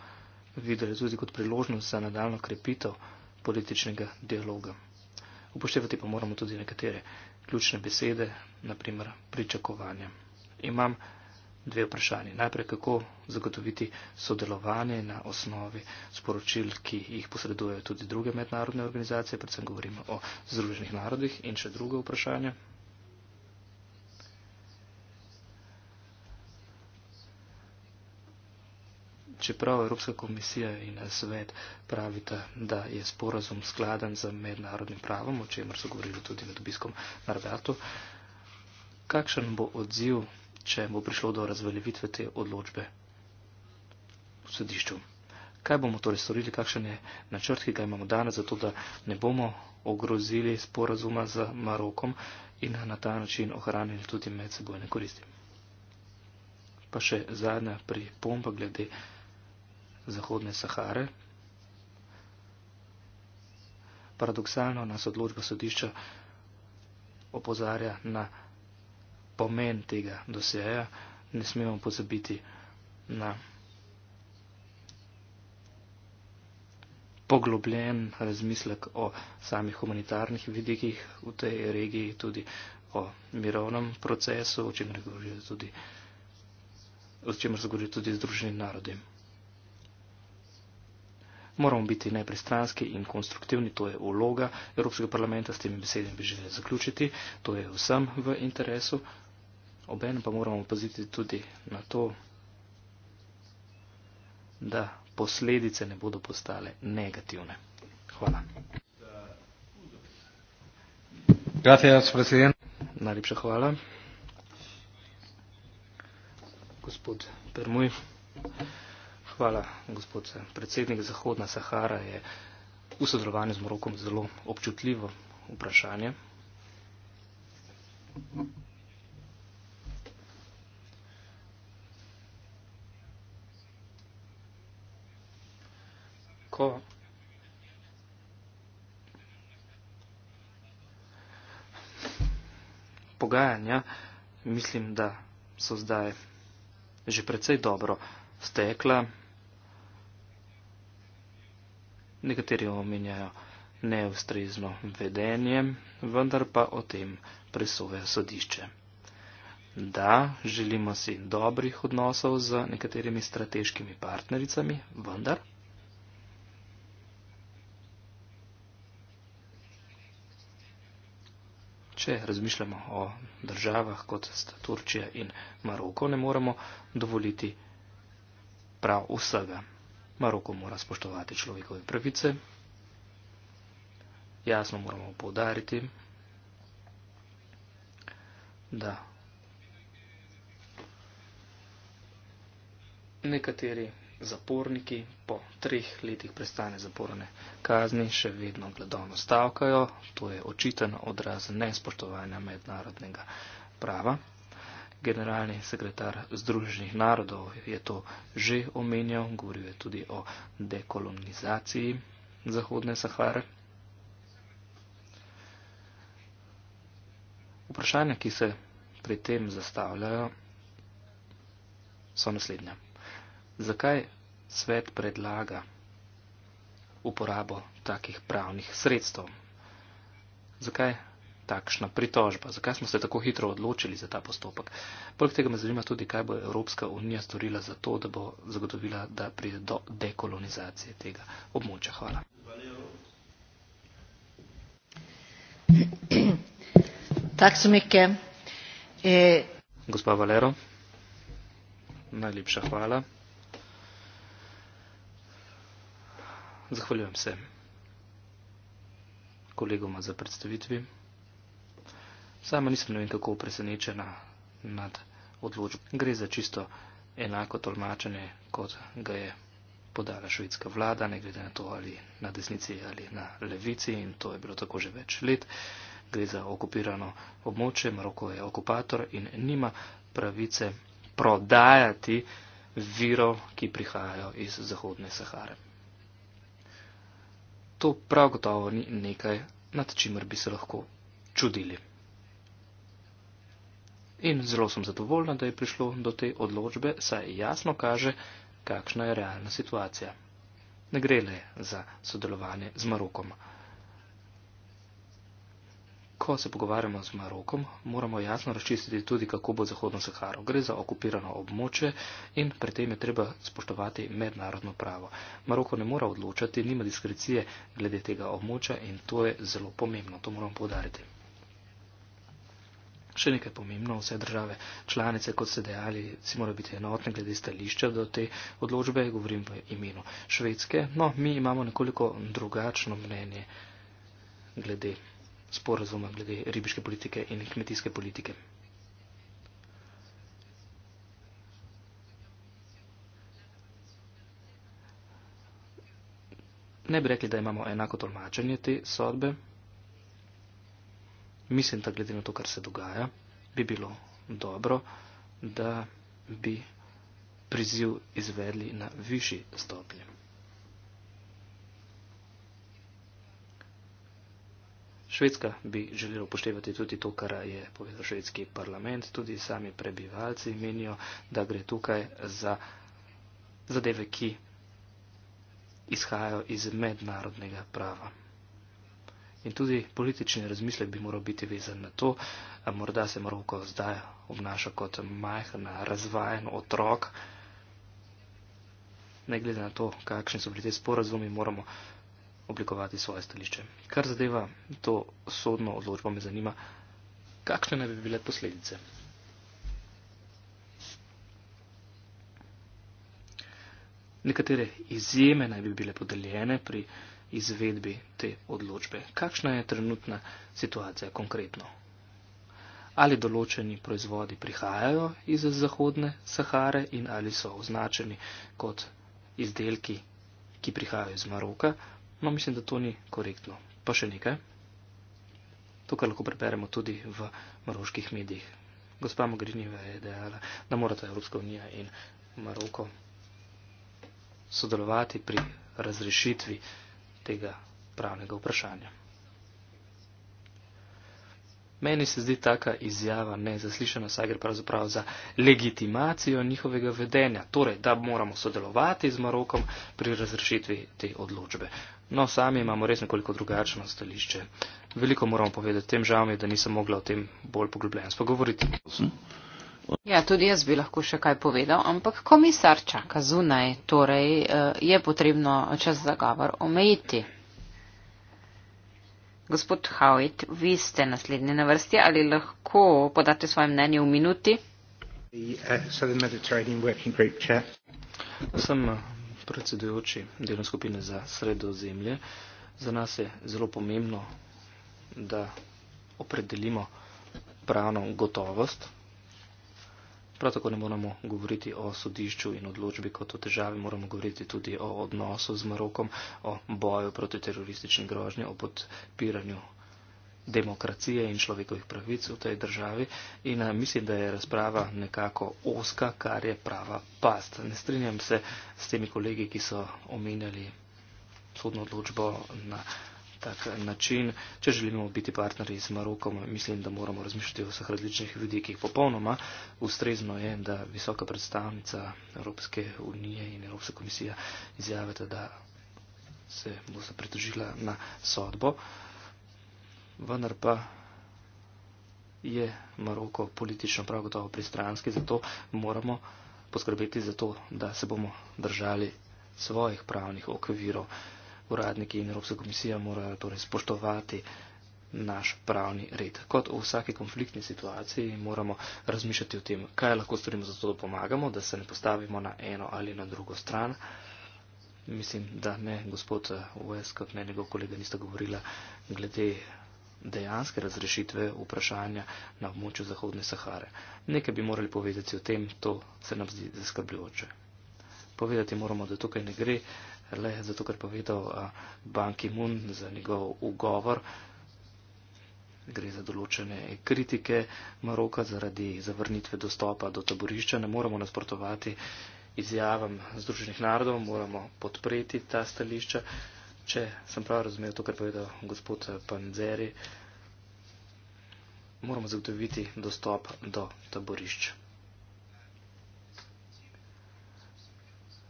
videli tudi kot priložnost za nadaljno krepitev političnega dialoga. Upoštevati pa moramo tudi nekatere ključne besede, naprimer pričakovanja. Imam dve vprašanje. Najprej, kako zagotoviti sodelovanje na osnovi sporočil, ki jih posredujejo tudi druge mednarodne organizacije, predvsem govorimo o Združenih narodih in še druge vprašanje. čeprav Evropska komisija in svet pravita, da je sporazum skladen z mednarodnim pravom, o čemer so govorili tudi med obiskom na Rabatu, kakšen bo odziv, če bo prišlo do razveljavitve te odločbe v sodišču? Kaj bomo torej storili, kakšen je načrt, ki ga imamo danes, zato da ne bomo ogrozili sporazuma z Marokom in na ta način ohranili tudi med sebojne koristi? Pa še zadnja pripomba glede Zahodne Sahare. Paradoksalno nas odločba sodišča opozarja na pomen tega doseja, ne smemo pozabiti na poglobljen razmislek o samih humanitarnih vidikih v tej regiji, tudi o mirovnem procesu, o čemer se govori tudi, tudi združeni narodi moramo biti nepristranski in konstruktivni, to je vloga Evropskega parlamenta, s temi besedami bi želeli zaključiti, to je vsem v interesu, obenem pa moramo paziti tudi na to, da posledice ne bodo postale negativne. Hvala. Gracias, president. Najlepša hvala. Gospod Permuj hvala, gospod predsednik. Zahodna Sahara je v sodelovanju z Morokom zelo občutljivo vprašanje. Ko pogajanja, mislim, da so zdaj že precej dobro stekla nekateri omenjajo neustrezno vedenje, vendar pa o tem presoja sodišče. Da, želimo si dobrih odnosov z nekaterimi strateškimi partnericami, vendar. Če razmišljamo o državah kot sta Turčija in Maroko, ne moremo dovoliti prav vsega. Maroko mora spoštovati človekove pravice, jasno moramo povdariti, da nekateri zaporniki po treh letih prestane zaporne kazni še vedno gledovno stavkajo, to je očiten odraz nespoštovanja mednarodnega prava generalni sekretar Združenih narodov je to že omenjal, govoril je tudi o dekolonizaciji Zahodne Sahare. Vprašanja, ki se pri tem zastavljajo, so naslednja. Zakaj svet predlaga uporabo takih pravnih sredstev? Zakaj takšna pritožba? Zakaj smo se tako hitro odločili za ta postopek? Poleg tega me zanima tudi, kaj bo Evropska unija storila za to, da bo zagotovila, da pride do dekolonizacije tega območja. Hvala. Taksumike. E... Eh, Gospa Valero, najlepša hvala. Zahvaljujem se kolegoma za predstavitvi. Sama nisem ne vem kako presenečena nad odločbo. Gre za čisto enako tolmačenje, kot ga je podala švedska vlada, ne glede na to ali na desnici ali na levici in to je bilo tako že več let. Gre za okupirano območje, Maroko je okupator in nima pravice prodajati virov, ki prihajajo iz Zahodne Sahare. To prav gotovo ni nekaj, nad čimer bi se lahko čudili. In zelo sem zadovoljna, da je prišlo do te odločbe, saj jasno kaže, kakšna je realna situacija. Ne gre le za sodelovanje z Marokom. Ko se pogovarjamo z Marokom, moramo jasno razčistiti tudi, kako bo Zahodno Saharo. Gre za okupirano območje in pri tem je treba spoštovati mednarodno pravo. Maroko ne mora odločati, nima diskrecije glede tega območja in to je zelo pomembno, to moramo povdariti. Še nekaj pomembno, vse države članice, kot ste dejali, si morajo biti enotne glede stališča do te odločbe, govorim v imenu Švedske. No, mi imamo nekoliko drugačno mnenje glede sporazuma, glede ribiške politike in kmetijske politike. Ne bi rekli, da imamo enako tolmačenje te sodbe mislim, da glede na to, kar se dogaja, bi bilo dobro, da bi priziv izvedli na višji stopnji. Švedska bi želela upoštevati tudi to, kar je povedal švedski parlament. Tudi sami prebivalci menijo, da gre tukaj za zadeve, ki izhajajo iz mednarodnega prava. In tudi politični razmislek bi moral biti vezan na to, a morda se Maroko zdaj obnaša kot majhna, razvajen otrok. Ne glede na to, kakšni so bili te sporazumi, moramo oblikovati svoje stališče. Kar zadeva to sodno odločbo, me zanima, kakšne ne bi bile posledice. Nekatere izjeme naj bi bile podeljene pri izvedbi te odločbe. Kakšna je trenutna situacija konkretno? Ali določeni proizvodi prihajajo iz Zahodne Sahare in ali so označeni kot izdelki, ki prihajajo iz Maroka? No, mislim, da to ni korektno. Pa še nekaj. Tukaj lahko preberemo tudi v maroških medijih. Gospa Mogrinjeva je dejala, da morata Evropska unija in Maroko sodelovati pri razrešitvi tega pravnega vprašanja. Meni se zdi taka izjava nezaslišana, saj gre pravzaprav za legitimacijo njihovega vedenja, torej, da moramo sodelovati z Marokom pri razrešitvi te odločbe. No, sami imamo res nekoliko drugačno stališče. Veliko moramo povedati, tem žal mi je, da nisem mogla o tem bolj poglobljeno spogovoriti. Hm. Ja, tudi jaz bi lahko še kaj povedal, ampak komisar čaka zunaj, torej eh, je potrebno čas za govor omejiti. Gospod Howitt, vi ste naslednji na vrsti, ali lahko podate svoje mnenje v minuti? Uh, Sem eh, predsedujoči delovne skupine za sredozemlje. Za nas je zelo pomembno, da opredelimo pravno gotovost Prav tako ne moramo govoriti o sodišču in odločbi kot o težavi, moramo govoriti tudi o odnosu z Marokom, o boju proti teroristični grožnji, o podpiranju demokracije in človekovih pravic v tej državi. In eh, mislim, da je razprava nekako oska, kar je prava past. Ne strinjam se s temi kolegi, ki so omenjali sodno odločbo na tak način. Če želimo biti partneri z Marokom, mislim, da moramo razmišljati o vseh različnih ljudih, ki jih popolnoma ustrezno je, da visoka predstavnica Evropske unije in Evropska komisija izjaveta, da se bo se pritožila na sodbo. Vendar pa je Maroko politično prav gotovo pristranski, zato moramo poskrbeti za to, da se bomo držali svojih pravnih okvirov uradniki in Evropska komisija morajo torej spoštovati naš pravni red. Kot v vsaki konfliktni situaciji moramo razmišljati o tem, kaj lahko storimo za to, da pomagamo, da se ne postavimo na eno ali na drugo stran. Mislim, da ne, gospod Ves, eh, kot ne njegov kolega, niste govorila glede dejanske razrešitve vprašanja na območju Zahodne Sahare. Nekaj bi morali povedati o tem, to se nam zdi zaskrbljujoče. Povedati moramo, da tukaj ne gre le zato, ker povedal Ban Ki-moon za njegov ugovor. Gre za določene kritike Maroka zaradi zavrnitve dostopa do taborišča. Ne moremo nasprotovati izjavam Združenih narodov, moramo podpreti ta stališča. Če sem prav razumel to, kar povedal gospod Panzeri, moramo zagotoviti dostop do taborišča.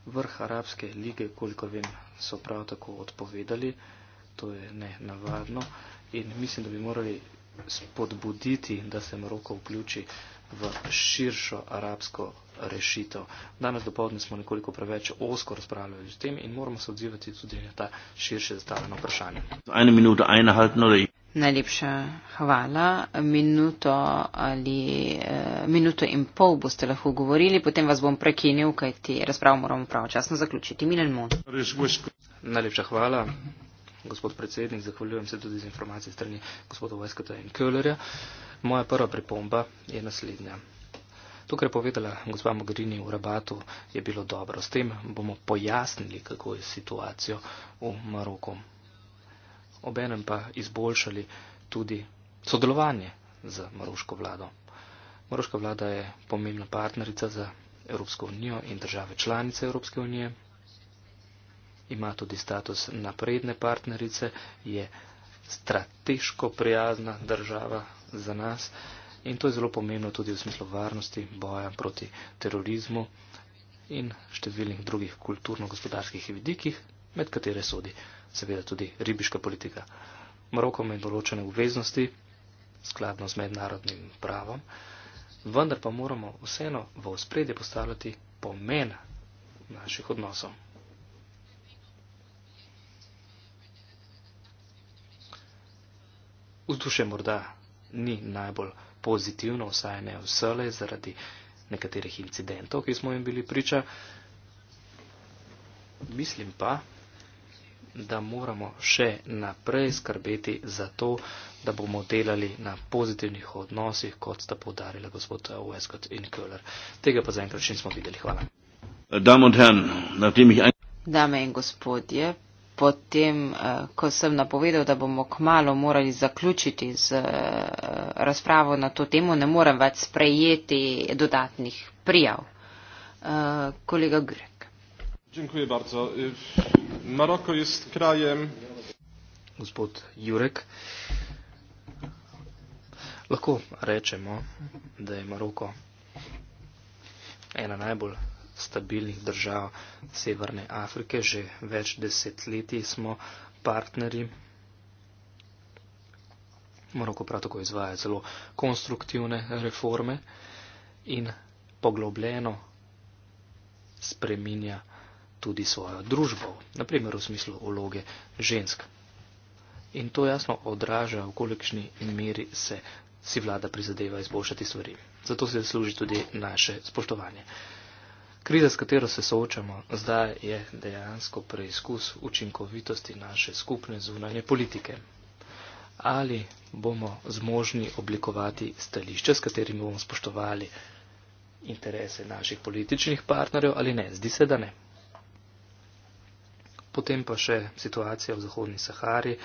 Vrh arabske lige, koliko vem, so prav tako odpovedali, to je ne navadno in mislim, da bi morali spodbuditi, da se Moroko vključi v širšo arabsko rešitev. Danes dopovdne smo nekoliko preveč osko razpravljali o tem in moramo se odzivati tudi na ta širše zastavljeno vprašanje. Eine minute, eine halten, no, Najlepša hvala. Minuto, ali, eh, minuto in pol boste lahko govorili, potem vas bom prekinil, kajti razpravo moramo pravočasno zaključiti. Milen Mon. Najlepša hvala, gospod predsednik. Zahvaljujem se tudi z informacije strani gospoda Vajskata in Köllerja. Moja prva pripomba je naslednja. To, kar je povedala gospa Mogherini v Rabatu, je bilo dobro. S tem bomo pojasnili, kako je situacijo v Maroku obenem pa izboljšali tudi sodelovanje z maroško vlado. Maroška vlada je pomembna partnerica za Evropsko unijo in države članice Evropske unije. Ima tudi status napredne partnerice, je strateško prijazna država za nas in to je zelo pomembno tudi v smislu varnosti, boja proti terorizmu in številnih drugih kulturno-gospodarskih vidikih, med katere sodi seveda tudi ribiška politika. Moroko ima določene obveznosti, skladno z mednarodnim pravom, vendar pa moramo vseeno v ospredje postavljati pomen naših odnosov. Vzdušje morda ni najbolj pozitivno, vsaj ne vsele, zaradi nekaterih incidentov, ki smo jim bili priča. Mislim pa, da moramo še naprej skrbeti za to, da bomo delali na pozitivnih odnosih, kot sta povdarila gospod Westcott in Köhler. Tega pa zaenkrat še nismo videli. Hvala. Dame in gospodje, potem, eh, ko sem napovedal, da bomo kmalo morali zaključiti z eh, razpravo na to temo, ne morem več sprejeti dodatnih prijav. Eh, kolega Grek. Dziękuję bardzo. Maroko jest krajem. Gospod Jurek. Lahko rečemo, da je Maroko ena najbolj stabilnih držav Severne Afrike. Že več desetletij smo partneri. Maroko prav tako izvaja zelo konstruktivne reforme in poglobljeno spreminja tudi svojo družbo, naprimer v smislu vloge žensk. In to jasno odraža, v kolikšni meri se si vlada prizadeva izboljšati stvari. Zato se služi tudi naše spoštovanje. Kriza, s katero se soočamo zdaj, je dejansko preizkus učinkovitosti naše skupne zunanje politike. Ali bomo zmožni oblikovati stališče, s katerimi bomo spoštovali interese naših političnih partnerjev ali ne? Zdi se, da ne potem pa še situacija v Zahodni Sahari.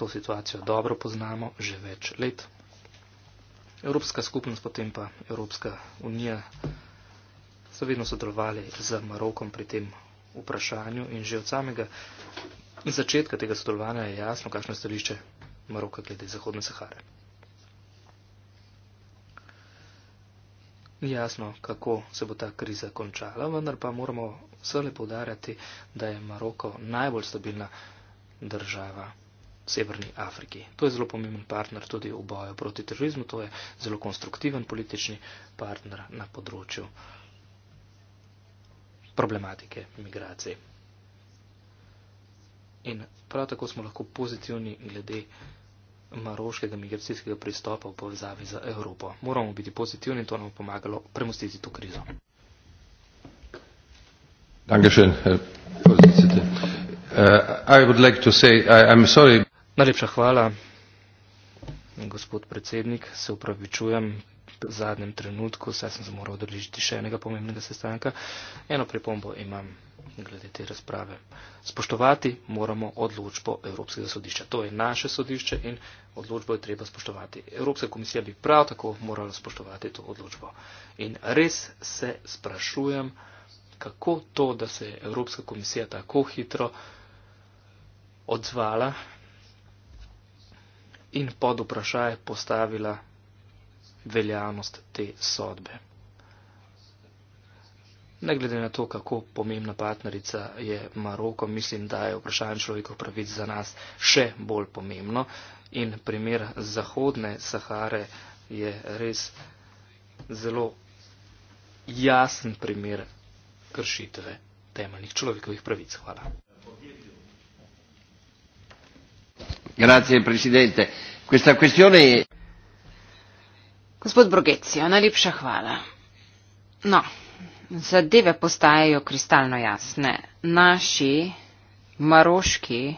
To situacijo dobro poznamo že več let. Evropska skupnost, potem pa Evropska unija so vedno sodelovali z Marokom pri tem vprašanju in že od samega začetka tega sodelovanja je jasno, kakšno stališče Maroka glede Zahodne Sahare. ni jasno, kako se bo ta kriza končala, vendar pa moramo vse podarjati, da je Maroko najbolj stabilna država v Severni Afriki. To je zelo pomemben partner tudi v boju proti terorizmu, to je zelo konstruktiven politični partner na področju problematike migracij. In prav tako smo lahko pozitivni glede maroškega migracijskega pristopa v povezavi z Evropo. Moramo biti pozitivni in to nam pomagalo premustiti to krizo. Dankeschön, Herr uh, I would like to say, I, I'm sorry. Najlepša hvala, gospod predsednik. Se upravičujem v zadnjem trenutku, saj sem se moral odrežiti še enega pomembnega sestanka. Eno pripombo imam glede te razprave. Spoštovati moramo odločbo Evropskega sodišča. To je naše sodišče in odločbo je treba spoštovati. Evropska komisija bi prav tako morala spoštovati to odločbo. In res se sprašujem, kako to, da se je Evropska komisija tako hitro odzvala in pod vprašaj postavila veljavnost te sodbe. Ne glede na to, kako pomembna partnerica je Maroko, mislim, da je vprašanje človekov pravic za nas še bolj pomembno. In primer Zahodne Sahare je res zelo jasen primer kršitve temeljnih človekovih pravic. Hvala. Grazie, Gospod Brogecio, najlepša hvala. No, zadeve postajajo kristalno jasne. Naši maroški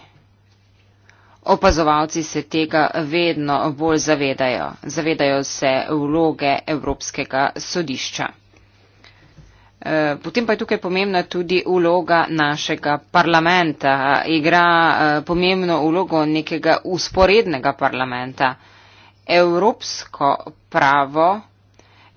opazovalci se tega vedno bolj zavedajo. Zavedajo se vloge Evropskega sodišča. E, potem pa je tukaj pomembna tudi vloga našega parlamenta. Igra e, pomembno vlogo nekega usporednega parlamenta. Evropsko pravo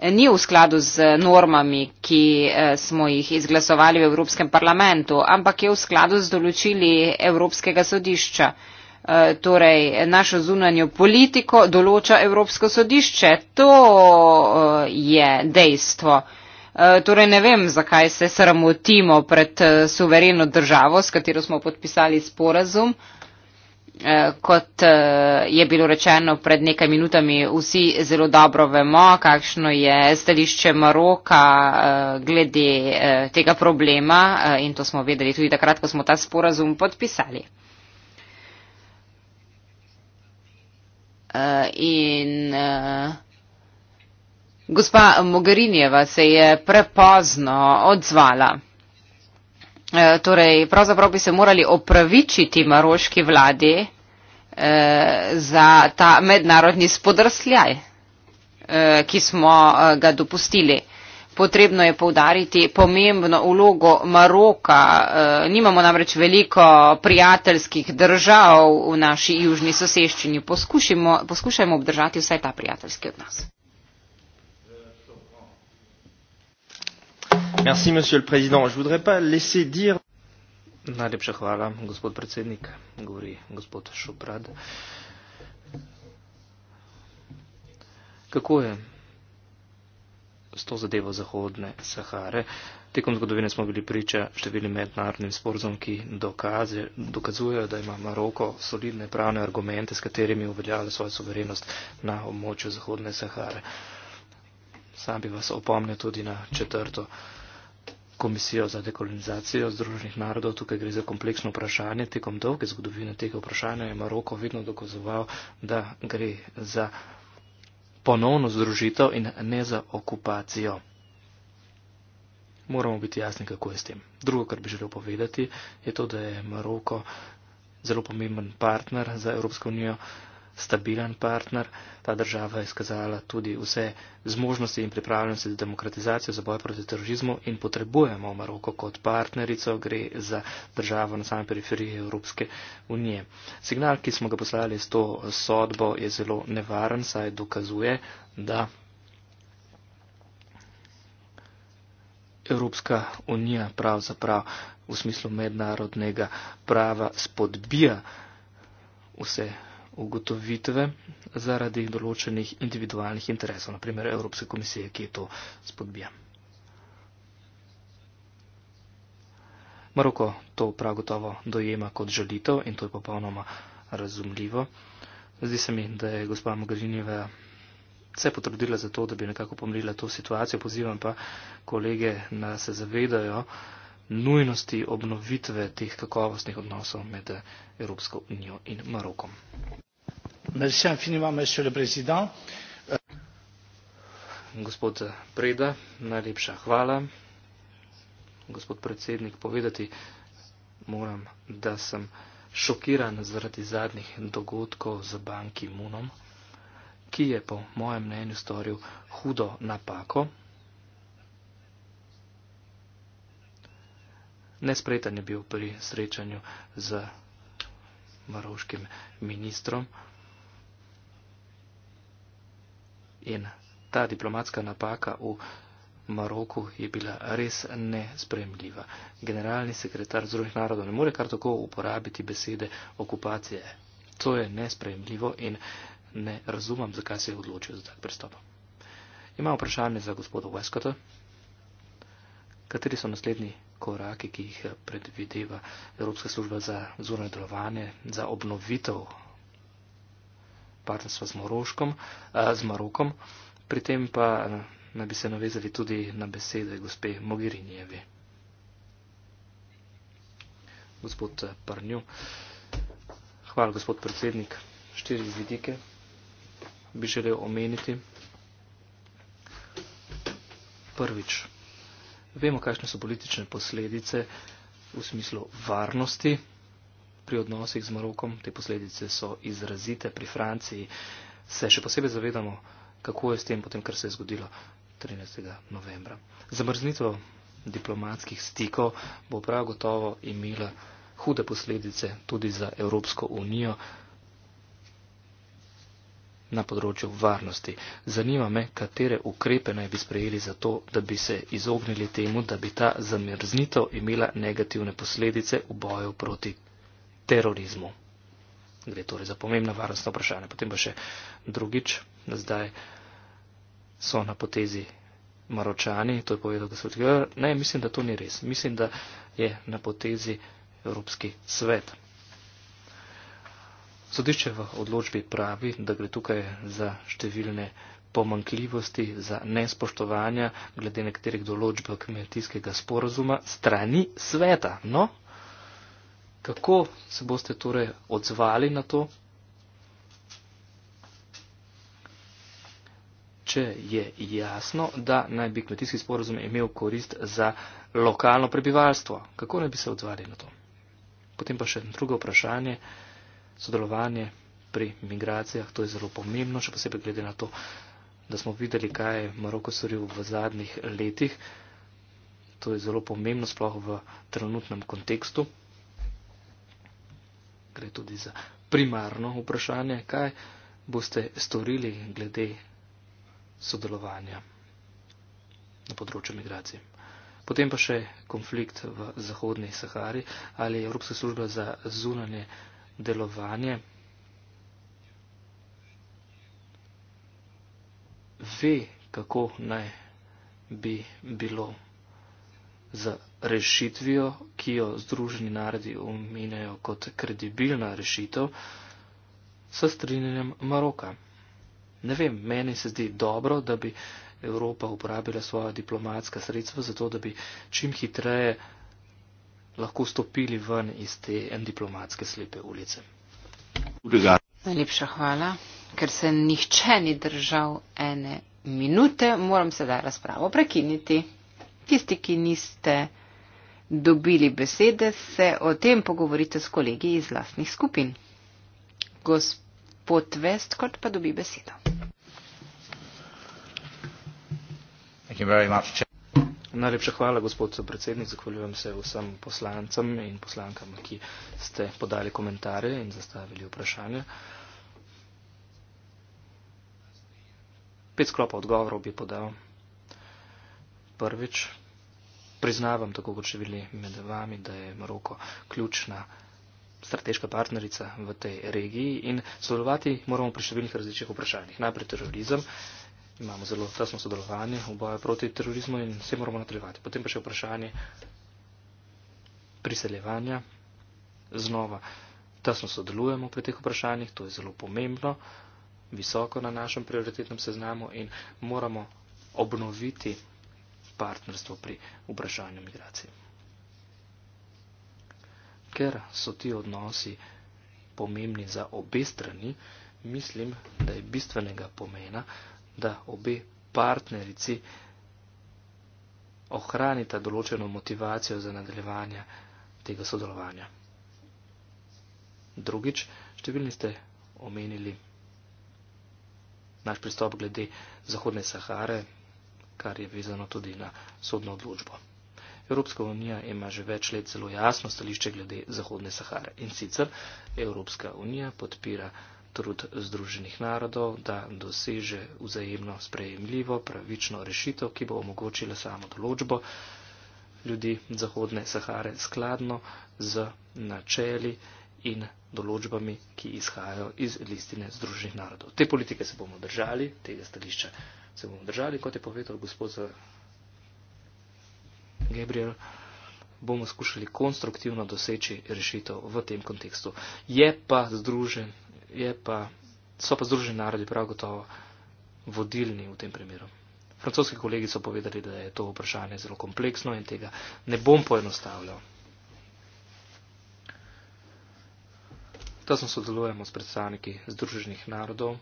ni v skladu z normami, ki eh, smo jih izglasovali v Evropskem parlamentu, ampak je v skladu z določili Evropskega sodišča. Eh, torej, našo zunanjo politiko določa Evropsko sodišče. To eh, je dejstvo. Torej, ne vem, zakaj se sramotimo pred suvereno državo, s katero smo podpisali sporazum. Eh, kot eh, je bilo rečeno pred nekaj minutami, vsi zelo dobro vemo, kakšno je stališče Maroka eh, glede tega problema in to smo vedeli tudi takrat, ko smo ta sporazum podpisali. In gospa Mogarinjeva se je prepozno odzvala. Eh, torej, pravzaprav bi se morali opravičiti maroški vladi eh, za ta mednarodni spodrsljaj, eh, ki smo eh, ga dopustili. Potrebno je povdariti pomembno ulogo Maroka. Eh, nimamo namreč veliko prijateljskih držav v naši južni soseščini. Poskušajmo obdržati vsaj ta prijateljski odnos. Merci, monsieur le président. Je ne voudrais pas laisser dire. Najlepša hvala, gospod predsednik, govori gospod Šoprad. Kako je s to zadevo Zahodne Sahare? Tekom zgodovine smo bili priča številnim mednarodnim sporozum, ki dokaze, dokazujejo, da ima Maroko solidne pravne argumente, s katerimi uveljavlja svojo soverenost na območju Zahodne Sahare. Sam bi vas opomnil tudi na četrto komisijo za dekolonizacijo Združenih narodov. Tukaj gre za kompleksno vprašanje. Tekom dolge zgodovine tega vprašanja je Maroko vedno dokazoval, da gre za ponovno združitev in ne za okupacijo. Moramo biti jasni, kako je s tem. Drugo, kar bi želel povedati, je to, da je Maroko zelo pomemben partner za Evropsko unijo stabilen partner. Ta država je izkazala tudi vse zmožnosti in pripravljenosti za demokratizacijo, za boj proti teroržizmu in potrebujemo Maroko kot partnerico, gre za državo na sami periferiji Evropske unije. Signal, ki smo ga poslali s to sodbo, je zelo nevaren, saj dokazuje, da. Evropska unija pravzaprav v smislu mednarodnega prava spodbija vse ugotovitve zaradi določenih individualnih interesov, naprimer Evropske komisije, ki je to spodbija. Maroko to prav gotovo dojema kot žalitev in to je popolnoma razumljivo. Zdi se mi, da je gospa Mogherinjeva se potrudila za to, da bi nekako pomirila to situacijo. Pozivam pa kolege, da se zavedajo nujnosti obnovitve teh kakovostnih odnosov med Evropsko unijo in Marokom monsieur le président euh, gospod preda najlepša hvala gospod predsednik povedati moram da sem šokiran zaradi zadnjih dogodkov z banki Munom ki je po mojem mnenju storil hudo napako nespreten je bil pri srečanju z maroškim ministrom In ta diplomatska napaka v Maroku je bila res nespremljiva. Generalni sekretar Združenih narodov ne more kar tako uporabiti besede okupacije. To je nespremljivo in ne razumem, zakaj se je odločil za tak pristop. Imam vprašanje za gospoda Weskota. Kateri so naslednji koraki, ki jih predvideva Evropska služba za zunanje delovanje, za obnovitev partnerstva z, Moroškom, eh, z Marokom, pri tem pa eh, naj bi se navezali tudi na besede gospe Mogirinjevi. Gospod eh, Parnju, hvala gospod predsednik, štiri izvidike bi želel omeniti. Prvič, vemo, kakšne so politične posledice v smislu varnosti pri odnosih z Marokom, te posledice so izrazite pri Franciji, se še posebej zavedamo, kako je s tem potem, kar se je zgodilo 13. novembra. Zamrznitev diplomatskih stikov bo prav gotovo imela hude posledice tudi za Evropsko unijo na področju varnosti. Zanima me, katere ukrepe naj bi sprejeli za to, da bi se izognili temu, da bi ta zamrznitev imela negativne posledice v boju proti terorizmu. Gre torej za pomembna varnostna vprašanja. Potem pa še drugič, da zdaj so na potezi Maročani, to je povedal gospod Gör. Ne, mislim, da to ni res. Mislim, da je na potezi Evropski svet. Sodišče v odločbi pravi, da gre tukaj za številne pomankljivosti, za nespoštovanja glede nekaterih določb kmetijskega sporozuma strani sveta. No, kako se boste torej odzvali na to, če je jasno, da naj bi kmetijski sporozum imel korist za lokalno prebivalstvo. Kako naj bi se odzvali na to? Potem pa še drugo vprašanje, sodelovanje pri migracijah, to je zelo pomembno, še posebej glede na to, da smo videli, kaj je Maroko storil v zadnjih letih. To je zelo pomembno, sploh v trenutnem kontekstu gre tudi za primarno vprašanje, kaj boste storili glede sodelovanja na področju migracij. Potem pa še konflikt v Zahodni Sahari ali Evropska služba za zunanje delovanje. Ve, kako naj bi bilo z rešitvijo, ki jo združeni narodi omenjajo kot kredibilna rešitev, s strinjenjem Maroka. Ne vem, meni se zdi dobro, da bi Evropa uporabila svoja diplomatska sredstva za to, da bi čim hitreje lahko stopili ven iz te en diplomatske slepe ulice. Najlepša hvala, ker se nihče ni držal ene minute, moram sedaj razpravo prekiniti. Tisti, ki niste dobili besede, se o tem pogovorite s kolegi iz lastnih skupin. Gospod Westcott pa dobi besedo. Najlepša hvala, gospod predsednik. Zahvaljujem se vsem poslancem in poslankam, ki ste podali komentarje in zastavili vprašanje. Pet sklopov odgovorov bi podal. Prvič, priznavam, tako kot še bili med vami, da je Maroko ključna strateška partnerica v tej regiji in sodelovati moramo pri številnih različnih vprašanjih. Najprej terorizem, imamo zelo tesno sodelovanje v boju proti terorizmu in vse moramo nadaljevati. Potem pa še vprašanje priseljevanja. Znova tesno sodelujemo pri teh vprašanjih, to je zelo pomembno, visoko na našem prioritetnem seznamu in moramo obnoviti partnerstvo pri vprašanju migracije. Ker so ti odnosi pomembni za obe strani, mislim, da je bistvenega pomena, da obe partnerici ohranita določeno motivacijo za nadaljevanje tega sodelovanja. Drugič, številni ste omenili naš pristop glede Zahodne Sahare, kar je vezano tudi na sodno odločbo. Evropska unija ima že več let zelo jasno stališče glede Zahodne Sahare in sicer Evropska unija podpira trud Združenih narodov, da doseže vzajemno sprejemljivo, pravično rešitev, ki bo omogočila samo določbo ljudi Zahodne Sahare skladno z načeli in določbami, ki izhajajo iz listine Združenih narodov. Te politike se bomo držali, tega stališča se bomo držali, kot je povedal gospod Gabriel, bomo skušali konstruktivno doseči rešitev v tem kontekstu. Je pa združen, je pa, so pa združeni narodi prav gotovo vodilni v tem primeru. Francoski kolegi so povedali, da je to vprašanje zelo kompleksno in tega ne bom poenostavljal. Da smo sodelujemo s predstavniki Združenih narodov,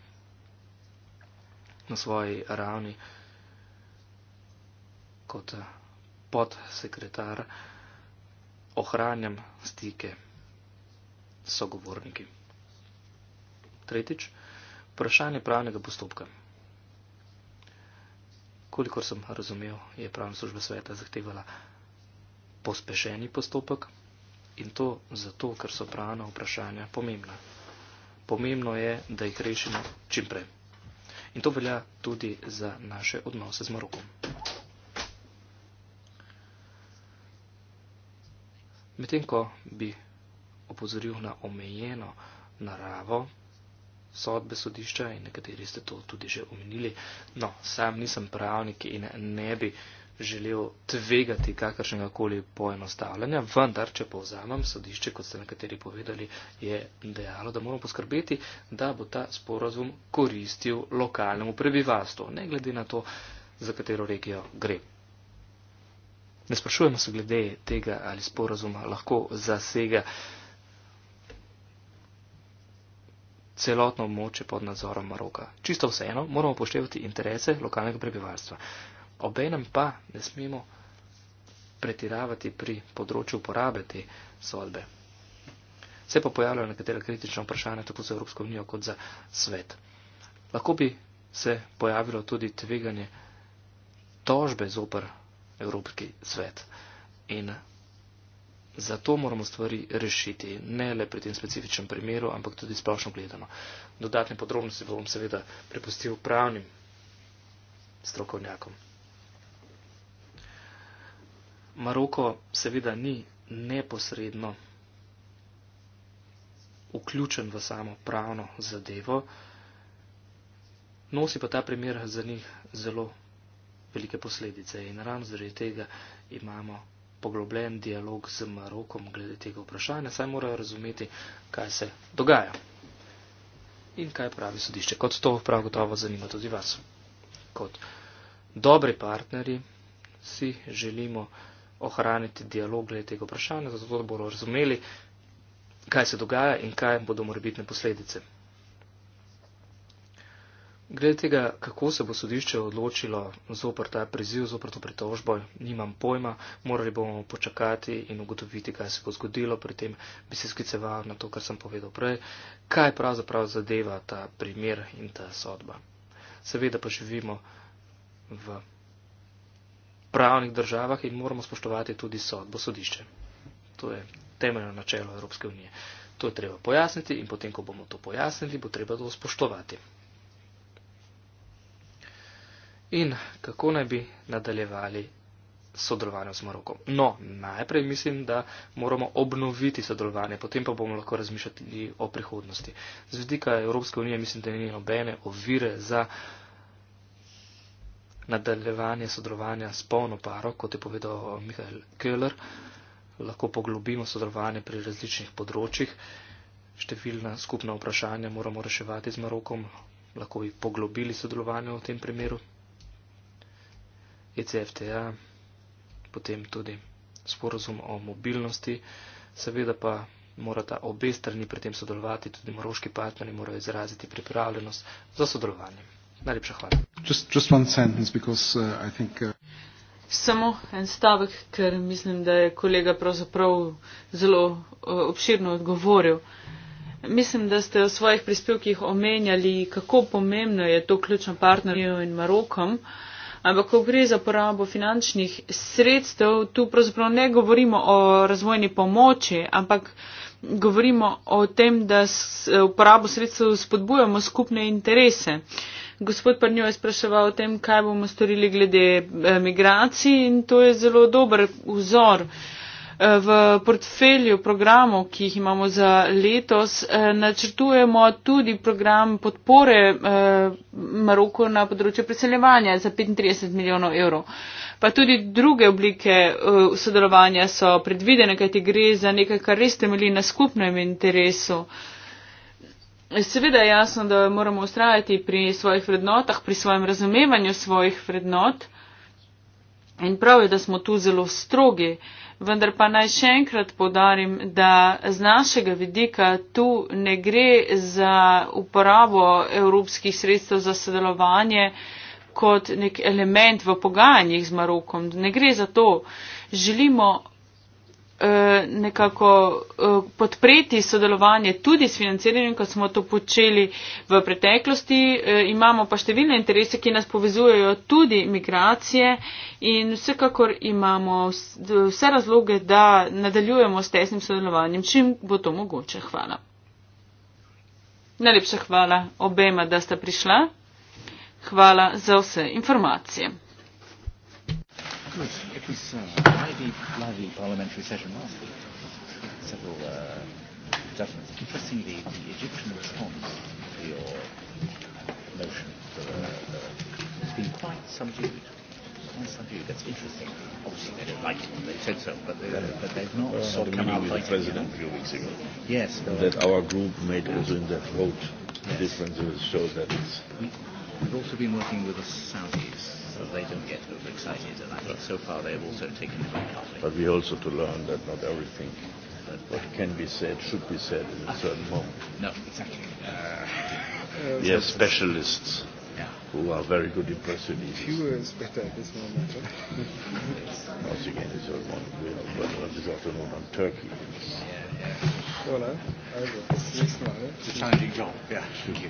na svoji ravni kot eh, podsekretar ohranjam stike s sogovorniki. Tretjič, vprašanje pravnega postopka. Kolikor sem razumel, je pravna služba sveta zahtevala pospešeni postopek in to zato, ker so pravna vprašanja pomembna. Pomembno je, da jih rešimo čimprej. In to velja tudi za naše odnose z Marokom. Medtem ko bi opozoril na omejeno naravo sodbe sodišča, in nekateri ste to tudi že omenili, no, sam nisem pravnik in ne bi uh, želel tvegati kakršnega koli poenostavljanja, vendar, če povzamem, sodišče, kot ste nekateri povedali, je dejalo, da moramo poskrbeti, da bo ta sporazum koristil lokalnemu prebivalstvu, ne glede na to, za katero regijo gre. Ne sprašujemo se glede tega, ali sporazuma lahko zasega celotno območje pod nadzorom Maroka. Čisto vseeno moramo poštevati interese lokalnega prebivalstva. Obenem pa ne smemo pretiravati pri področju uporabe te sodbe. Se pa pojavljajo nekatera kritična vprašanja tako za Evropsko unijo kot za svet. Lahko bi se pojavilo tudi tveganje tožbe zoper Evropski svet. In zato moramo stvari rešiti, ne le pri tem specifičnem primeru, ampak tudi splošno gledano. Dodatne podrobnosti bom seveda prepustil pravnim strokovnjakom. Maroko seveda ni neposredno vključen v samo pravno zadevo, nosi pa ta primer za njih zelo velike posledice in ravno zaradi tega imamo poglobljen dialog z Marokom glede tega vprašanja, saj morajo razumeti, kaj se dogaja in kaj pravi sodišče, kot to prav gotovo zanima tudi vas. Kot dobri partneri si želimo, ohraniti dialog glede tega vprašanja, zato da bodo razumeli, kaj se dogaja in kaj bodo morebitne posledice. Glede tega, kako se bo sodišče odločilo zoprt ta priziv, zoprt to pritožbo, nimam pojma, morali bomo počakati in ugotoviti, kaj se bo zgodilo, pri tem bi se skliceval na to, kar sem povedal prej, kaj pravzaprav zadeva ta primer in ta sodba. Seveda pa živimo v pravnih državah in moramo spoštovati tudi sodbo sodišče. To je temeljno načelo Evropske unije. To je treba pojasniti in potem, ko bomo to pojasnili, bo treba to spoštovati. In kako naj bi nadaljevali sodelovanje s Marokom? No, najprej mislim, da moramo obnoviti sodelovanje, potem pa bomo lahko razmišljati o prihodnosti. Z vidika Evropske unije mislim, da ni nobene ovire za nadaljevanje sodelovanja s polno paro, kot je povedal Mihajl Köhler, lahko poglobimo sodelovanje pri različnih področjih. Številna skupna vprašanja moramo reševati z Marokom, lahko bi poglobili sodelovanje v tem primeru. ECFTA, potem tudi sporozum o mobilnosti, seveda pa morata obe strani pri tem sodelovati, tudi moroški partneri morajo izraziti pripravljenost za sodelovanje. Najlepša hvala. Just, just because, uh, think, uh... Samo en stavek, ker mislim, da je kolega pravzaprav zelo uh, obširno odgovoril. Mislim, da ste v svojih prispevkih omenjali, kako pomembno je to ključno partnerstvo in Marokom. Ampak, ko gre za porabo finančnih sredstev, tu pravzaprav ne govorimo o razvojni pomoči, ampak govorimo o tem, da s uporabo sredstev spodbujamo skupne interese. Uh, gospod Prnjo je spraševal o tem, kaj bomo storili glede eh, migracij in to je zelo dober vzor. Eh, v portfelju programov, ki jih imamo za letos, eh, načrtujemo tudi program podpore Maroku na področju priseljevanja za 35 milijonov evrov. Pa tudi druge oblike sodelovanja so predvidene, kajti gre za nekaj, kar res temelji na skupnem interesu seveda je jasno, da moramo ustrajati pri svojih vrednotah, pri svojem razumevanju svojih vrednot. In prav je, da smo tu zelo strogi, vendar pa naj še enkrat podarim, da z našega vidika tu ne gre za uporabo evropskih sredstev za sodelovanje kot nek element v pogajanjih z Marokom. Ne gre za to. Želimo Eh, nekako eh, podpreti sodelovanje tudi s financiranjem, kot smo to počeli v preteklosti. Eh, imamo pa številne interese, ki nas povezujejo tudi migracije in vsekakor imamo vse razloge, da nadaljujemo s tesnim sodelovanjem, čim bo to mogoče. Hvala. Najlepša hvala obema, da sta prišla. Hvala za vse informacije good. It was uh, a lively, lively parliamentary session last week. Several uh, judgments. Uh, Interesting, the, the Egyptian response to your motion for, uh, uh, has been quite subdued. That's interesting. Obviously, they don't like it when they said so, but, they, yeah. but they've not well, sort of come out with like the president it, you know? a few weeks ago. Yes. That right. our group made us in that vote. Yes. The differences show that it's. We've also been working with the Saudis so they don't get overexcited and I think so far they have also taken it very calmly. But we also to learn that not everything but what can be said should be said in a certain moment. No, exactly. Uh, we have specialists yeah. who are very good in pressing Fewer is better at this moment. Huh? Once again, it's all one we are, but this afternoon on Turkey. Yeah, yeah. Well, uh, I will. It's a challenging job. Yeah, thank you.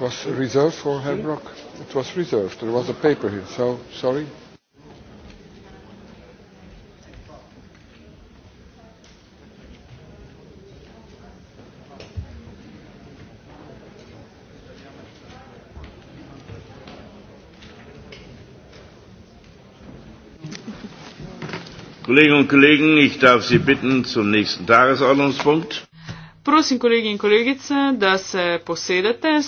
was reserved for Herr hm? Brock. It was reserved. There was a paper here. So, sorry. Kolleginnen und Kollegen, ich darf Sie bitten zum nächsten Tagesordnungspunkt. Prosim, kolegi in kolegice, da se posedete,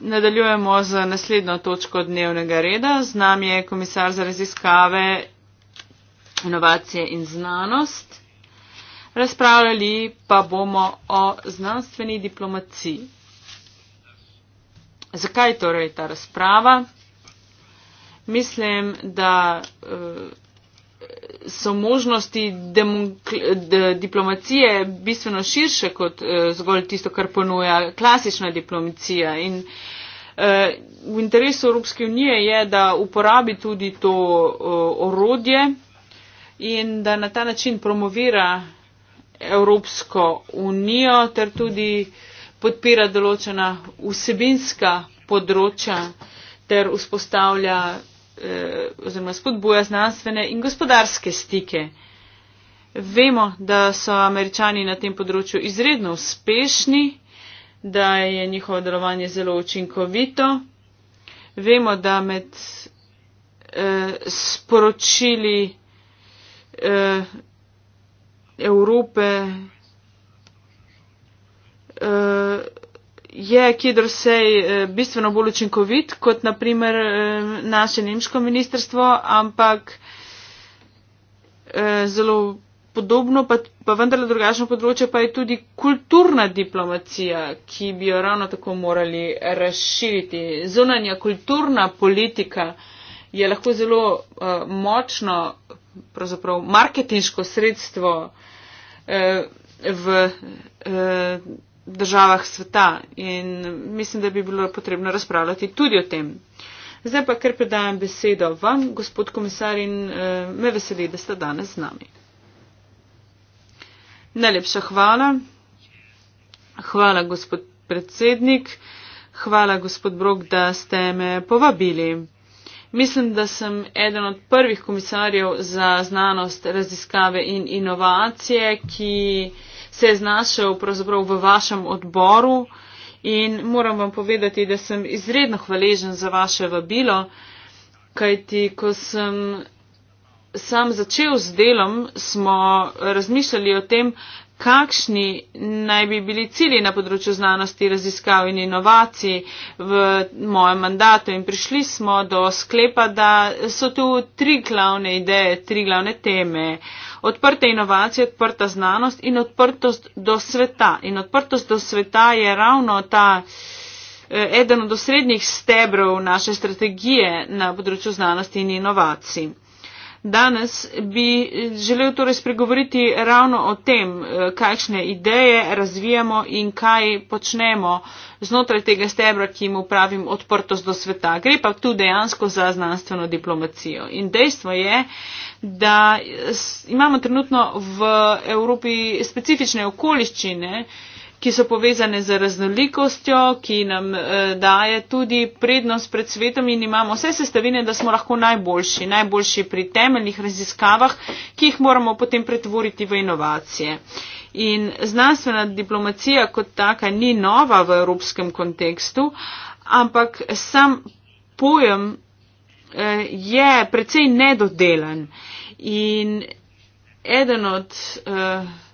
Nadaljujemo z naslednjo točko dnevnega reda. Z nami je komisar za raziskave, inovacije in znanost. Razpravljali pa bomo o znanstveni diplomaciji. Zakaj torej ta razprava? Mislim, da. Uh, so možnosti diplomacije bistveno širše kot eh, zgolj tisto, kar ponuja klasična diplomacija. In eh, v interesu Evropske unije je, da uporabi tudi to eh, orodje in da na ta način promovira Evropsko unijo ter tudi podpira določena vsebinska področja ter vzpostavlja Eh, oziroma spodbuja znanstvene in gospodarske stike. Vemo, da so američani na tem področju izredno uspešni, da je njihovo delovanje zelo učinkovito. Vemo, da med eh, sporočili eh, Evrope eh, je kidersej eh, bistveno bolj učinkovit kot naprimer eh, naše nemško ministrstvo, ampak eh, zelo podobno, pa, pa vendarle drugačno področje pa je tudi kulturna diplomacija, ki bi jo ravno tako morali razširiti. Zunanja kulturna politika je lahko zelo uh, močno, pravzaprav marketinško sredstvo uh, v. Uh, državah sveta in mislim, da bi bilo potrebno razpravljati tudi o tem. Zdaj pa ker predajam besedo vam, gospod komisar, in eh, me veseli, da ste danes z nami. Najlepša hvala. Hvala, gospod predsednik. Hvala, gospod Brok, da ste me povabili. Mislim, da sem eden od prvih komisarjev za znanost, raziskave in inovacije, ki eh, se je znašel pravzaprav v vašem odboru in moram vam povedati, da sem izredno hvaležen za vaše vabilo, kajti ko sem sam začel z delom, smo razmišljali o tem, kakšni naj bi bili cilji na področju znanosti, raziskav in inovacij v mojem mandatu in prišli smo do sklepa, da so tu tri glavne ideje, tri glavne teme. Odprte inovacije, odprta znanost in odprtost do sveta. In odprtost do sveta je ravno ta eh, eden od osrednjih stebrov naše strategije na področju znanosti in inovacij. Danes bi želel torej spregovoriti ravno o tem, eh, kakšne ideje razvijamo in kaj počnemo znotraj tega stebra, ki mu pravim odprtost do sveta. Gre pa tu dejansko za znanstveno diplomacijo. In dejstvo je, da imamo trenutno v Evropi specifične okoliščine, ki so povezane z raznolikostjo, ki nam eh, daje tudi prednost pred svetom in imamo vse sestavine, da smo lahko najboljši, najboljši pri temeljnih raziskavah, ki jih moramo potem pretvoriti v inovacije. In znanstvena diplomacija kot taka ni nova v evropskem kontekstu, ampak sam pojem eh, je precej nedodelan. In eden od. Eh,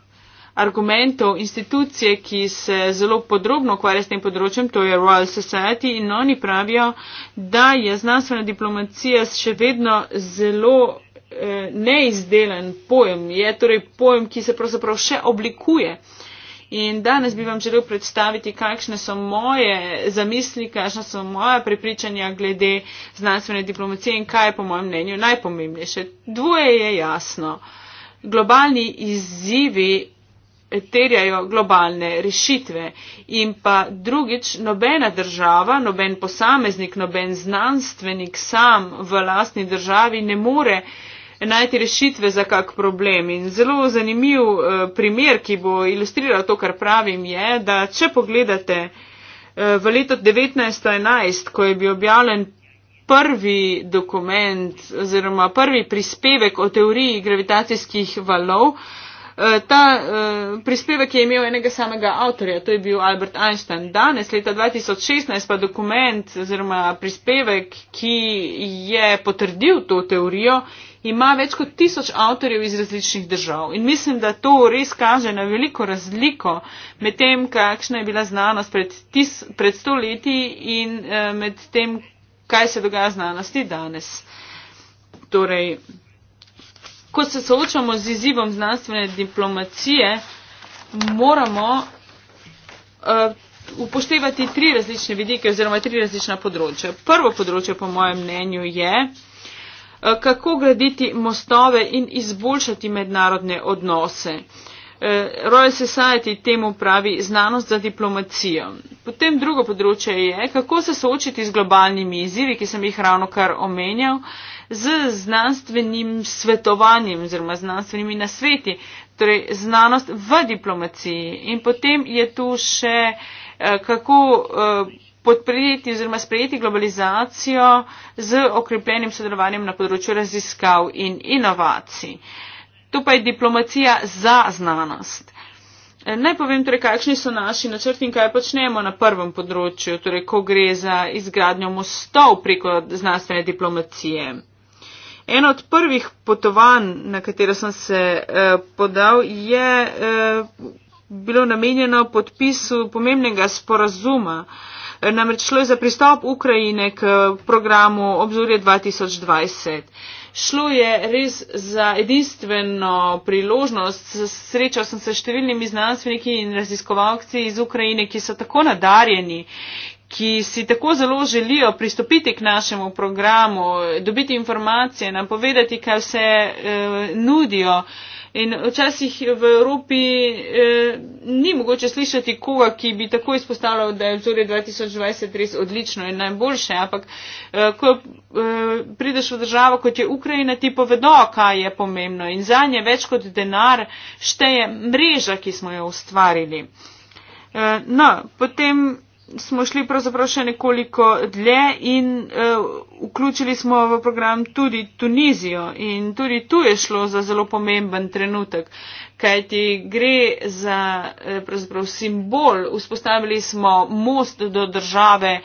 argumentov institucije, ki se zelo podrobno ukvarja s tem področjem, to je Royal Society, in oni pravijo, da je znanstvena diplomacija še vedno zelo eh, neizdelen pojem, je torej pojem, ki se pravzaprav še oblikuje. In danes bi vam želel predstaviti, kakšne so moje zamisli, kakšna so moja prepričanja glede znanstvene diplomacije in kaj je po mojem mnenju najpomembnejše. Dvoje je jasno. Globalni izzivi terjajo globalne rešitve. In pa drugič, nobena država, noben posameznik, noben znanstvenik sam v lastni državi ne more najti rešitve za kak problem. In zelo zanimiv eh, primer, ki bo ilustriral to, kar pravim, je, da če pogledate eh, v leto 1911, ko je bil objavljen prvi dokument oziroma prvi prispevek o teoriji gravitacijskih valov, Eh, ta eh, prispevek je imel enega samega avtorja, to je bil Albert Einstein. Danes, leta 2016, pa dokument oziroma prispevek, ki je potrdil to teorijo, ima več kot tisoč avtorjev iz različnih držav. In mislim, da to res kaže na veliko razliko med tem, kakšna je bila znanost pred, tis, pred stoletji in eh, med tem, kaj se dogaja znanosti danes. Torej, ko se soočamo z izzivom znanstvene diplomacije, moramo uh, upoštevati tri različne vidike oziroma tri različna področja. Prvo področje, po mojem mnenju, je, uh, kako graditi mostove in izboljšati mednarodne odnose. Eh, Royal Society temu pravi znanost za diplomacijo. Potem drugo področje je, kako se soočiti z globalnimi izzivi, ki sem jih ravno kar omenjal, uh, z znanstvenim svetovanjem oziroma znanstvenimi nasveti, torej znanost v diplomaciji. In potem je tu še, eh, kako eh, podpreti oziroma sprejeti globalizacijo z okrepljenim sodelovanjem na področju raziskav in inovacij. Tu pa je diplomacija za znanost. Eh, naj povem torej, kakšni so naši načrti in kaj počnemo na prvem področju, torej, ko gre za izgradnjo mostov preko znanstvene diplomacije. Eno od prvih potovanj, na katero sem se eh, podal, je eh, bilo namenjeno podpisu pomembnega sporazuma. Eh, namreč šlo je za pristop Ukrajine k programu obzorje 2020. Šlo je res za edinstveno priložnost. Srečal sem se številnimi znanstveniki in raziskovalci iz Ukrajine, ki so tako nadarjeni, ki si tako zelo želijo pristopiti k našemu programu, dobiti informacije, nam povedati, kaj vse eh, nudijo. In včasih v Evropi eh, ni mogoče slišati koga, ki bi tako izpostavljal, da je vzorje 2020 res odlično in najboljše, ampak eh, ko eh, prideš v državo, kot je Ukrajina, ti povedo, kaj je pomembno in za nje več kot denar šteje mreža, ki smo jo ustvarili. Eh, no, potem smo šli pravzaprav še nekoliko dlje in uh, vključili smo v program tudi Tunizijo in tudi tu je šlo za zelo pomemben trenutek, kajti gre za eh, pravzaprav simbol, vzpostavili smo most do države,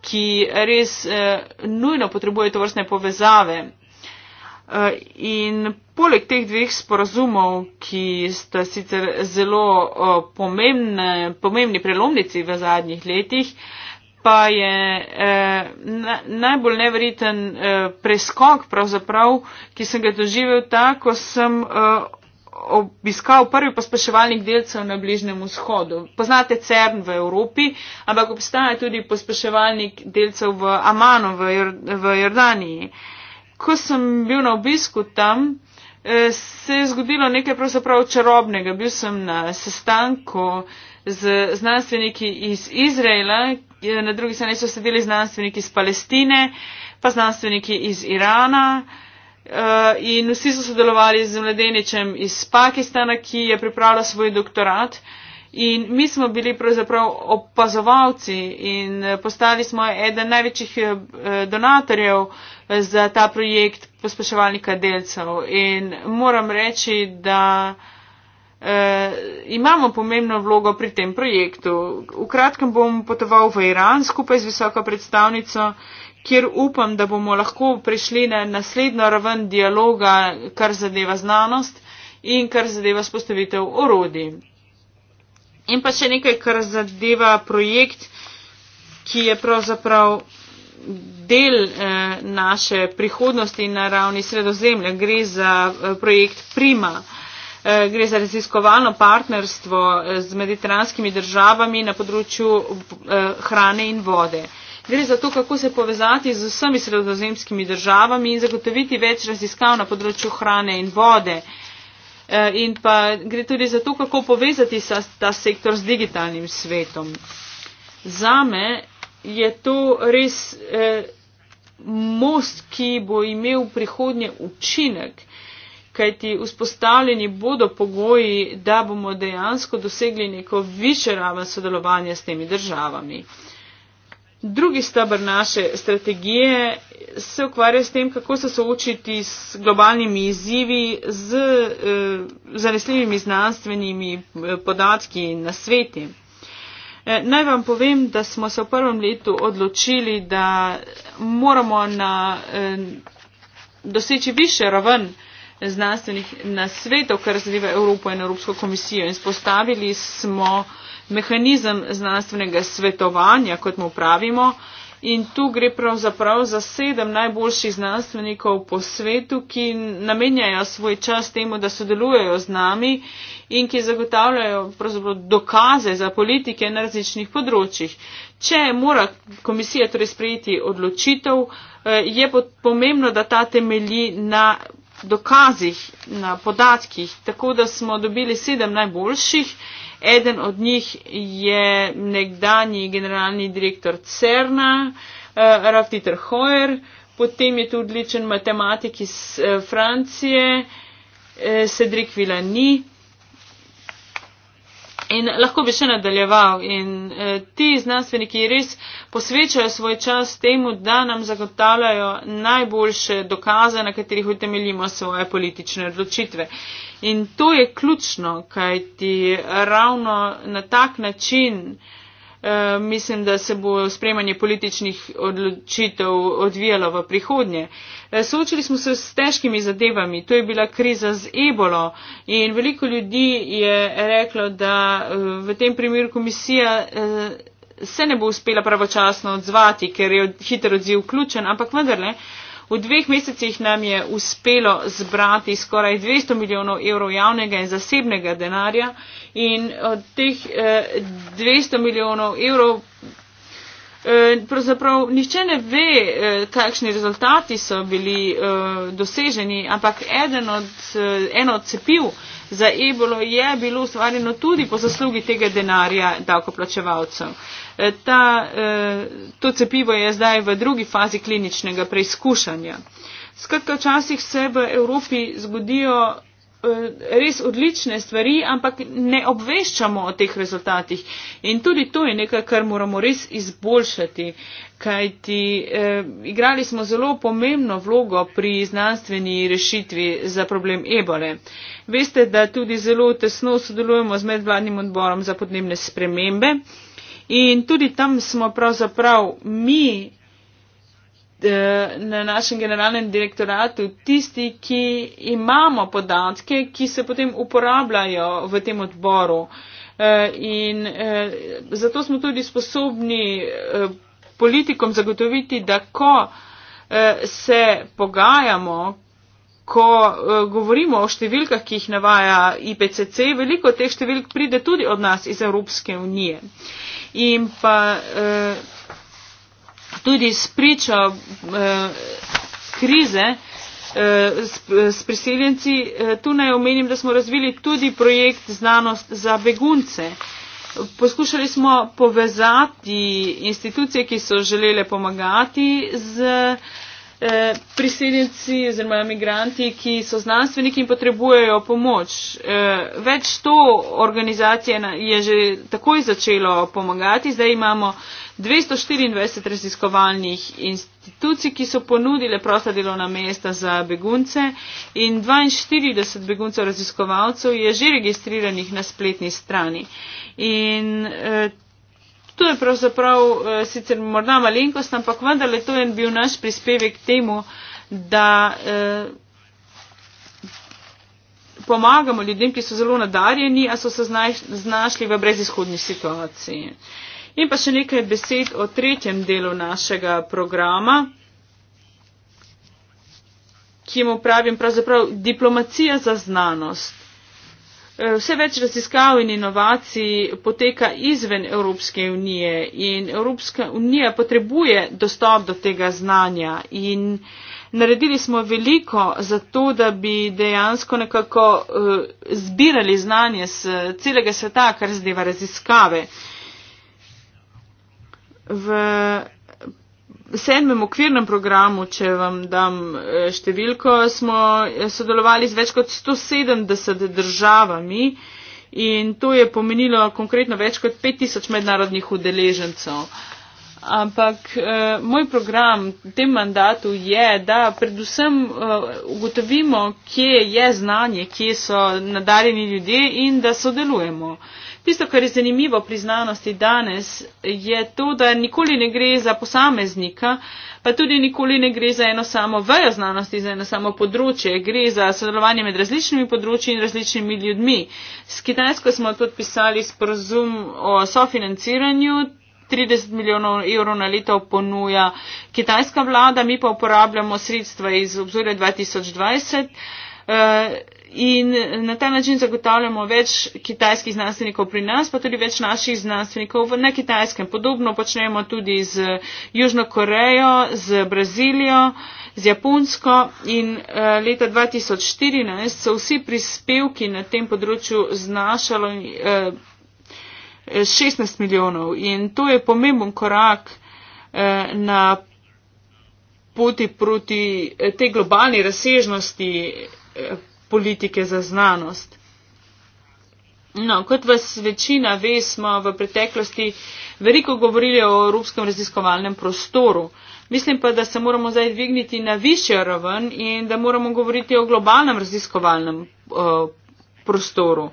ki res uh, nujno potrebuje to vrstne povezave. Eh, in poleg teh dveh sporazumov, ki sta sicer zelo eh, pomembne, pomembni prelomnici v zadnjih letih, pa je eh, na, najbolj neveriten preskok, ki sem ga doživel ta, ko sem obiskal prvi pospeševalnik delcev na Bližnem vzhodu. Poznate CERN v Evropi, ampak obstaja tudi pospeševalnik delcev v Amanu v, Jord v Jordaniji ko sem bil na obisku tam, eh, se je zgodilo nekaj pravzaprav čarobnega. Bil sem na sestanku z znanstveniki iz Izraela, eh, na drugi strani so sedeli znanstveniki iz Palestine, pa znanstveniki iz Irana. Eh, in vsi so sodelovali z mladeničem iz Pakistana, ki je pripravljal svoj doktorat. In mi smo bili pravzaprav opazovalci in eh, postali smo eden največjih eh, donatorjev eh, za ta projekt pospeševalnika delcev. In moram reči, da eh, imamo pomembno vlogo pri tem projektu. V kratkem bom potoval v Iran skupaj z visoko predstavnico, kjer upam, da bomo lahko prišli na naslednjo raven dialoga, kar zadeva znanost in kar zadeva spostavitev orodij. In pa še nekaj, kar zadeva projekt, ki je pravzaprav del eh, naše prihodnosti na ravni sredozemlja. Gre za eh, projekt Prima. Eh, gre za raziskovalno partnerstvo eh, z mediteranskimi državami na področju eh, hrane in vode. Gre za to, kako se povezati z vsemi sredozemskimi državami in zagotoviti več raziskav na področju hrane in vode. Eh, Eh, in pa gre tudi za to, kako povezati ta sektor z digitalnim svetom. Za me je to res eh, most, ki bo imel prihodnje učinek, kajti vzpostavljeni bodo pogoji, da bomo dejansko dosegli neko višjo raven sodelovanja s temi državami. Drugi stebr naše strategije se ukvarja s tem, kako se soočiti s globalnimi izzivi, z eh, zanesljivimi znanstvenimi eh, podatki in na sveti. Eh, naj vam povem, da smo se v prvem letu odločili, da moramo na, eh, doseči više raven znanstvenih nasvetov, kar zadeva Evropo in Evropsko komisijo. In spostavili smo eh, mehanizem znanstvenega svetovanja, kot mu pravimo. In tu gre pravzaprav za sedem najboljših znanstvenikov po svetu, ki namenjajo svoj čas temu, da sodelujejo z nami in ki zagotavljajo dokaze za politike na različnih področjih. Če mora komisija torej sprejeti odločitev, eh, je pomembno, da ta temelji na dokazih, na podatkih, tako da smo dobili sedem najboljših. Eden od njih je nekdani generalni direktor CERN-a, uh, Ralf Dieter Hoer, potem je tu odličen matematik iz uh, Francije, uh, Cedric Villani, In lahko bi še nadaljeval. In eh, ti znanstveniki res posvečajo svoj čas temu, da nam zagotavljajo najboljše dokaze, na katerih utemeljimo svoje politične odločitve. In to je ključno, kaj ti ravno na tak način eh, mislim, da se bo sprejmanje političnih odločitev odvijalo v prihodnje. Eh, Eh, soočili smo se s težkimi zadevami, to je bila kriza z ebolo in veliko ljudi je reklo, da eh, v tem primeru komisija eh, se ne bo uspela pravočasno odzvati, ker je hiter odziv ključen, ampak vendarle. V dveh mesecih nam je uspelo zbrati skoraj 200 milijonov evrov javnega in zasebnega denarja in od teh eh, 200 milijonov evrov Eh, pravzaprav nišče ne ve, eh, kakšni rezultati so bili eh, doseženi, ampak eden od, eno od cepiv za ebolo je bilo ustvarjeno tudi po zaslugi tega denarja davkoplačevalcev. Ta, to cepivo je zdaj v drugi fazi kliničnega preizkušanja. Skratka, včasih se v Evropi zgodijo Eh, res odlične stvari, ampak ne obveščamo o teh rezultatih. In tudi to je nekaj, kar moramo res izboljšati, kajti eh, igrali smo zelo pomembno vlogo pri znanstveni rešitvi za problem ebole. Veste, da tudi zelo tesno sodelujemo z medvladnim odborom za podnebne spremembe. In tudi tam smo pravzaprav mi Eh, na našem generalnem direktoratu tisti, ki imamo podatke, ki se potem uporabljajo v tem odboru. Eh, in eh, zato smo tudi sposobni politikom zagotoviti, da ko se pogajamo, ko govorimo o številkah, ki jih navaja IPCC, veliko teh številk pride tudi od nas iz Evropske unije. In pa tudi spričo eh, krize eh, s, eh, s priseljenci. Eh, tu naj omenim, da smo razvili tudi projekt znanost za begunce. Poskušali smo povezati institucije, ki so želele pomagati z eh, Eh, priseljenci oziroma imigranti, ki so znanstveniki in potrebujejo pomoč. Eh, več to organizacije je že takoj začelo pomagati. Zdaj imamo 224 raziskovalnih institucij, ki so ponudile prosta delovna mesta za begunce in 42 beguncev raziskovalcev je že registriranih na spletni strani. In, eh, to je pravzaprav uh, sicer morda malenkost, ampak vendar je to en bil naš prispevek k temu, da uh, pomagamo ljudem, ki so zelo nadarjeni, a so se znašli v brezizhodni situaciji. In pa še nekaj besed o tretjem delu našega programa, ki mu pravim pravzaprav diplomacija za znanost. Eh, vse več raziskav in inovacij poteka izven Evropske unije in Evropska unija potrebuje dostop do tega znanja in naredili smo veliko za to, da bi dejansko nekako eh, zbirali znanje z celega sveta, kar zdeva raziskave. V sedmem okvirnem programu, če vam dam e, številko, smo sodelovali z več kot 170 državami in to je pomenilo konkretno več kot 5000 mednarodnih udeležencev. Ampak eh, moj program v tem mandatu je, da predvsem eh, ugotovimo, kje je znanje, kje so nadarjeni ljudje in da sodelujemo. Eh, Tisto, kar je zanimivo pri znanosti danes, je to, da nikoli ne gre za posameznika, pa tudi nikoli ne gre za eno samo vejo znanosti, za eno samo področje. Gre za sodelovanje med različnimi področji in različnimi ljudmi. S Kitajsko smo podpisali sporozum o sofinanciranju. 30 milijonov evrov na leto ponuja kitajska vlada, mi pa uporabljamo sredstva iz obzorja 2020 in na ta način zagotavljamo več kitajskih znanstvenikov pri nas, pa tudi več naših znanstvenikov na kitajskem. Podobno počnemo tudi z Južno Korejo, z Brazilijo, z Japonsko in eh, leta 2014 so vsi prispevki na tem področju znašali 16 eh, milijonov in to je pomemben korak eh, na poti proti te globalni razsežnosti politike za znanost. No, kot vas večina ve, smo v preteklosti veliko govorili o evropskem raziskovalnem prostoru. Mislim pa, da se moramo zdaj dvigniti na višjo raven in da moramo govoriti o globalnem raziskovalnem uh, prostoru. Uh,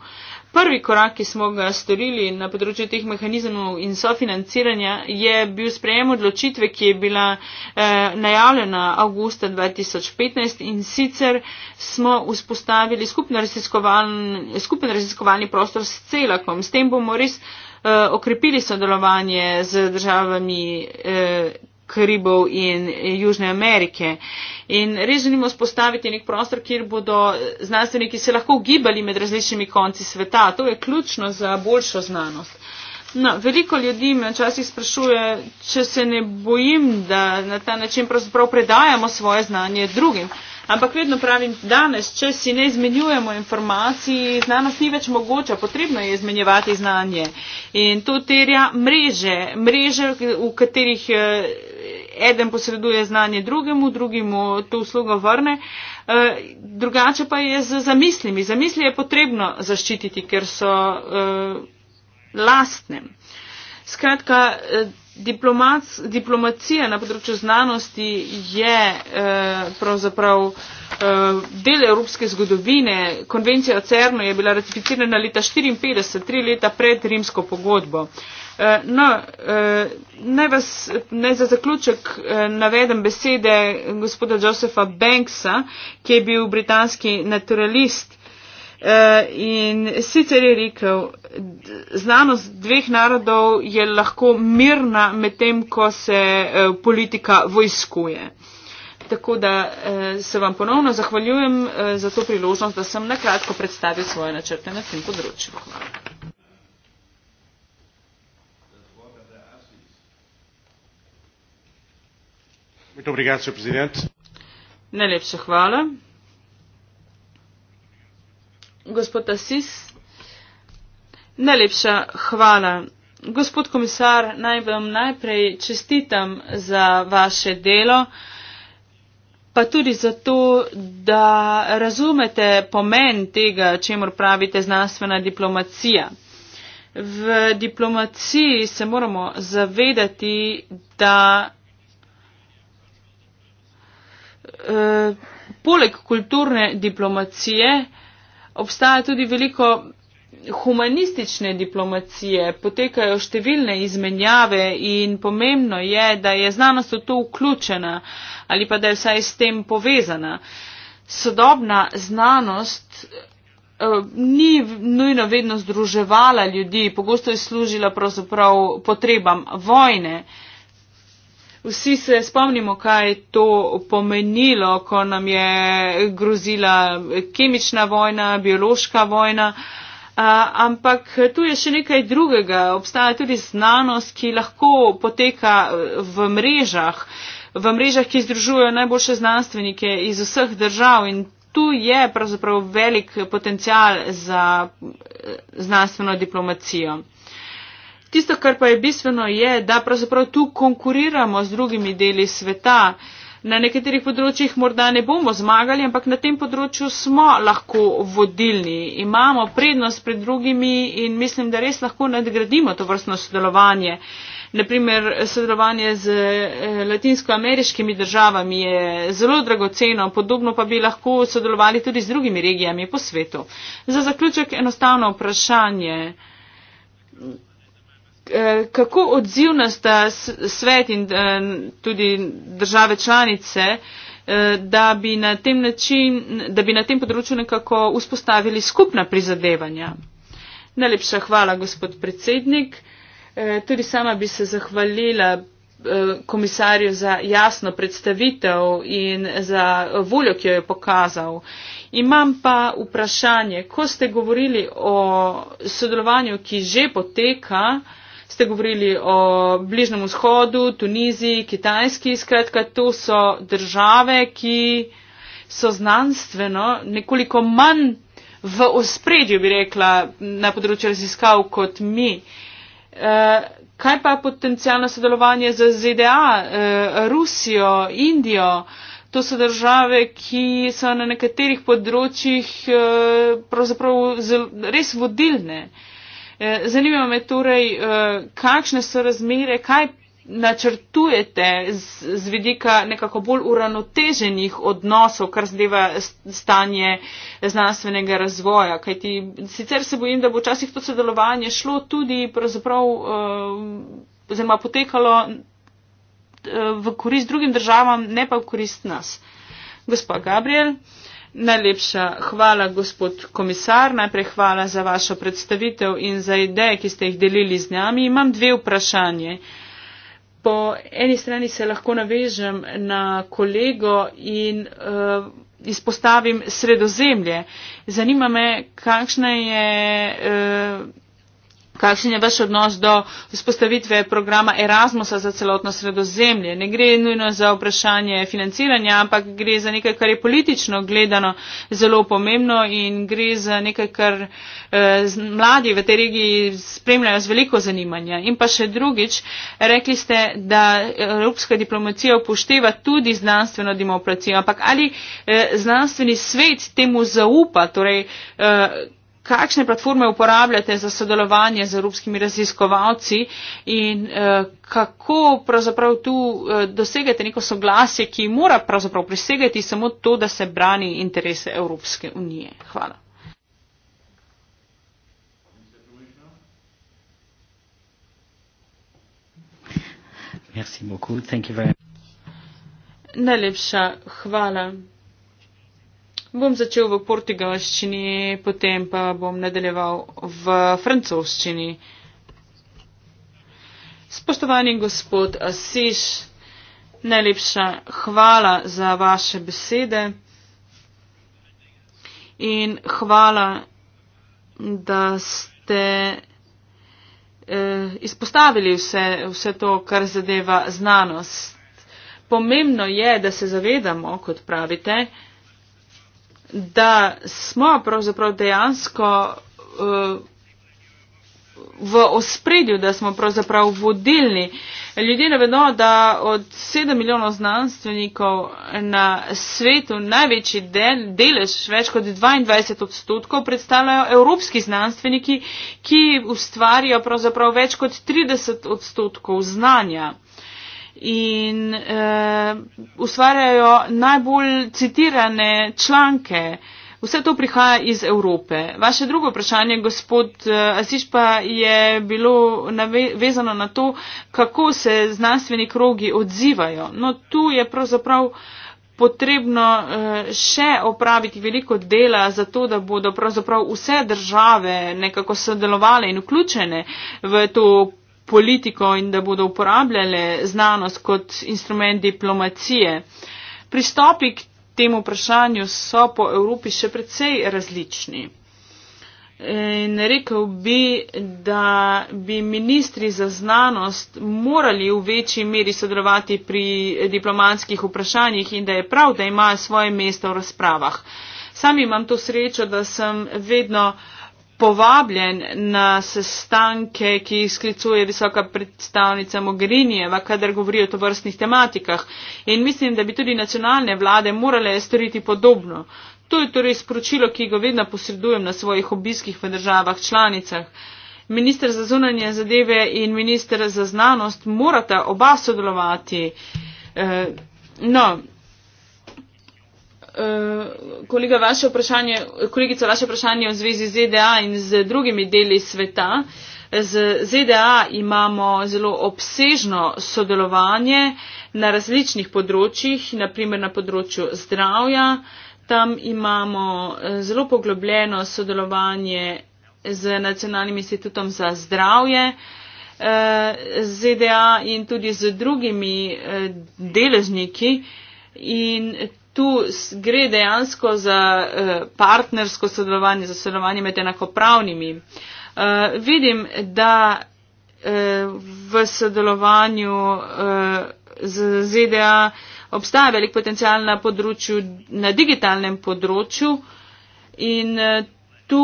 prvi korak, ki smo ga storili na področju teh mehanizmov in sofinanciranja, je bil sprejem odločitve, ki je bila eh, najavljena avgusta 2015 in sicer smo vzpostavili skupen, raziskovalni, skupen raziskovalni prostor s celakom. S tem bomo res eh, okrepili sodelovanje z državami. Eh, Karibov in Južne Amerike. In res želimo spostaviti nek prostor, kjer bodo znanstveniki se lahko gibali med različnimi konci sveta. To je ključno za boljšo znanost. No, veliko ljudi me včasih sprašuje, če se ne bojim, da na ta način pravzaprav predajamo svoje znanje drugim. Ampak vedno pravim, danes, če si ne izmenjujemo informacij, znanost ni več mogoča, potrebno je izmenjevati znanje. In to terja mreže, mreže, v katerih eh, eden posreduje znanje drugemu, drugemu to uslugo vrne. Eh, drugače pa je z zamislimi. Zamisli je potrebno zaščititi, ker so eh, lastne. Skratka, eh, diplomac, diplomacija na področju znanosti je pravzaprav del evropske zgodovine. Konvencija o CERNu je bila ratificirana leta 1954, tri leta pred rimsko pogodbo. Eh, no, eh, naj vas ne za zaključek eh, navedem besede gospoda Josefa Banksa, ki je bil britanski naturalist. In sicer je rekel, znanost dveh narodov je lahko mirna medtem, ko se politika vojskuje. Tako da se vam ponovno zahvaljujem za to priložnost, da sem nakratko predstavil svoje načrte na tem področju. Hvala. Najlepša hvala. Gospod Asis, najlepša hvala. Gospod komisar, naj vam najprej čestitam za vaše delo, pa tudi za to, da razumete pomen tega, čemu pravite znanstvena diplomacija. V diplomaciji se moramo zavedati, da Eh, poleg kulturne diplomacije obstaja tudi veliko humanistične diplomacije, potekajo številne izmenjave in pomembno je, da je znanost v to vključena ali pa da je vsaj s tem povezana. Sodobna znanost eh, ni nujno vedno združevala ljudi, pogosto je služila pravzaprav potrebam vojne. Uh, Vsi se spomnimo, kaj je to pomenilo, ko nam je grozila kemična vojna, biološka vojna. Uh, ampak tu je še nekaj drugega. Obstaja tudi znanost, ki lahko poteka v mrežah, v mrežah, ki združujejo najboljše znanstvenike iz vseh držav in tu je pravzaprav velik potencial za eh, znanstveno diplomacijo. Tisto, kar pa je bistveno, je, da pravzaprav tu konkuriramo z drugimi deli sveta. Na nekaterih področjih morda ne bomo zmagali, ampak na tem področju smo lahko vodilni. Imamo prednost pred drugimi in mislim, da res lahko nadgradimo to vrstno sodelovanje. Naprimer, sodelovanje z eh, latinskoameriškimi državami je zelo dragoceno, podobno pa bi lahko sodelovali tudi z drugimi regijami po svetu. Za zaključek enostavno vprašanje. Eh, kako odzivna sta svet in eh, tudi države članice, eh, da bi na tem, način, da bi na tem področju nekako vzpostavili skupna prizadevanja. Najlepša hvala, gospod predsednik. Tudi sama bi se zahvalila komisarju za jasno predstavitev in za voljo, ki jo je pokazal. Imam pa vprašanje, ko ste govorili o sodelovanju, ki že poteka, ste govorili o Bližnem vzhodu, Tuniziji, Kitajski, skratka, to so države, ki so znanstveno nekoliko manj v ospredju, bi rekla, na področju raziskav kot mi. Eh, kaj pa potencijalno sodelovanje z ZDA, eh, Rusijo, Indijo? To so države, ki so na nekaterih področjih eh, pravzaprav res vodilne. Eh, zanima me torej, eh, kakšne so razmere, kaj načrtujete z, z vidika nekako bolj uravnoteženih odnosov, kar zdeva stanje znanstvenega razvoja. Kajti sicer se bojim, da bo včasih to sodelovanje šlo tudi pravzaprav, eh, oziroma potekalo v korist drugim državam, ne pa v korist nas. Gospa Gabriel. Najlepša hvala, gospod komisar. Najprej hvala za vašo predstavitev in za ideje, ki ste jih delili z nami. Imam dve vprašanje. Po eni strani se lahko navežem na kolego in uh, izpostavim sredozemlje. Zanima me, kakšna je. Uh, kakšen je vaš odnos do vzpostavitve programa Erasmusa za celotno sredozemlje. Ne gre nujno za vprašanje financiranja, ampak gre za nekaj, kar je politično gledano zelo pomembno in gre za nekaj, kar eh, mladi v tej regiji spremljajo z veliko zanimanja. In pa še drugič, rekli ste, da evropska diplomacija upošteva tudi znanstveno demokracijo, ampak ali eh, znanstveni svet temu zaupa? Torej, eh, kakšne platforme uporabljate za sodelovanje z evropskimi raziskovalci in eh, kako pravzaprav tu eh, dosegate neko soglasje, ki mora pravzaprav presegati samo to, da se brani interese Evropske unije. Hvala. Najlepša hvala bom začel v portugalščini, potem pa bom nadaljeval v francoščini. Spoštovani gospod Asiš, najlepša hvala za vaše besede in hvala, da ste eh, izpostavili vse, vse to, kar zadeva znanost. Pomembno je, da se zavedamo, kot pravite, da smo pravzaprav dejansko uh, v ospredju, da smo pravzaprav vodilni. Ljudje ne vedo, da od 7 milijonov znanstvenikov na svetu največji del, delež, več kot 22 odstotkov, predstavljajo evropski znanstveniki, ki ustvarjajo pravzaprav več kot 30 odstotkov znanja in uh, ustvarjajo najbolj citirane članke. Vse to prihaja iz Evrope. Vaše drugo vprašanje, gospod eh, Asiš, pa je bilo navezano na to, kako se znanstveni krogi odzivajo. No, tu je pravzaprav potrebno eh, še opraviti veliko dela za to, da bodo pravzaprav vse države nekako sodelovale in vključene v to politiko in da bodo uporabljale znanost kot instrument diplomacije. Pristopi k temu vprašanju so po Evropi še precej različni. In rekel bi, da bi ministri za znanost morali v večji meri sodelovati pri diplomatskih vprašanjih in da je prav, da imajo svoje mesto v razpravah. Sam imam to srečo, da sem vedno uh, povabljen na sestanke, ki jih sklicuje visoka predstavnica Mogherinijeva, kadar govori o tovrstnih tematikah. In mislim, da bi tudi nacionalne vlade morale storiti podobno. To je torej sporočilo, ki ga vedno posredujem na svojih obiskih v državah članicah. Ministr za zunanje zadeve in ministr za znanost morata oba sodelovati. Eh, no, Eh, kolega, vaše vprašanje, kolegica, vaše vprašanje v zvezi z ZDA in z drugimi deli sveta. Z ZDA imamo zelo obsežno sodelovanje na različnih področjih, naprimer na področju zdravja. Tam imamo eh, zelo poglobljeno sodelovanje z Nacionalnim institutom za zdravje eh, ZDA in tudi z drugimi deležniki. In tu gre dejansko za eh, partnersko sodelovanje, za sodelovanje med enakopravnimi. Eh, vidim, da eh, v sodelovanju z ZDA obstaja velik potencial na področju, na digitalnem področju in tu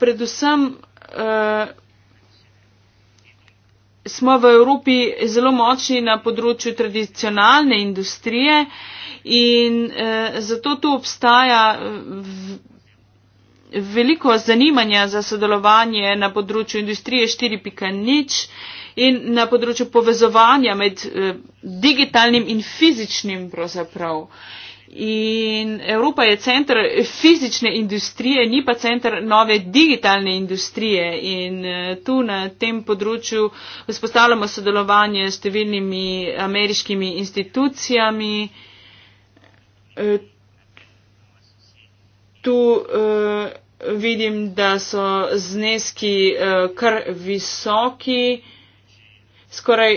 predvsem smo v Evropi zelo močni na področju tradicionalne industrije in eh, zato tu obstaja eh, v, veliko zanimanja za sodelovanje na področju industrije 4.0 in na področju povezovanja med eh, digitalnim in fizičnim pravzaprav. Eh, In Evropa je center fizične industrije, ni pa center nove digitalne industrije. In eh, tu na tem področju vzpostavljamo sodelovanje s številnimi ameriškimi institucijami. Eh, tu eh, vidim, da so zneski kar visoki, skoraj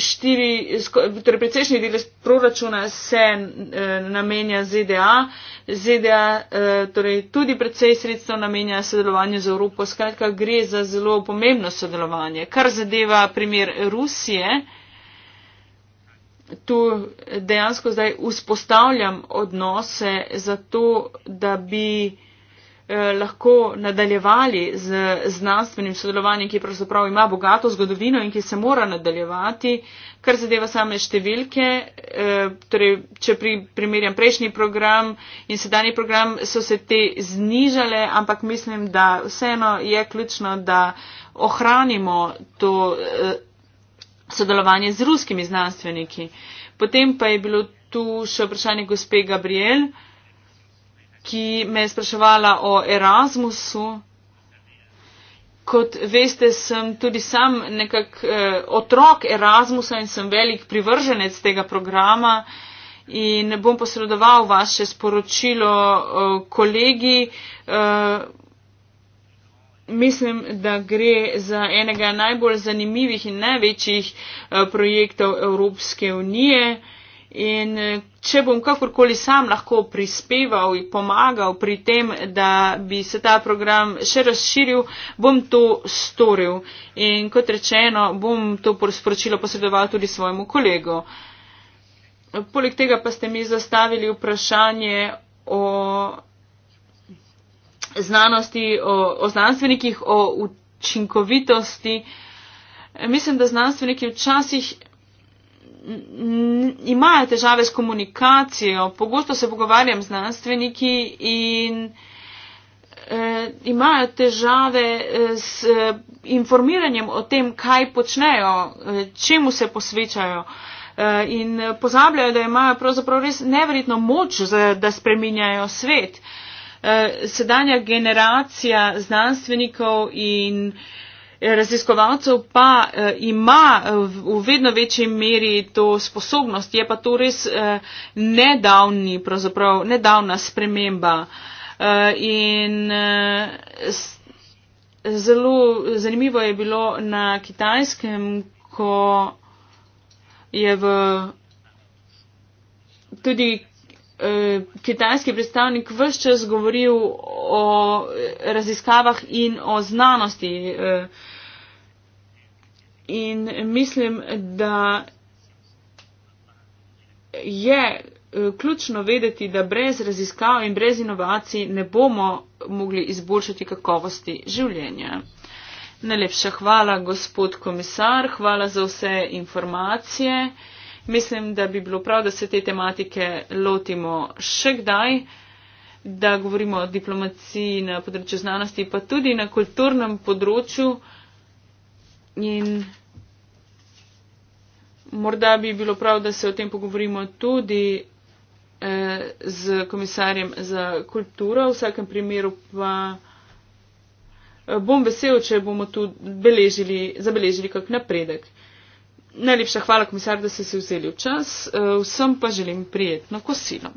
štiri, torej precejšnji del proračuna se eh, namenja ZDA, ZDA eh, torej tudi precej sredstva namenja sodelovanju z Evropo, skratka gre za zelo pomembno sodelovanje. Kar zadeva primer Rusije, tu dejansko zdaj vzpostavljam odnose za to, da bi Eh, lahko nadaljevali z znanstvenim sodelovanjem, ki pravzaprav ima bogato zgodovino in ki se mora nadaljevati, kar zadeva same številke. Eh, torej, če primerjam prejšnji program in sedanji program, so se te znižale, ampak mislim, da vseeno je ključno, da ohranimo to eh, sodelovanje z ruskimi znanstveniki. Potem pa je bilo tu še vprašanje gospe Gabriel ki me je spraševala o Erasmusu. Kot veste, sem tudi sam nekak eh, otrok Erasmusa in sem velik privrženec tega programa in bom posredoval vaše sporočilo eh, kolegi. Eh, mislim, da gre za enega najbolj zanimivih in največjih eh, projektov Evropske unije. Eh, In eh, če bom kakorkoli sam lahko prispeval in pomagal pri tem, da bi se ta program še razširil, bom to storil. In kot rečeno, bom to sporočilo posredoval tudi svojemu kolegu. Poleg tega pa ste mi zastavili vprašanje o znanosti, o, o znanstvenikih, o učinkovitosti. Mislim, da znanstveniki včasih imajo težave s komunikacijo, pogosto se pogovarjam z znanstveniki in eh, imajo težave eh, s eh, informiranjem o tem, kaj počnejo, čemu se posvečajo in pozabljajo, da imajo pravzaprav res neverjetno moč, da spreminjajo svet. Sedanja generacija znanstvenikov in uh, Eh, raziskovalcev pa eh, ima eh, v vedno večji meri to sposobnost, je pa to res nedavni, pravzaprav nedavna sprememba. In zelo zanimivo je bilo na kitajskem, ko je v tudi Eh, kitajski predstavnik vse čas govoril o raziskavah in o znanosti. Eh, in mislim, da je eh, ključno vedeti, da brez raziskav in brez inovacij ne bomo mogli izboljšati kakovosti življenja. Najlepša hvala, gospod komisar, hvala za vse informacije mislim, da bi bilo prav, da se te tematike lotimo še kdaj, da govorimo o diplomaciji na področju znanosti, pa tudi na kulturnem področju. In morda bi bilo prav, da se o tem pogovorimo tudi eh, z komisarjem za kulturo. V vsakem primeru pa eh, bom vesel, če bomo tu beležili, zabeležili kak napredek. Najlepša hvala, komisar, da ste se vzeli v čas. Eh, vsem pa želim prijetno kosilo.